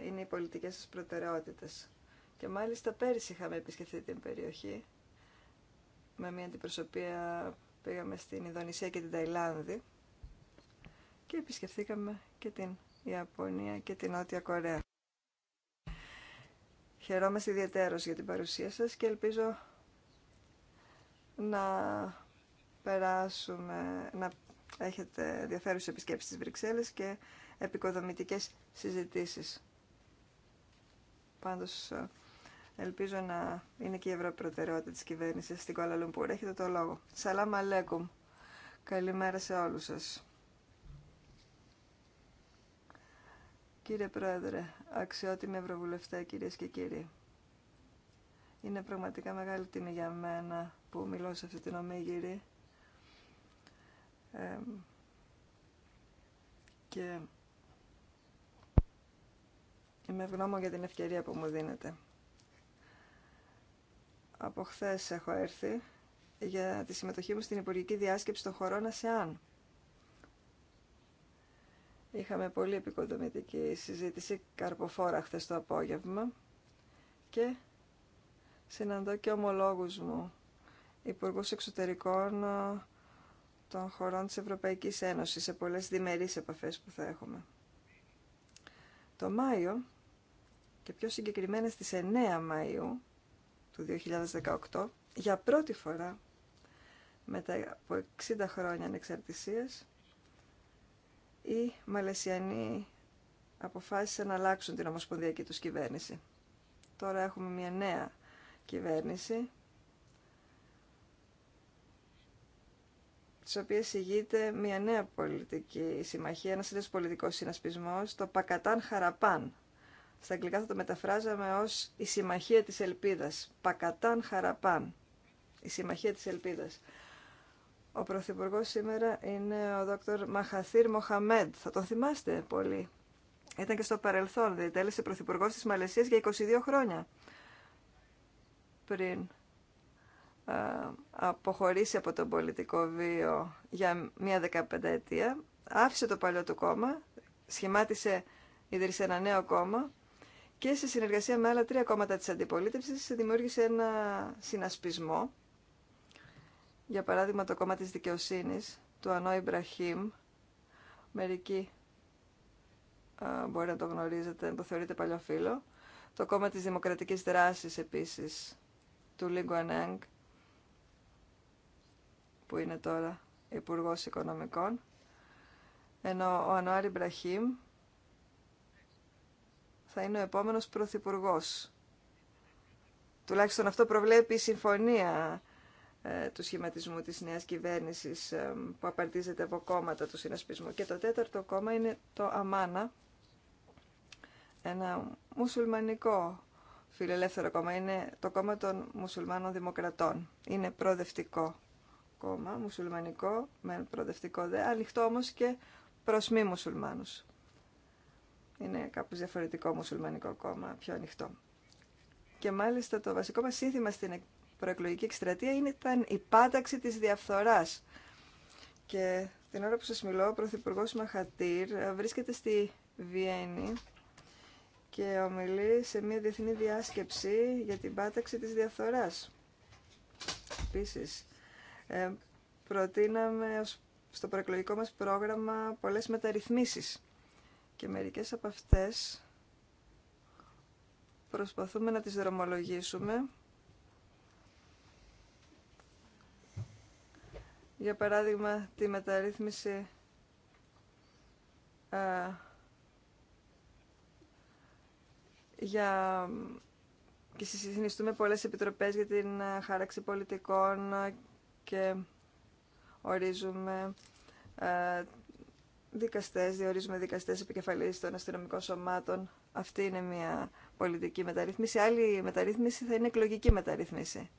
είναι οι πολιτικές σας προτεραιότητες. Και μάλιστα πέρυσι είχαμε επισκεφθεί την περιοχή με μια αντιπροσωπεία πήγαμε στην Ινδονησία και την Ταϊλάνδη και επισκεφθήκαμε και την Ιαπωνία και την Νότια Κορέα. Χαιρόμαστε ιδιαίτερος για την παρουσία σας και ελπίζω να περάσουμε, να έχετε ενδιαφέρουσες επισκέψεις στις Βρυξέλλες και επικοδομητικές συζητήσεις. Πάντως Ελπίζω να είναι και η Ευρώπη προτεραιότητα της κυβέρνησης στην Κουάλα Έχετε το λόγο. Σαλάμ αλέκουμ. Καλημέρα σε όλους σας. Κύριε Πρόεδρε, αξιότιμοι Ευρωβουλευτέ, κυρίες και κύριοι. Είναι πραγματικά μεγάλη τιμή για μένα που μιλώ σε αυτή την ομίγυρη. και είμαι ευγνώμων για την ευκαιρία που μου δίνετε από χθε έχω έρθει για τη συμμετοχή μου στην Υπουργική Διάσκεψη των χωρών ΑΣΕΑΝ. Είχαμε πολύ επικοδομητική συζήτηση καρποφόρα χθε το απόγευμα και συναντώ και ομολόγους μου, υπουργού Εξωτερικών ε, των χωρών της Ευρωπαϊκής Ένωσης σε πολλές διμερείς επαφές που θα έχουμε. Το Μάιο και πιο συγκεκριμένα στις 9 Μαΐου το 2018 για πρώτη φορά μετά από 60 χρόνια ανεξαρτησίας οι Μαλαισιανοί αποφάσισαν να αλλάξουν την ομοσπονδιακή τους κυβέρνηση. Τώρα έχουμε μια νέα κυβέρνηση τη οποία ηγείται μια νέα πολιτική συμμαχία, ένας νέος πολιτικός συνασπισμός, το Πακατάν Χαραπάν, στα αγγλικά θα το μεταφράζαμε ως «Η Συμμαχία της Ελπίδας», «Πακατάν Χαραπάν», «Η Συμμαχία της Ελπίδας». Ο Πρωθυπουργό σήμερα είναι ο Δόκτωρ Μαχαθήρ Μοχαμέντ. Θα τον θυμάστε πολύ. Ήταν και στο παρελθόν, διετέλεσε Πρωθυπουργό της Μαλαισίας για 22 χρόνια πριν αποχωρήσει από τον πολιτικό βίο για μία δεκαπενταετία, άφησε το παλιό του κόμμα, σχημάτισε, ίδρυσε ένα νέο κόμμα και σε συνεργασία με άλλα τρία κόμματα της αντιπολίτευσης δημιούργησε ένα συνασπισμό. Για παράδειγμα το κόμμα της δικαιοσύνης του Ανώ Ιμπραχήμ. Μερικοί α, ε, μπορεί να το γνωρίζετε, το θεωρείτε παλιό φίλο. Το κόμμα της δημοκρατικής δράσης επίσης του Λίγκου Ανέγκ που είναι τώρα υπουργό Οικονομικών. Ενώ ο Ανώ Μπραχήμ θα είναι ο επόμενος Πρωθυπουργό. Τουλάχιστον αυτό προβλέπει η συμφωνία ε, του σχηματισμού της νέας κυβέρνησης ε, που απαρτίζεται από κόμματα του συνασπισμού. Και το τέταρτο κόμμα είναι το Αμάνα, ένα μουσουλμανικό φιλελεύθερο κόμμα. Είναι το κόμμα των μουσουλμάνων δημοκρατών. Είναι προοδευτικό κόμμα, μουσουλμανικό, με προοδευτικό δε, ανοιχτό όμως και προς μη μουσουλμάνους. Είναι κάπως διαφορετικό μουσουλμανικό κόμμα, πιο ανοιχτό. Και μάλιστα το βασικό μα σύνθημα στην προεκλογική εκστρατεία ήταν η πάταξη της διαφθοράς. Και την ώρα που σας μιλώ, ο Πρωθυπουργό Μαχατήρ ε, βρίσκεται στη Βιέννη και ομιλεί σε μια διεθνή διάσκεψη για την πάταξη της διαφθοράς. Επίσης, ε, προτείναμε στο προεκλογικό μας πρόγραμμα πολλές μεταρρυθμίσεις και μερικές από αυτές προσπαθούμε να τις δρομολογήσουμε. Για παράδειγμα, τη μεταρρύθμιση ε, για, και συνιστούμε πολλές επιτροπές για την ε, χάραξη πολιτικών και ορίζουμε ε, δικαστές, διορίζουμε δικαστές επικεφαλής των αστυνομικών σωμάτων. Αυτή είναι μια πολιτική μεταρρύθμιση. Άλλη μεταρρύθμιση θα είναι εκλογική μεταρρύθμιση.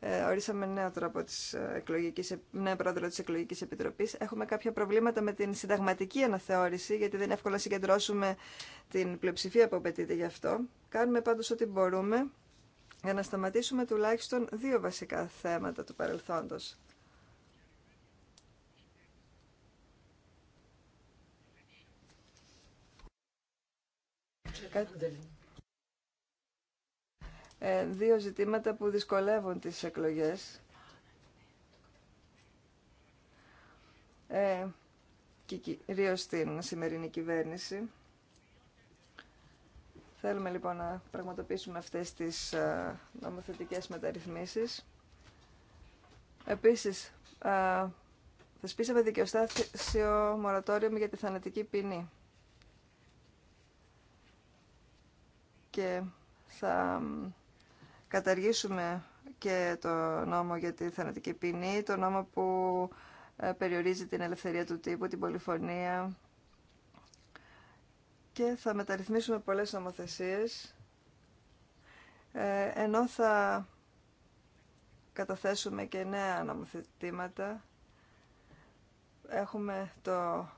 Ε, ορίσαμε νέο τρόπο της ε, εκλογικής, νέο πρόεδρο της εκλογική επιτροπής. Έχουμε κάποια προβλήματα με την συνταγματική αναθεώρηση, γιατί δεν εύκολα να συγκεντρώσουμε την πλειοψηφία που απαιτείται γι' αυτό. Κάνουμε πάντως ό,τι μπορούμε για να σταματήσουμε τουλάχιστον δύο βασικά θέματα του παρελθόντος. Ε, δύο ζητήματα που δυσκολεύουν τις εκλογές. Ε, και κυρίω στην σημερινή κυβέρνηση. Θέλουμε λοιπόν να πραγματοποιήσουμε αυτές τις ε, νομοθετικές μεταρρυθμίσεις. Επίσης, ε, θεσπίσαμε δικαιοστάσιο μορατόριο για τη θανατική ποινή. και θα καταργήσουμε και το νόμο για τη θανατική ποινή, το νόμο που ε, περιορίζει την ελευθερία του τύπου, την πολυφωνία και θα μεταρρυθμίσουμε πολλές νομοθεσίες ε, ενώ θα καταθέσουμε και νέα νομοθετήματα. Έχουμε το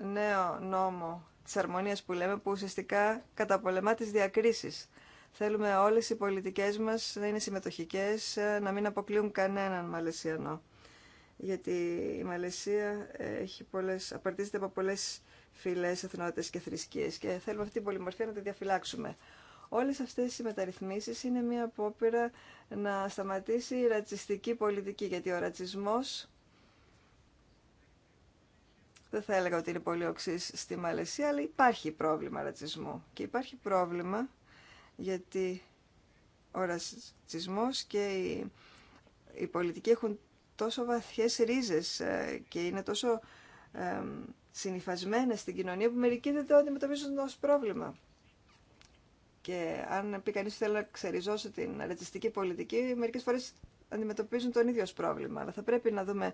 νέο νόμο της αρμονίας που λέμε, που ουσιαστικά καταπολεμά τις διακρίσεις. Θέλουμε όλες οι πολιτικές μας να είναι συμμετοχικές, ε, να μην αποκλείουν κανέναν Μαλαισιανό. Γιατί η Μαλαισία ε, έχει πολλές, απαρτίζεται από πολλές φυλές, εθνότητες και θρησκείες και θέλουμε αυτή την πολυμορφία να τη διαφυλάξουμε. Όλες αυτές οι μεταρρυθμίσεις είναι μια απόπειρα να σταματήσει η ρατσιστική πολιτική, γιατί ο ρατσισμός δεν θα έλεγα ότι είναι πολύ οξύ στη Μαλαισία, αλλά υπάρχει πρόβλημα ρατσισμού. Και υπάρχει πρόβλημα γιατί ο ρατσισμός και οι πολιτικοί έχουν τόσο βαθιές ρίζες ε, και είναι τόσο ε, στην κοινωνία που μερικοί δεν το αντιμετωπίζουν ως πρόβλημα. Και αν πει κανείς θέλει να ξεριζώσει την ρατσιστική πολιτική, μερικές φορές αντιμετωπίζουν τον ίδιο ως πρόβλημα. Αλλά θα πρέπει να δούμε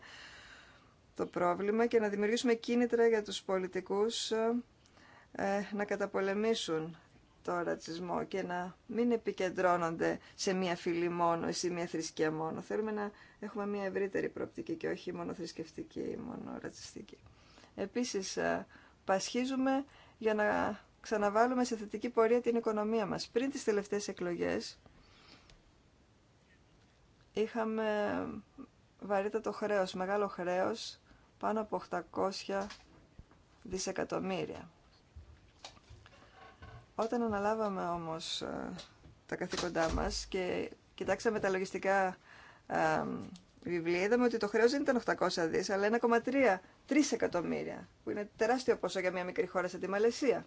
το πρόβλημα και να δημιουργήσουμε κίνητρα για τους πολιτικούς ε, ε, να καταπολεμήσουν το ρατσισμό και να μην επικεντρώνονται σε μία φυλή μόνο ή σε μία θρησκεία μόνο. Θέλουμε να έχουμε μία ευρύτερη προοπτική και όχι μόνο θρησκευτική ή μόνο ρατσιστική. Επίσης, ε, πασχίζουμε για να ξαναβάλουμε σε θετική πορεία την οικονομία μας. Πριν τις τελευταίες εκλογές είχαμε βαρύτατο χρέος, μεγάλο χρέος πάνω από 800 δισεκατομμύρια. Όταν αναλάβαμε όμως ε, τα καθήκοντά μας και κοιτάξαμε τα λογιστικά ε, βιβλία, είδαμε ότι το χρέος δεν ήταν 800 δις, αλλά 1,3 εκατομμύρια, που είναι τεράστιο ποσό για μια μικρή χώρα σαν τη Μαλαισία.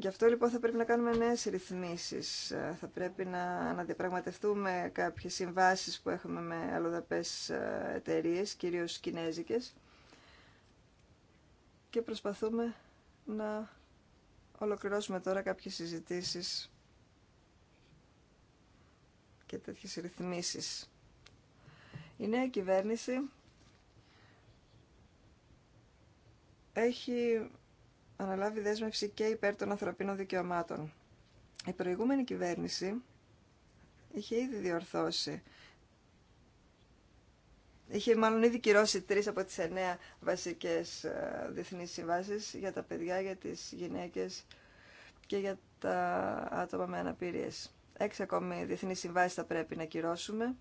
Γι' αυτό λοιπόν θα πρέπει να κάνουμε νέες ρυθμίσεις. Ε, θα πρέπει να αναδιαπραγματευτούμε κάποιες συμβάσεις που έχουμε με αλλοδαπές ε, εταιρείε, κυρίως κινέζικες. Και προσπαθούμε να ολοκληρώσουμε τώρα κάποιες συζητήσεις και τέτοιες ρυθμίσεις. Η νέα κυβέρνηση έχει αναλάβει δέσμευση και υπέρ των ανθρωπίνων δικαιωμάτων. Η προηγούμενη κυβέρνηση είχε ήδη διορθώσει. Είχε μάλλον ήδη κυρώσει τρεις από τις εννέα βασικές ε, διεθνείς συμβάσεις για τα παιδιά, για τις γυναίκες και για τα άτομα με αναπηρίες. Έξι ακόμη διεθνείς συμβάσεις θα πρέπει να κυρώσουμε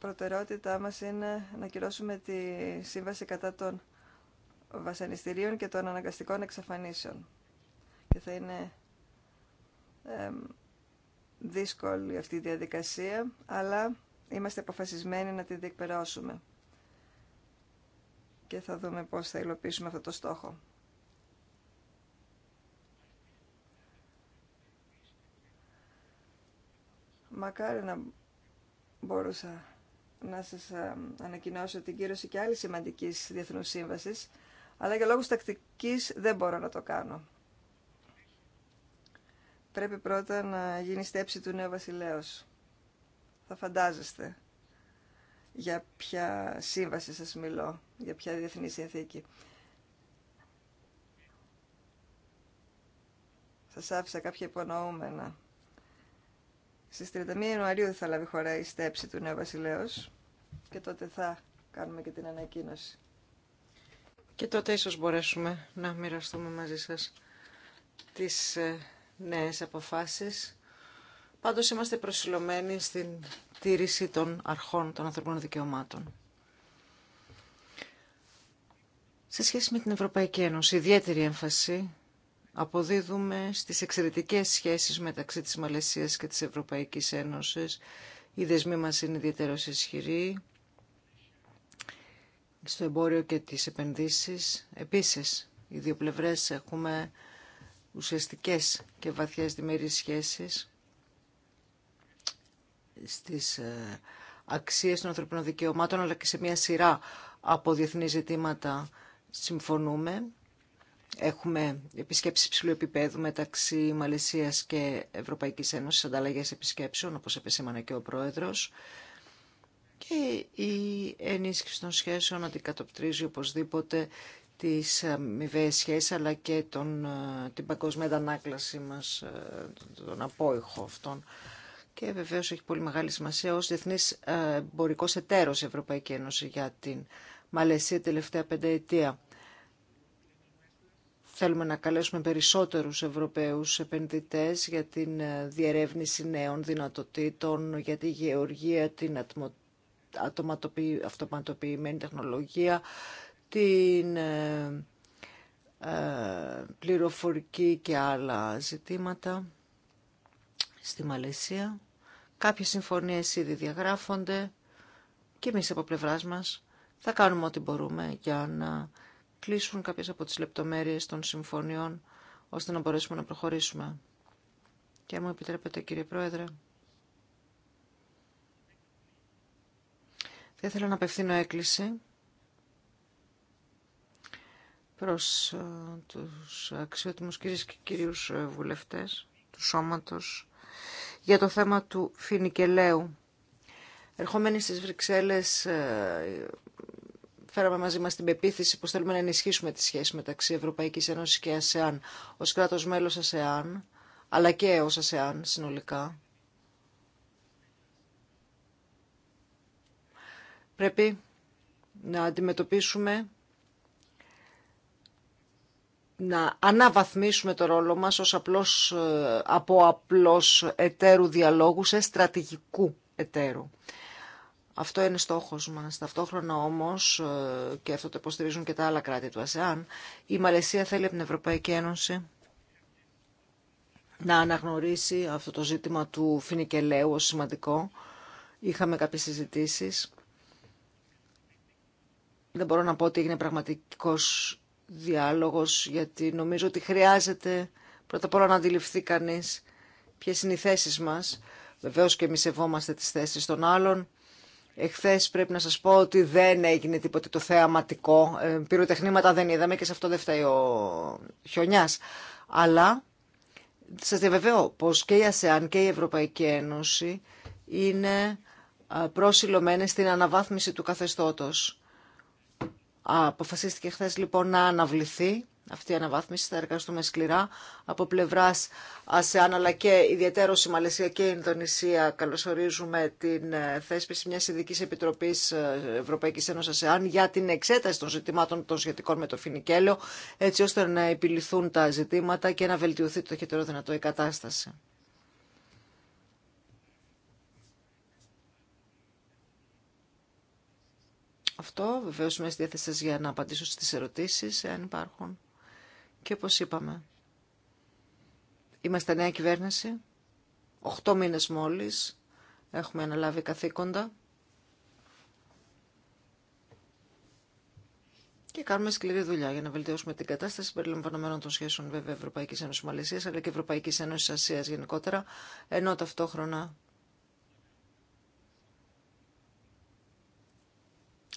προτεραιότητά μας είναι να κυρώσουμε τη σύμβαση κατά των βασανιστήριων και των αναγκαστικών εξαφανίσεων. Και θα είναι δύσκολη αυτή η διαδικασία, αλλά είμαστε αποφασισμένοι να τη διεκπαιρεώσουμε. Και θα δούμε πώς θα υλοποιήσουμε αυτό το στόχο. Μακάρι να μπορούσα να σας ε, ανακοινώσω την κύρωση και άλλη σημαντική διεθνούς σύμβασης, αλλά για λόγους τακτικής δεν μπορώ να το κάνω. Πρέπει πρώτα να γίνει στέψη του νέου βασιλέως. Θα φαντάζεστε για ποια σύμβαση σας μιλώ, για ποια διεθνή συνθήκη. Σας άφησα κάποια υπονοούμενα. Στι 31 Ιανουαρίου θα λάβει χώρα η στέψη του νέου βασιλέω. και τότε θα κάνουμε και την ανακοίνωση. Και τότε ίσως μπορέσουμε να μοιραστούμε μαζί σας τις ε, νέες αποφάσεις. Πάντως είμαστε προσιλωμένοι στην τήρηση των αρχών των ανθρωπίνων δικαιωμάτων. Σε σχέση με την Ευρωπαϊκή Ένωση, ιδιαίτερη έμφαση αποδίδουμε στις εξαιρετικές σχέσεις μεταξύ της Μαλαισίας και της Ευρωπαϊκής Ένωσης. Οι δεσμοί μας είναι ιδιαίτερα ισχυροί στο εμπόριο και τις επενδύσεις. Επίσης, οι δύο πλευρές έχουμε ουσιαστικές και βαθιές διμερείς σχέσεις στις ε, αξίες των ανθρωπινών δικαιωμάτων, αλλά και σε μια σειρά από διεθνή ζητήματα συμφωνούμε. Έχουμε επισκέψεις ψηλού επίπεδου μεταξύ Μαλαισίας και Ευρωπαϊκής Ένωσης, ανταλλαγές επισκέψεων, όπως επεσήμανε και ο Πρόεδρος. Και η ενίσχυση των σχέσεων αντικατοπτρίζει οπωσδήποτε τις αμοιβαίες σχέσεις, αλλά και τον, ε, την παγκόσμια αντανάκλαση μας, ε, τον απόϊχο αυτών. Και βεβαίως έχει πολύ μεγάλη σημασία ως διεθνής ε, εμπορικός εταίρος η Ευρωπαϊκή Ένωση για την Μαλαισία τελευταία πενταετία. Θέλουμε να καλέσουμε περισσότερους Ευρωπαίους επενδυτές για την ε, διερεύνηση νέων δυνατοτήτων, για τη γεωργία, την αυτοματοποιημένη τεχνολογία, την ε, ε, πληροφορική και άλλα ζητήματα στη Μαλαισία. Κάποιες συμφωνίες ήδη διαγράφονται και εμείς από πλευράς μας θα κάνουμε ό,τι μπορούμε για να κλείσουν κάποιες από τις λεπτομέρειες των συμφωνιών ώστε να μπορέσουμε να προχωρήσουμε. Και μου επιτρέπετε κύριε Πρόεδρε, θα ήθελα να απευθύνω έκκληση προς ε, τους αξιότιμους κυρίες και κυρίους ε, βουλευτές του σώματος για το θέμα του φινικελαίου. Ερχόμενοι στις Βρυξέλλες ε, φέραμε μαζί μας την πεποίθηση πω θέλουμε να ενισχύσουμε τη σχέση μεταξύ Ευρωπαϊκής Ένωση και ΑΣΕΑΝ ως κράτος μέλος ΑΣΕΑΝ, αλλά και ως ΑΣΕΑΝ συνολικά. Πρέπει να αντιμετωπίσουμε να αναβαθμίσουμε το ρόλο μας ως απλώς, ε, από απλώς εταίρου διαλόγου σε στρατηγικού εταίρου. Αυτό είναι στόχος μας. Ταυτόχρονα όμως, ε, και αυτό το υποστηρίζουν και τα άλλα κράτη του ΑΣΕΑΝ, η Μαλαισία θέλει από την Ευρωπαϊκή Ένωση να αναγνωρίσει αυτό το ζήτημα του φινικελαίου ως σημαντικό. Είχαμε κάποιες συζητήσεις. Δεν μπορώ να πω ότι έγινε πραγματικός διάλογος, γιατί νομίζω ότι χρειάζεται πρώτα απ' όλα να αντιληφθεί κανείς ποιες είναι οι θέσεις μας. Βεβαίως και εμείς σεβόμαστε τις θέσεις των άλλων Εχθές πρέπει να σας πω ότι δεν έγινε τίποτε το θεαματικό. Ε, πυροτεχνήματα δεν είδαμε και σε αυτό δεν φταίει ο χιονιάς. Αλλά σας διαβεβαιώ πως και η ΑΣΕΑΝ και η Ευρωπαϊκή Ένωση είναι ε, προσιλωμένες στην αναβάθμιση του καθεστώτος. Αποφασίστηκε χθε λοιπόν να αναβληθεί αυτή η αναβάθμιση. Θα εργαστούμε σκληρά από πλευρά ΑΣΕΑΝ αλλά και ιδιαίτερω η Μαλαισία και η Ινδονησία. Καλωσορίζουμε την ε, θέσπιση μια ειδική επιτροπή ε, Ευρωπαϊκή Ένωση ΑΣΕΑΝ για την εξέταση των ζητημάτων των σχετικών με το φινικέλαιο, έτσι ώστε να επιληθούν τα ζητήματα και να βελτιωθεί το χειρότερο δυνατό η κατάσταση. Αυτό βεβαίως είμαι στη διάθεση για να απαντήσω στις ερωτήσεις, αν υπάρχουν. Και όπως είπαμε, είμαστε νέα κυβέρνηση, 8 μήνες μόλις, έχουμε αναλάβει καθήκοντα και κάνουμε σκληρή δουλειά για να βελτιώσουμε την κατάσταση περιλαμβανομένων των σχέσεων βέβαια Ευρωπαϊκής Ένωσης Μαλαισίας αλλά και Ευρωπαϊκής Ένωσης Ασίας γενικότερα, ενώ ταυτόχρονα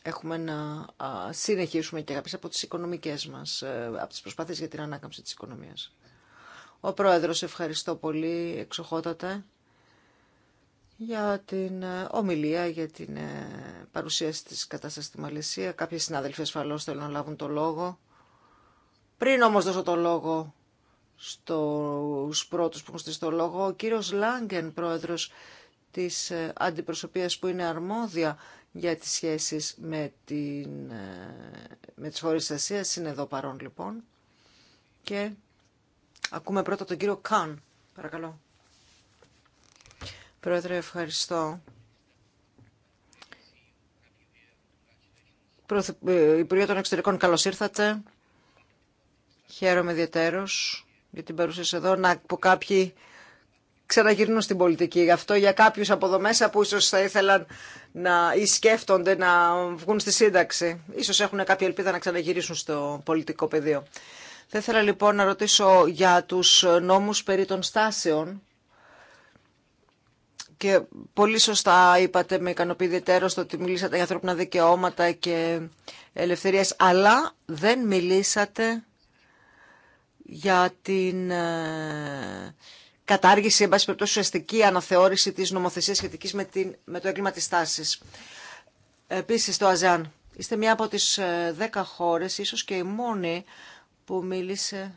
έχουμε να συνεχίσουμε και κάποιες από τις οικονομικές μας, ε, από τις προσπάθειες για την ανάκαμψη της οικονομίας. Ο Πρόεδρος, ευχαριστώ πολύ, εξοχότατε, για την ε, ομιλία, για την ε, παρουσίαση της κατάστασης στη Μαλαισία. Κάποιοι συνάδελφοι ασφαλώς θέλουν να λάβουν το λόγο. Πριν όμως δώσω το λόγο στους πρώτους που έχουν στήσει το λόγο, ο κύριος Λάγκεν, πρόεδρος της ε, αντιπροσωπείας που είναι αρμόδια για τις σχέσεις με, την, ε, με τις χώρες της Ασίας. Είναι εδώ παρόν λοιπόν. Και ακούμε πρώτα τον κύριο Καν. Παρακαλώ. Πρόεδρε, ευχαριστώ. Ε, Υπουργέ των Εξωτερικών, καλώς ήρθατε. Χαίρομαι ιδιαίτερως για την παρουσία εδώ. Να, πω κάποιοι ξαναγυρνούν στην πολιτική. Γι' αυτό για κάποιους από εδώ μέσα που ίσως θα ήθελαν να, ή σκέφτονται να βγουν στη σύνταξη. Ίσως έχουν κάποια ελπίδα να ξαναγυρίσουν στο πολιτικό πεδίο. Θα ήθελα λοιπόν να ρωτήσω για τους νόμους περί των στάσεων και πολύ σωστά είπατε με ικανοποιεί ιδιαίτερο ότι μιλήσατε για ανθρώπινα δικαιώματα και ελευθερίες, αλλά δεν μιλήσατε για την ε, κατάργηση, εν πάση ουσιαστική αναθεώρηση της νομοθεσίας σχετικής με, την, με το έγκλημα τη τάση. Επίσης το ΑΖΕΑΝ. Είστε μία από τις 10 ε, χώρε ίσως και η μόνη που μίλησε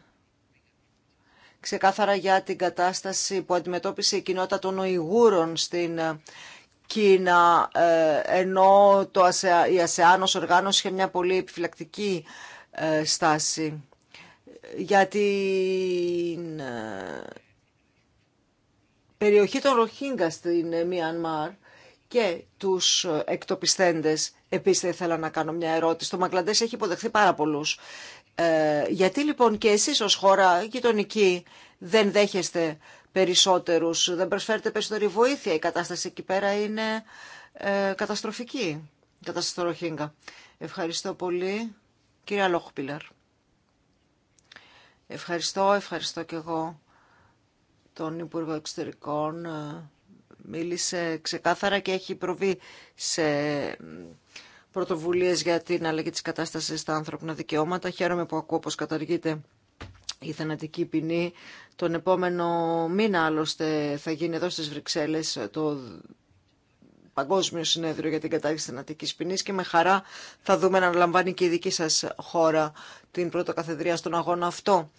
ξεκάθαρα για την κατάσταση που αντιμετώπισε η κοινότητα των Οιγούρων στην ε, Κίνα, ε, ενώ το ΑΣΕ, η ΑΣΕΑΝ οργάνωση είχε μια πολύ επιφυλακτική στάση για την περιοχή των Ροχίνγκα στην ε, Μιανμάρ και τους εκτοπιστέντες. έχει υποδεχθεί πάρα πολλού. Γιατί λοιπόν και εσεί ω χώρα, θα ήθελα να κάνω μια ερώτηση. Το Μαγκλαντές έχει υποδεχθεί πάρα πολλου Ε, γιατί λοιπόν και εσει ως χώρα γειτονική δεν δέχεστε περισσότερους, δεν προσφέρετε περισσότερη βοήθεια. Η κατάσταση εκεί πέρα είναι ε, καταστροφική, κατάσταση στο Ευχαριστώ πολύ. Κυρία Λόχπιλαρ. Ευχαριστώ, ευχαριστώ και εγώ τον Υπουργό Εξωτερικών ε, μίλησε ξεκάθαρα και έχει προβεί σε πρωτοβουλίες για την αλλαγή της κατάστασης στα ανθρώπινα δικαιώματα. Χαίρομαι που ακούω πως καταργείται η θανατική ποινή. Τον επόμενο μήνα άλλωστε θα γίνει εδώ στις Βρυξέλλες το Παγκόσμιο Συνέδριο για την Κατάργηση Θανατικής Ποινής και με χαρά θα δούμε να λαμβάνει και η δική σας χώρα την πρωτοκαθεδρία στον αγώνα αυτό.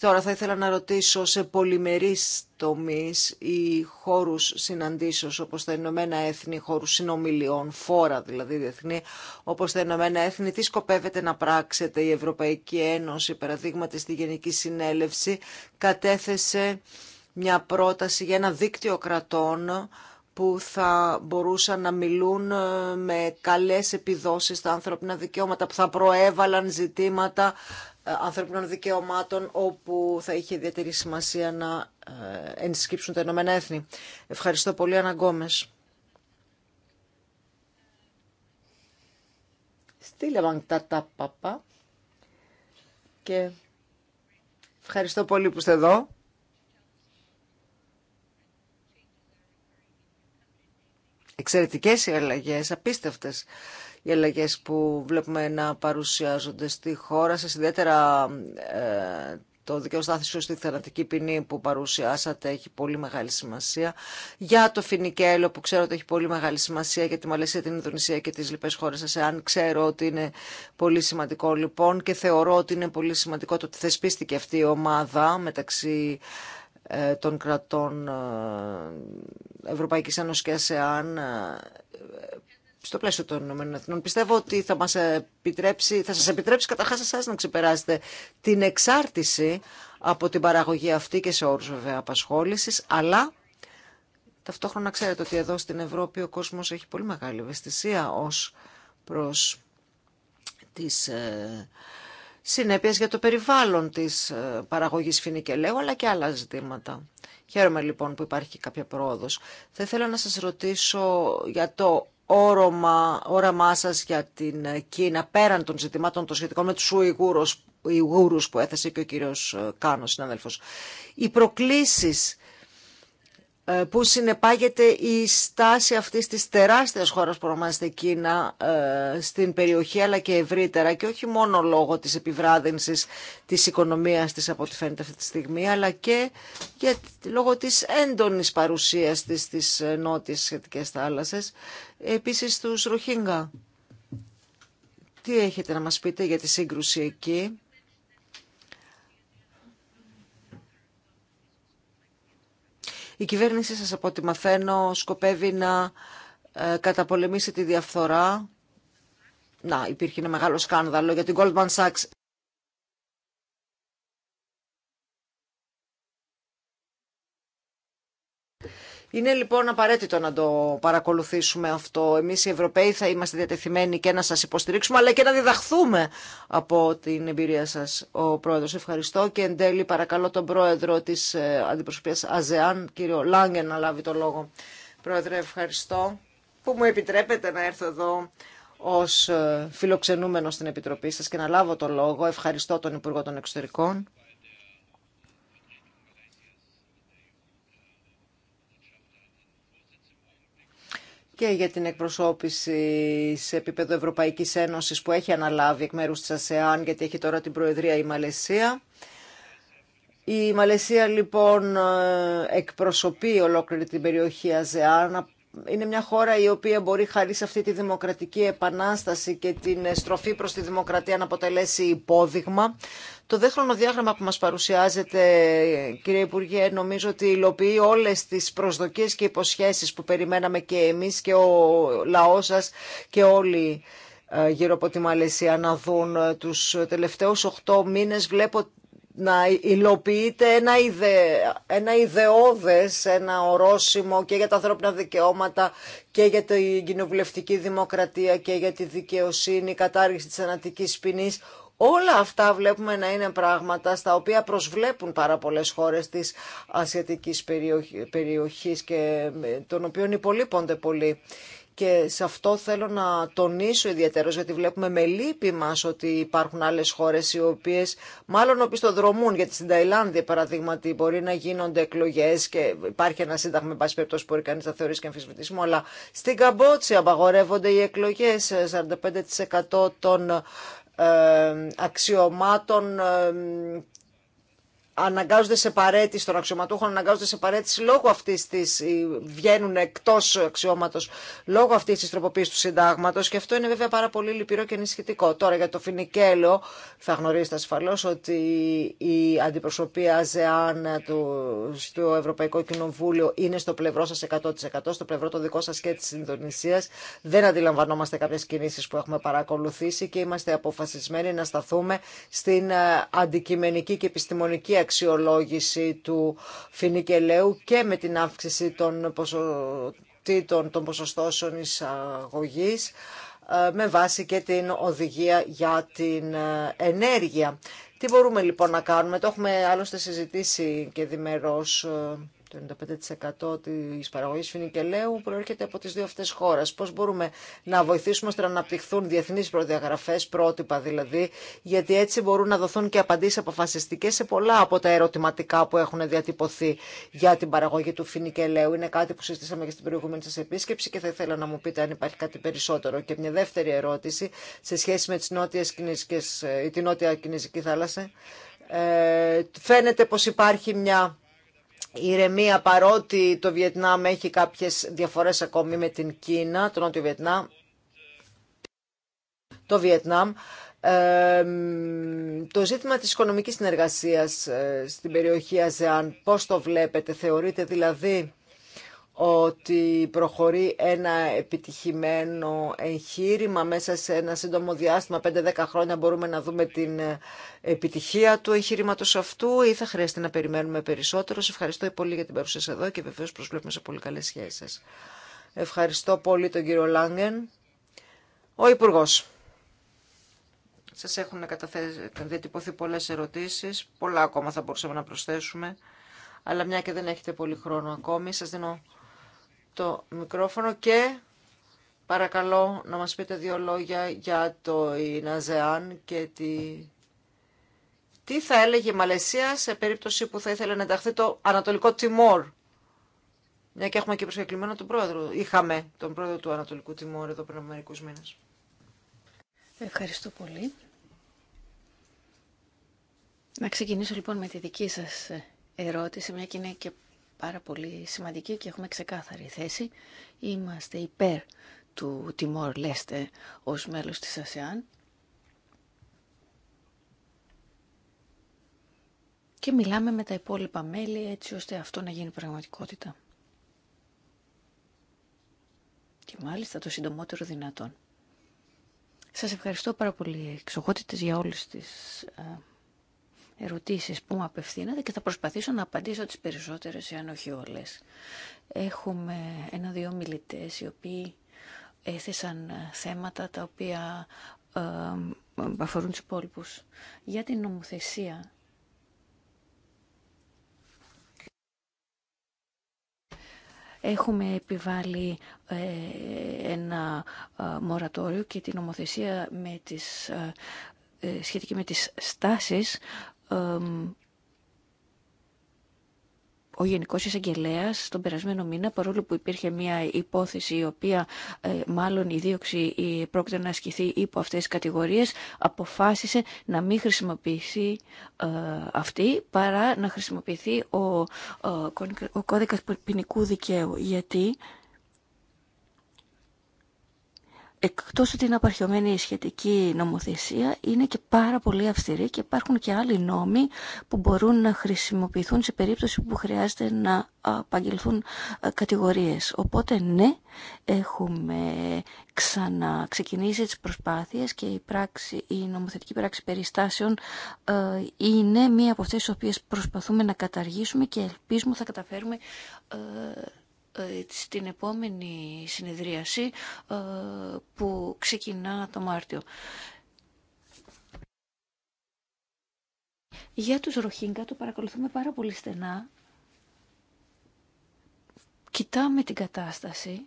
Και τώρα θα ήθελα να ρωτήσω σε πολυμερείς τομείς ή χώρους συναντήσεως όπως τα Ηνωμένα Έθνη, χώρους συνομιλιών, φόρα δηλαδή διεθνή, όπως τα Ηνωμένα Έθνη, τι σκοπεύετε να πράξετε η Ευρωπαϊκή Ένωση, σκοπευεται να πραξετε η ευρωπαικη ενωση παραδειγματι στη Γενική Συνέλευση, κατέθεσε μια πρόταση για ένα δίκτυο κρατών που θα μπορούσαν να μιλούν ε, με καλές επιδόσεις στα ανθρώπινα δικαιώματα, που θα προέβαλαν ζητήματα ε, ανθρωπίνων δικαιωμάτων όπου θα είχε ιδιαίτερη σημασία να ε, ενσκύψουν τα Ηνωμένα Έθνη. Ευχαριστώ πολύ, Αναγκόμες. Στείλε τα τα παπά και ευχαριστώ πολύ που είστε εδώ. Εξαιρετικές οι αλλαγές, απίστευτες οι αλλαγέ που βλέπουμε να παρουσιάζονται στη χώρα σας, ιδιαίτερα ε, το δικαιοστάθισιο στη θανατική ποινή που παρουσιάσατε έχει πολύ μεγάλη σημασία. Για το φινικέλο που ξέρω ότι έχει πολύ μεγάλη σημασία για τη Μαλαισία, την Ινδονησία και τις λοιπές χώρες σας, εάν ξέρω ότι είναι πολύ σημαντικό λοιπόν και θεωρώ ότι είναι πολύ σημαντικό το ότι θεσπίστηκε αυτή η ομάδα μεταξύ ε, των κρατών ε, Ευρωπαϊκής Ένωσης και ΑΣΕΑΝ ε, στο πλαίσιο των Εθνών. Πιστεύω ότι θα, μας επιτρέψει, θα σας επιτρέψει καταρχάς εσάς να ξεπεράσετε την εξάρτηση από την παραγωγή αυτή και σε όρους βέβαια απασχόλησης, αλλά ταυτόχρονα ξέρετε ότι εδώ στην Ευρώπη ο κόσμος έχει πολύ μεγάλη ευαισθησία ως προς τις ε, συνέπειες για το περιβάλλον της ε, παραγωγής φινικελαίου, αλλά και άλλα ζητήματα. Χαίρομαι λοιπόν που υπάρχει κάποια πρόοδος. Θα ήθελα να σας ρωτήσω για το όρομα, όραμά σα για την Κίνα πέραν των ζητημάτων των σχετικών με του Ουιγούρου που έθεσε και ο κύριο Κάνος, συνάδελφο. Οι προκλήσεις ε, που συνεπάγεται η στάση αυτή της επιβράδυνση τη που ονομάζεται Κίνα ε, στην περιοχή αλλά και ευρύτερα και όχι μόνο λόγω της επιβράδυνσης της οικονομίας της από ό,τι φαίνεται αυτή τη στιγμή αλλά και για, λόγω της έντονης παρουσίας της στις ε, νότιες σχετικές θάλασσες επίσης τους Ροχίνγκα. Τι έχετε να μας πείτε για τη σύγκρουση εκεί Η κυβέρνησή σας, από ό,τι μαθαίνω, σκοπεύει να ε, καταπολεμήσει τη διαφθορά. Να, υπήρχε ένα μεγάλο σκάνδαλο για την Goldman Sachs Είναι λοιπόν απαραίτητο να το παρακολουθήσουμε αυτό. Εμείς οι Ευρωπαίοι θα είμαστε διατεθειμένοι και να σας υποστηρίξουμε αλλά και να διδαχθούμε από την εμπειρία σας. Ο Πρόεδρος ευχαριστώ και εν τέλει παρακαλώ τον Πρόεδρο της ε, Αντιπροσωπείας ΑΖΕΑΝ, κύριο Λάγκεν, να λάβει το λόγο. Πρόεδρε ευχαριστώ που μου επιτρέπετε να έρθω εδώ ως ε, φιλοξενούμενος στην Επιτροπή σας και να λάβω το λόγο. Ευχαριστώ τον Υπουργό των Εξωτερικών και για την εκπροσώπηση σε επίπεδο Ευρωπαϊκής Ένωσης που έχει αναλάβει εκ μέρους της ΑΣΕΑΝ γιατί έχει τώρα την Προεδρία η Μαλαισία. Η Μαλαισία λοιπόν ε, εκπροσωπεί ολόκληρη την περιοχή ΑΣΕΑΝ είναι μια χώρα η οποία μπορεί χάρη σε αυτή τη δημοκρατική επανάσταση και την στροφή προς τη δημοκρατία να αποτελέσει υπόδειγμα. Το δεύτερο διάγραμμα που μας παρουσιάζεται, κύριε Υπουργέ, νομίζω ότι υλοποιεί όλες τις προσδοκίες και υποσχέσεις που περιμέναμε και εμείς και ο λαός σας και όλοι ε, γύρω από τη Μαλαισία να δουν ε, τους τελευταίους 8 μήνες βλέπω να υλοποιείται ένα, ιδε, ένα ιδεώδες, ένα ορόσημο και για τα ανθρώπινα δικαιώματα και για την κοινοβουλευτική δημοκρατία και για τη δικαιοσύνη, η κατάργηση της ανατικής ποινή. Όλα αυτά βλέπουμε να είναι πράγματα στα οποία προσβλέπουν πάρα πολλές χώρες της ασιατικής περιοχής και των οποίων υπολείπονται πολύ. Και σε αυτό θέλω να τονίσω ιδιαίτερο, γιατί βλέπουμε με λύπη μα ότι υπάρχουν άλλε χώρε οι οποίε μάλλον οπισθοδρομούν. Γιατί στην Ταϊλάνδη, παραδείγματι, μπορεί να γίνονται εκλογέ και υπάρχει ένα σύνταγμα, εν πάση περιπτώσει, που μπορεί κανεί να θεωρήσει και αμφισβητήσιμο. Αλλά στην Καμπότση απαγορεύονται οι εκλογέ. 45% ε, των ε, ε, αξιωμάτων αναγκάζονται σε παρέτηση των αξιωματούχων, αναγκάζονται σε παρέτηση λόγω αυτή τη. Ε, βγαίνουν εκτό αξιώματο λόγω αυτή τη τροποποίηση του συντάγματο. Και αυτό είναι βέβαια πάρα πολύ λυπηρό και ενισχυτικό. Τώρα για το Φινικέλο, θα γνωρίζετε ασφαλώ ότι η αντιπροσωπεία ΖΕΑΝ στο Ευρωπαϊκό Κοινοβούλιο είναι στο πλευρό σα 100%, στο πλευρό το δικό σα και τη Ινδονησία. Δεν αντιλαμβανόμαστε κάποιε κινήσει που έχουμε παρακολουθήσει και είμαστε αποφασισμένοι να σταθούμε στην ε, αντικειμενική και επιστημονική αξιολόγηση του φινικελαίου και με την αύξηση των ποσοτήτων των ποσοστώσεων εισαγωγής ε, με βάση και την οδηγία για την ε, ενέργεια. Τι μπορούμε λοιπόν να κάνουμε, το έχουμε άλλωστε συζητήσει και διμερώς ε, το 95% της παραγωγής φινικελαίου προέρχεται από τι δύο αυτέ χώρε. Πώ μπορούμε να βοηθήσουμε ώστε να αναπτυχθούν διεθνεί προδιαγραφέ, πρότυπα δηλαδή, γιατί έτσι μπορούν να δοθούν και απαντήσει αποφασιστικέ σε πολλά από τα ερωτηματικά που έχουν διατυπωθεί για την παραγωγή του φινικελαίου. Είναι κάτι που συζητήσαμε και στην προηγούμενη σα επίσκεψη και θα ήθελα να μου πείτε αν υπάρχει κάτι περισσότερο. Και μια δεύτερη ερώτηση σε σχέση με τις ε, τη νότια κινέζικη θάλασσα. Ε, φαίνεται πως υπάρχει μια ηρεμία παρότι το Βιετνάμ έχει κάποιες διαφορές ακόμη με την Κίνα, το Νότιο Βιετνάμ, το Βιετνάμ. Ε, το ζήτημα της οικονομικής συνεργασίας ε, στην περιοχή ΑΖΕΑΝ, πώς το βλέπετε, θεωρείτε δηλαδή ότι προχωρεί ένα επιτυχημένο εγχείρημα μέσα σε ένα σύντομο διάστημα, 5-10 χρόνια μπορούμε να δούμε την ε, επιτυχία του εγχειρήματο αυτού ή θα χρειαστεί να περιμένουμε περισσότερο. Σε ευχαριστώ πολύ για την παρουσία σας εδώ και βεβαίως προσβλέπουμε σε πολύ καλές σχέσεις Ευχαριστώ πολύ τον κύριο Λάγκεν. Ο υπουργό. Σας έχουν διατυπωθεί πολλές ερωτήσεις, πολλά ακόμα θα μπορούσαμε να προσθέσουμε, αλλά μια και δεν έχετε πολύ χρόνο ακόμη, σας δίνω το μικρόφωνο και παρακαλώ να μας πείτε δύο λόγια για το Ιναζεάν και τη... τι θα έλεγε η Μαλαισία σε περίπτωση που θα ήθελε να ενταχθεί το Ανατολικό Τιμόρ. Μια και έχουμε και προσκεκλημένο τον πρόεδρο. Είχαμε τον πρόεδρο του Ανατολικού Τιμόρ εδώ πριν από μερικούς μήνες. Ευχαριστώ πολύ. Να ξεκινήσω λοιπόν με τη δική σας ερώτηση, μια και είναι και πάρα πολύ σημαντική και έχουμε ξεκάθαρη θέση. Είμαστε υπέρ του Τιμόρ Λέστε ως μέλος της ΑΣΕΑΝ. Και μιλάμε με τα υπόλοιπα μέλη έτσι ώστε αυτό να γίνει πραγματικότητα. Και μάλιστα το συντομότερο δυνατόν. Σας ευχαριστώ πάρα πολύ εξοχότητες για όλες τις ε, ερωτήσεις που μου απευθύνατε και θα προσπαθήσω να απαντήσω τις περισσότερες, αν όχι όλες. Έχουμε ένα-δύο μιλητές οι οποίοι έθεσαν θέματα τα οποία ε, αφορούν τους υπόλοιπους. Για την νομοθεσία Έχουμε επιβάλει ε, ένα ε, μορατόριο και την νομοθεσία με τις, ε, σχετική με τις στάσεις ο Γενικός Εισαγγελέας τον περασμένο μήνα, παρόλο που υπήρχε μια υπόθεση η οποία ε, μάλλον η δίωξη πρόκειται να ασκηθεί υπό αυτές τις κατηγορίες, αποφάσισε να μην χρησιμοποιηθεί ε, αυτή παρά να χρησιμοποιηθεί ο, ε, ο κώδικας ποινικού δικαίου. Γιατί εκτός ότι είναι απαρχιωμένη η σχετική νομοθεσία, είναι και πάρα πολύ αυστηρή και υπάρχουν και άλλοι νόμοι που μπορούν να χρησιμοποιηθούν σε περίπτωση που χρειάζεται να απαγγελθούν ε, κατηγορίες. Οπότε ναι, έχουμε ξαναξεκινήσει τις προσπάθειες και η, πράξη, η νομοθετική πράξη περιστάσεων ε, είναι μία από αυτές τις οποίες προσπαθούμε να καταργήσουμε και ελπίζουμε θα καταφέρουμε ε, στην ε, επόμενη συνεδρίαση ε, που ξεκινά το Μάρτιο. Για τους Ροχίνγκα το παρακολουθούμε πάρα πολύ στενά. Κοιτάμε την κατάσταση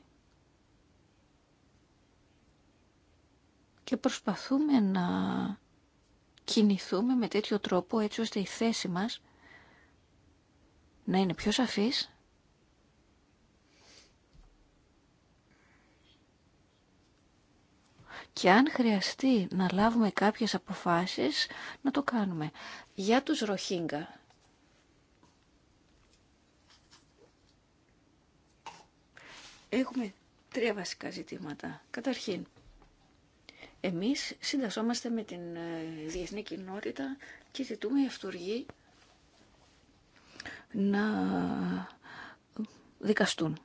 και προσπαθούμε να κινηθούμε με τέτοιο τρόπο έτσι ώστε η θέση μας να είναι πιο σαφής και αν χρειαστεί να λάβουμε κάποιες αποφάσεις, να το κάνουμε. Για τους Ροχίνγκα, έχουμε τρία βασικά ζητήματα. Καταρχήν, εμείς συντασσόμαστε με την ε, διεθνή κοινότητα και ζητούμε οι αυτοργοί να δικαστούν.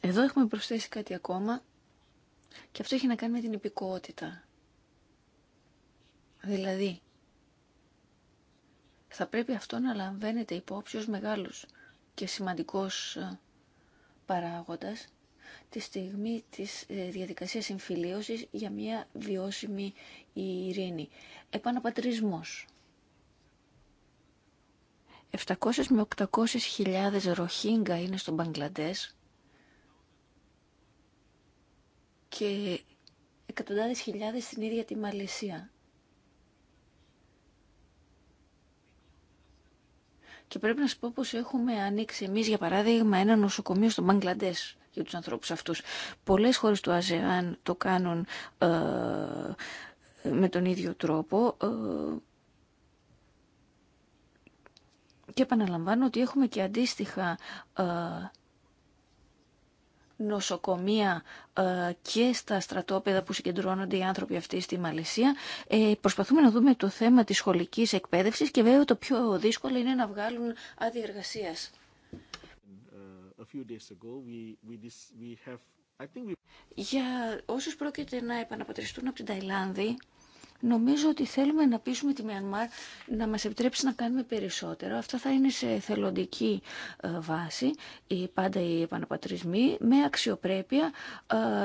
Εδώ έχουμε προσθέσει κάτι ακόμα και αυτό έχει να κάνει με την υπηκότητα. Δηλαδή, θα πρέπει αυτό να λαμβάνεται υπόψη ως μεγάλος και σημαντικός ε, παράγοντας τη στιγμή της ε, διαδικασίας συμφιλίωσης για μια βιώσιμη ειρήνη. Επαναπατρισμός. 700 με 800 χιλιάδες ροχίνγκα είναι στον Μπαγκλαντές και εκατοντάδες χιλιάδες στην ίδια τη Μαλαισία. Και πρέπει να σου πω πως έχουμε ανοίξει εμείς, για παράδειγμα, ένα νοσοκομείο στο Μαγκλαντές για τους ανθρώπους αυτούς. Πολλές χώρες του ΑΖΕΑΝ το κάνουν ε, με τον ίδιο τρόπο. Ε, και επαναλαμβάνω ότι έχουμε και αντίστοιχα ε, νοσοκομεία ε, και στα στρατόπεδα που συγκεντρώνονται οι άνθρωποι αυτοί στη Μαλαισία. Ε, προσπαθούμε να δούμε το θέμα της σχολικής εκπαίδευσης και βέβαια το πιο δύσκολο είναι να βγάλουν άδεια Για όσους πρόκειται να επαναπατριστούν από την Ταϊλάνδη, Νομίζω ότι θέλουμε να πείσουμε τη Μιανμάρ να μας επιτρέψει να κάνουμε περισσότερο. Αυτό θα είναι σε θελοντική ε, βάση, πάντα οι επαναπατρισμοί, με αξιοπρέπεια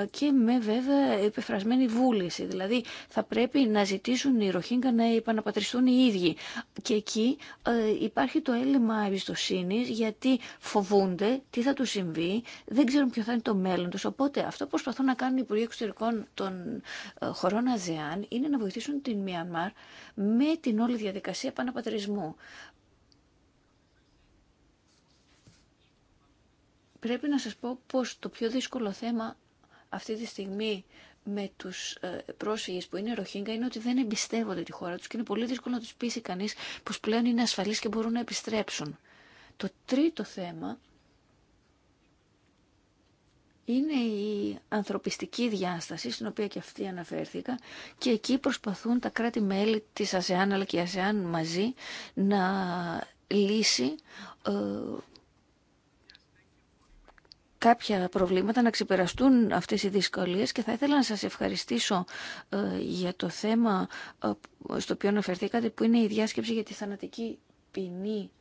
ε, και με βέβαια επεφρασμένη βούληση. Δηλαδή θα πρέπει να ζητήσουν οι Ροχίνγκα να επαναπατριστούν οι ίδιοι. Και εκεί ε, υπάρχει το έλλειμμα εμπιστοσύνη γιατί φοβούνται τι θα του συμβεί, δεν ξέρουν ποιο θα είναι το μέλλον του. Οπότε αυτό που προσπαθούν να κάνουν οι Υπουργοί Εξωτερικών των χωρών ΑΖΕΑΝ είναι να βοηθήσουν βοηθήσουν την Μιανμάρ με την όλη διαδικασία επαναπατρισμού. Πρέπει να σας πω πως το πιο δύσκολο θέμα αυτή τη στιγμή με τους ε, πρόσφυγες που είναι ροχίνγκα είναι ότι δεν εμπιστεύονται τη χώρα τους και είναι πολύ δύσκολο να τους πείσει κανείς πως πλέον είναι ασφαλείς και μπορούν να επιστρέψουν. Το τρίτο θέμα είναι η ανθρωπιστική διάσταση στην οποία και αυτή αναφέρθηκα και εκεί προσπαθούν τα κράτη-μέλη της ΑΣΕΑΝ αλλά και η ΑΣΕΑΝ μαζί να λύσει ε, κάποια προβλήματα, να ξεπεραστούν αυτές οι δυσκολίες και θα ήθελα να σας ευχαριστήσω ε, για το θέμα ε, στο οποίο αναφερθήκατε που είναι η διάσκεψη για τη θανατική ποινή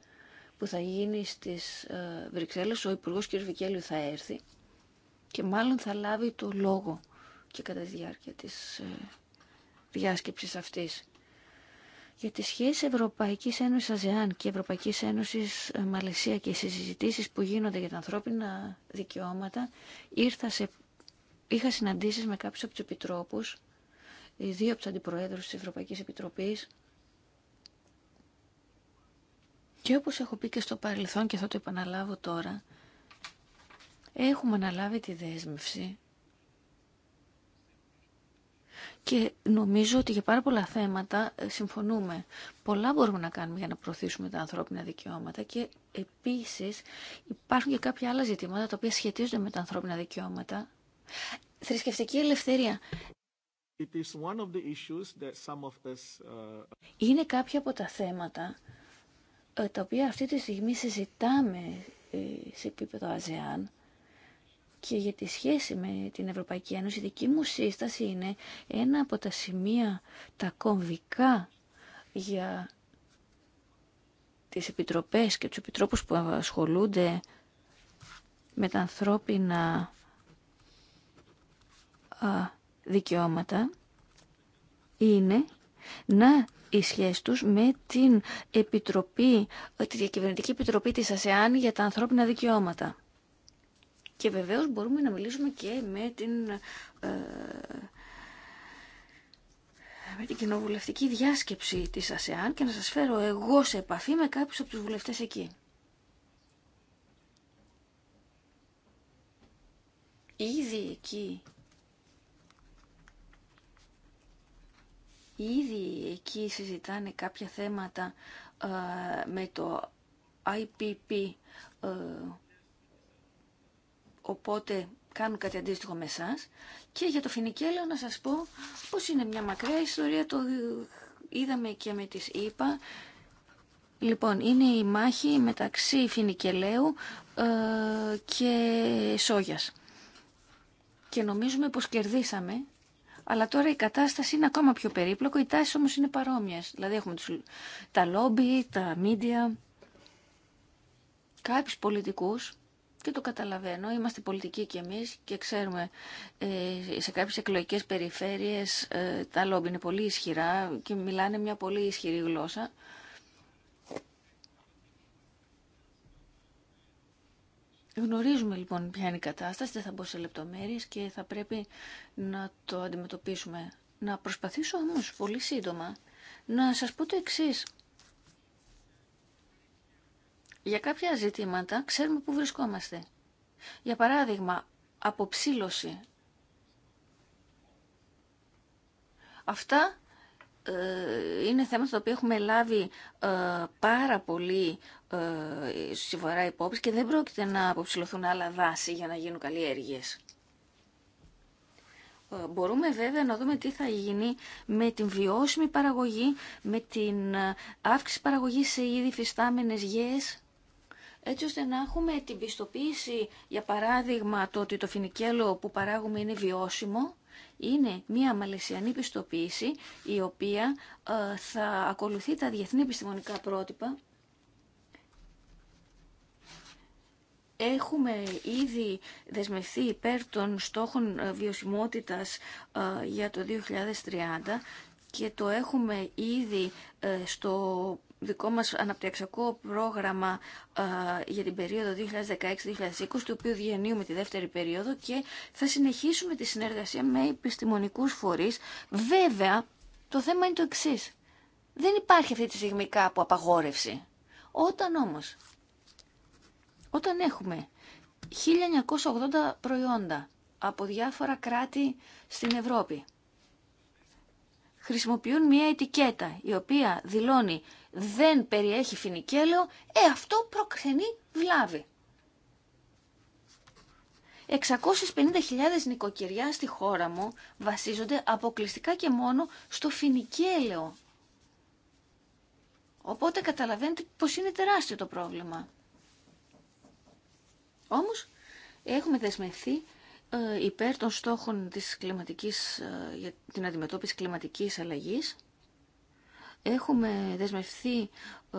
που θα γίνει στις Βρυξέλλες. Ο Υπουργός κ. Βικέλιου θα έρθει και μάλλον θα λάβει το λόγο και κατά τη διάρκεια της ε, διάσκεψης αυτής. Για τις σχέσεις Ευρωπαϊκής Ένωσης ΑΖΕΑΝ και Ευρωπαϊκής Ένωσης ε, Μαλαισία και οι συζητήσεις που γίνονται για τα ανθρώπινα δικαιώματα ήρθα σε... είχα συναντήσεις με κάποιους από τους επιτρόπους δύο από τους αντιπροέδρους της Ευρωπαϊκής Επιτροπής και όπως έχω πει και στο παρελθόν και θα το επαναλάβω τώρα έχουμε αναλάβει τη δέσμευση και νομίζω ότι για πάρα πολλά θέματα ε, συμφωνούμε. Πολλά μπορούμε να κάνουμε για να προωθήσουμε τα ανθρώπινα δικαιώματα και επίσης υπάρχουν και κάποια άλλα ζητήματα τα οποία σχετίζονται με τα ανθρώπινα δικαιώματα. Θρησκευτική ελευθερία. It is one of the that some of uh, Είναι κάποια από τα θέματα ε, τα οποία αυτή τη στιγμή συζητάμε ε, σε επίπεδο ΑΖΕΑΝ και για τη σχέση με την Ευρωπαϊκή Ένωση, η δική μου σύσταση είναι ένα από τα σημεία τα κομβικά για τις επιτροπές και τους επιτρόπους που ασχολούνται με τα ανθρώπινα δικαιώματα είναι να η σχέση τους με την Επιτροπή, τη Διακυβερνητική Επιτροπή της ΑΣΕΑΝ για τα ανθρώπινα δικαιώματα. Και βεβαίως μπορούμε να μιλήσουμε και με την, ε, την κοινοβουλευτική διάσκεψη της ΑΣΕΑΝ και να σας φέρω εγώ σε επαφή με κάποιους από τους βουλευτές εκεί. Ήδη εκεί Ήδη εκεί συζητάνε κάποια θέματα ε, με το IPP ε, Οπότε κάνουν κάτι αντίστοιχο με εσά. Και για το φινικέλαιο να σας πω πως είναι μια μακριά ιστορία, το είδαμε και με τις είπα. Λοιπόν, είναι η μάχη μεταξύ φινικελαίου ε, και σόγιας. Και νομίζουμε πως κερδίσαμε, αλλά τώρα η κατάσταση είναι ακόμα πιο περίπλοκο, οι τάσεις όμως είναι παρόμοιες. Δηλαδή έχουμε τους, τα λόμπι, τα μίντια, κάποιους πολιτικούς και το καταλαβαίνω. Είμαστε πολιτικοί κι εμείς και ξέρουμε ε, σε κάποιες εκλογικές περιφέρειες ε, τα λόμπι είναι πολύ ισχυρά και μιλάνε μια πολύ ισχυρή γλώσσα. Γνωρίζουμε λοιπόν ποια είναι η κατάσταση, δεν θα μπω σε λεπτομέρειες και θα πρέπει να το αντιμετωπίσουμε. Να προσπαθήσω όμως πολύ σύντομα να σας πω το εξής. Για κάποια ζητήματα ξέρουμε πού βρισκόμαστε. Για παράδειγμα, αποψήλωση. Αυτά ε, είναι θέματα τα οποία έχουμε λάβει ε, πάρα πολύ ε, υπόψη και δεν πρόκειται να αποψηλωθούν άλλα δάση για να γίνουν καλλιέργειες. Ε, μπορούμε βέβαια να δούμε τι θα γίνει με την βιώσιμη παραγωγή, με την αύξηση παραγωγής σε ήδη φυστάμενες γέες έτσι ώστε να έχουμε την πιστοποίηση, για παράδειγμα, το ότι το φινικέλο που παράγουμε είναι βιώσιμο, είναι μια μαλαισιανή πιστοποίηση η οποία ε, θα ακολουθεί τα διεθνή επιστημονικά πρότυπα. Έχουμε ήδη δεσμευθεί υπέρ των στόχων ε, βιωσιμότητας ε, για το 2030 και το έχουμε ήδη στο δικό μας αναπτυξιακό πρόγραμμα ε, για την περίοδο 2016-2020, το οποίο διανύουμε τη δεύτερη περίοδο και θα συνεχίσουμε τη συνεργασία με επιστημονικούς φορείς. Βέβαια, το θέμα είναι το εξή. Δεν υπάρχει αυτή τη στιγμή κάπου απαγόρευση. Όταν όμως, όταν έχουμε 1980 προϊόντα από διάφορα κράτη στην Ευρώπη, χρησιμοποιούν μια ετικέτα η οποία δηλώνει δεν περιέχει φινικέλαιο, ε, αυτό προξενεί βλάβη. 650.000 νοικοκυριά στη χώρα μου βασίζονται αποκλειστικά και μόνο στο φινικέλαιο. Οπότε καταλαβαίνετε πως είναι τεράστιο το πρόβλημα. Όμως έχουμε δεσμευθεί ε, υπέρ των στόχων της κλιματικής, ε, για την αντιμετώπιση κλιματικής αλλαγής. Έχουμε δεσμευθεί ε,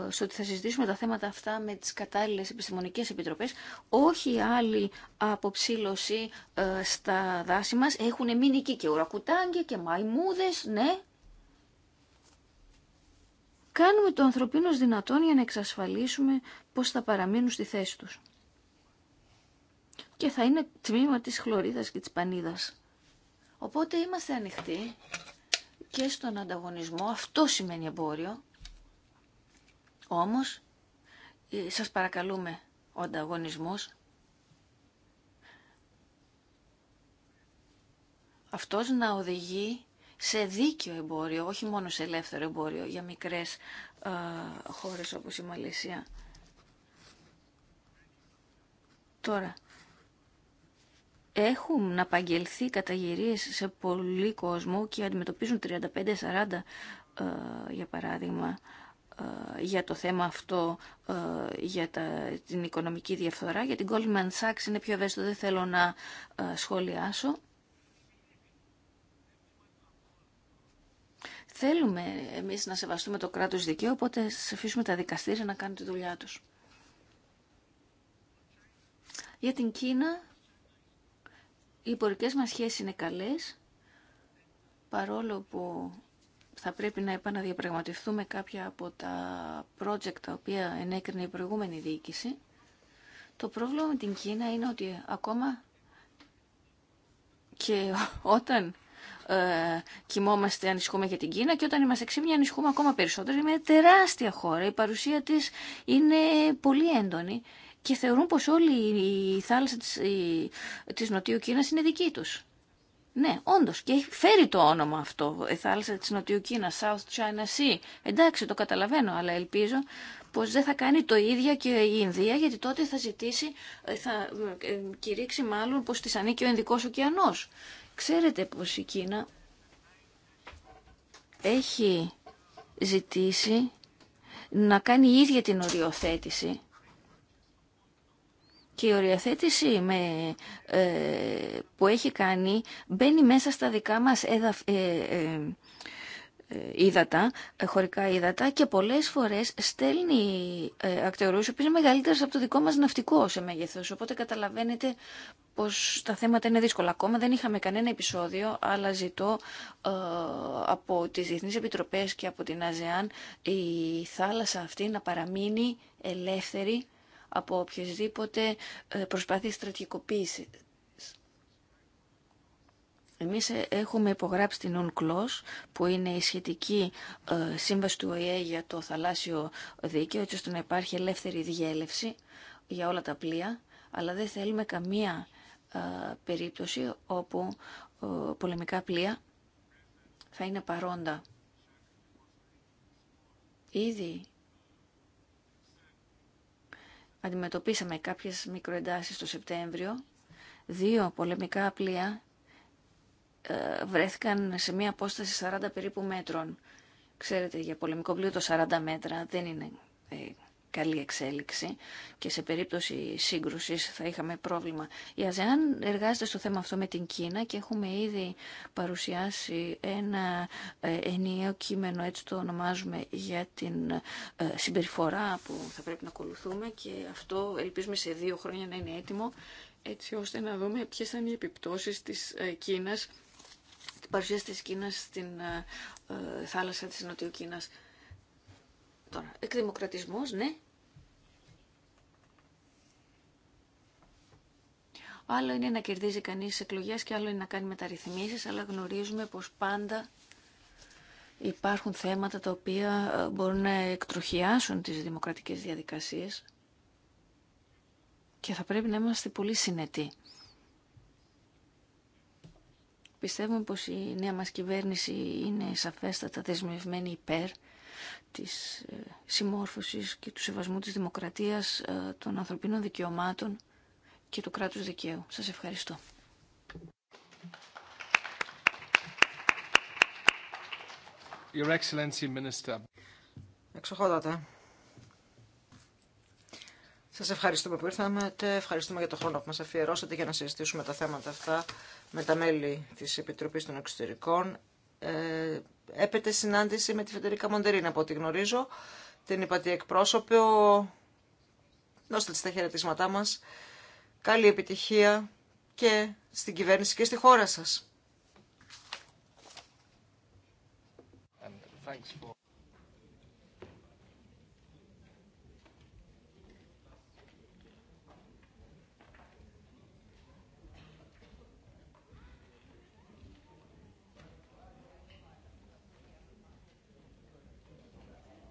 στο ότι θα συζητήσουμε τα θέματα αυτά με τις κατάλληλες επιστημονικές επιτροπές. Όχι άλλη αποψήλωση στα δάση μας. Έχουν μείνει εκεί και ουρακουτάνγκια και μαϊμούδες, ναι. Κάνουμε το ανθρωπίνος δυνατόν για να εξασφαλίσουμε πώς θα παραμείνουν στη θέση τους και θα είναι τμήμα της χλωρίδας και της πανίδας. Οπότε είμαστε ανοιχτοί και στον ανταγωνισμό, αυτό σημαίνει εμπόριο. Όμως, ε, σας παρακαλούμε, ο ανταγωνισμός αυτός να οδηγεί σε δίκαιο εμπόριο, όχι μόνο σε ελεύθερο εμπόριο για μικρές α, ε, χώρες όπως η Μαλαισία. Τώρα, έχουν απαγγελθεί καταγυρίες σε πολύ κόσμο και αντιμετωπίζουν 35-40 ε, για παράδειγμα ε, για το θέμα αυτό, ε, για τα, την οικονομική διαφθορά. Για την Goldman Sachs είναι πιο ευαίσθητο, δεν θέλω να σχολιάσω. Θέλουμε εμείς να σεβαστούμε το κράτος δικαίου, οπότε αφήσουμε τα δικαστήρια να κάνουν τη δουλειά τους. Για την Κίνα οι εμπορικές μας σχέσεις είναι καλές, παρόλο που θα πρέπει να επαναδιαπραγματευτούμε κάποια από τα project τα οποία ενέκρινε η προηγούμενη διοίκηση. Το πρόβλημα με την Κίνα είναι ότι ακόμα και όταν ε, κοιμόμαστε ανησυχούμε για την Κίνα και όταν είμαστε ξύπνοι ανησυχούμε ακόμα περισσότερο. Είναι τεράστια χώρα, η παρουσία της είναι πολύ έντονη και θεωρούν πως όλη η θάλασσα της, η, της Νοτιού είναι δική τους. Ναι, όντως, και φέρει το όνομα αυτό, η θάλασσα της Νοτιού Κίνας, South China Sea. Εντάξει, το καταλαβαίνω, αλλά ελπίζω πως δεν θα κάνει το ίδιο και η Ινδία, γιατί τότε θα ζητήσει, ε, θα ε, κηρύξει μάλλον πως της ανήκει ο Ινδικός ωκεανός. Ξέρετε πως η Κίνα έχει ζητήσει να κάνει η ίδια την οριοθέτηση και η οριαθέτηση με, ε, που έχει κάνει μπαίνει μέσα στα δικά μας έδαφ, ε, ε, ε, ε, χωρικά ύδατα και πολλές φορές στέλνει ε, ακτεωρούς, που είναι μεγαλύτερος από το δικό μας ναυτικό σε μέγεθος. Οπότε καταλαβαίνετε πως τα θέματα είναι δύσκολα. Ακόμα δεν είχαμε κανένα επεισόδιο, αλλά ζητώ από τις Διεθνείς Επιτροπές και από την ΑΖΕΑΝ η θάλασσα αυτή να παραμείνει ελεύθερη από οποιασδήποτε ε, προσπάθει στρατικοποίηση. Εμείς ε, έχουμε υπογράψει την UNCLOS, που είναι η σχετική ε, σύμβαση του ΟΗΕ για το θαλάσσιο δίκαιο, έτσι ώστε να υπάρχει ελεύθερη διέλευση για όλα τα πλοία, αλλά δεν θέλουμε καμία περίπτωση όπου πολεμικά πλοία θα είναι παρόντα. Ήδη αντιμετωπίσαμε κάποιες μικροεντάσεις το Σεπτέμβριο. Δύο πολεμικά πλοία ε, βρέθηκαν σε μία απόσταση 40 περίπου μέτρων. Ξέρετε, για πολεμικό πλοίο το 40 μέτρα δεν είναι ε, καλή εξέλιξη και σε περίπτωση σύγκρουσης θα είχαμε πρόβλημα. Η ΑΖΕΑΝ εργάζεται στο θέμα αυτό με την Κίνα και έχουμε ήδη παρουσιάσει ένα ε, ενιαίο κείμενο, έτσι το ονομάζουμε, για την ε, συμπεριφορά που θα πρέπει να ακολουθούμε και αυτό ελπίζουμε σε δύο χρόνια να είναι έτοιμο έτσι ώστε να δούμε ποιες θα είναι οι επιπτώσεις της ε, Κίνας, την παρουσία της Κίνας στην θάλασσα της Νοτιοκίνας. Τώρα, εκδημοκρατισμός, ναι, Άλλο είναι να κερδίζει κανείς εκλογές και άλλο είναι να κάνει μεταρρυθμίσεις, αλλά γνωρίζουμε πως πάντα υπάρχουν θέματα τα οποία ε, μπορούν να εκτροχιάσουν τις δημοκρατικές διαδικασίες και θα πρέπει να είμαστε πολύ συνετοί. Πιστεύουμε πως η νέα μας κυβέρνηση είναι σαφέστατα δεσμευμένη υπέρ της ε, συμμόρφωσης και του σεβασμού της δημοκρατίας ε, των ανθρωπίνων δικαιωμάτων και του κράτους δικαίου. Σας ευχαριστώ. Your Excellency Minister. Εξοχότατε. Σας ευχαριστούμε που ήρθαμε ευχαριστούμε για το χρόνο που μας αφιερώσατε για να συζητήσουμε τα θέματα αυτά με τα μέλη της Επιτροπής των Εξωτερικών. Ε, έπεται συνάντηση με τη Φεντερίκα Μοντερίνα από ό,τι γνωρίζω. Την είπατε εκπρόσωπο. Δώστε τις τα χαιρετίσματά μας. Καλή επιτυχία και στην κυβέρνηση και στη χώρα σας.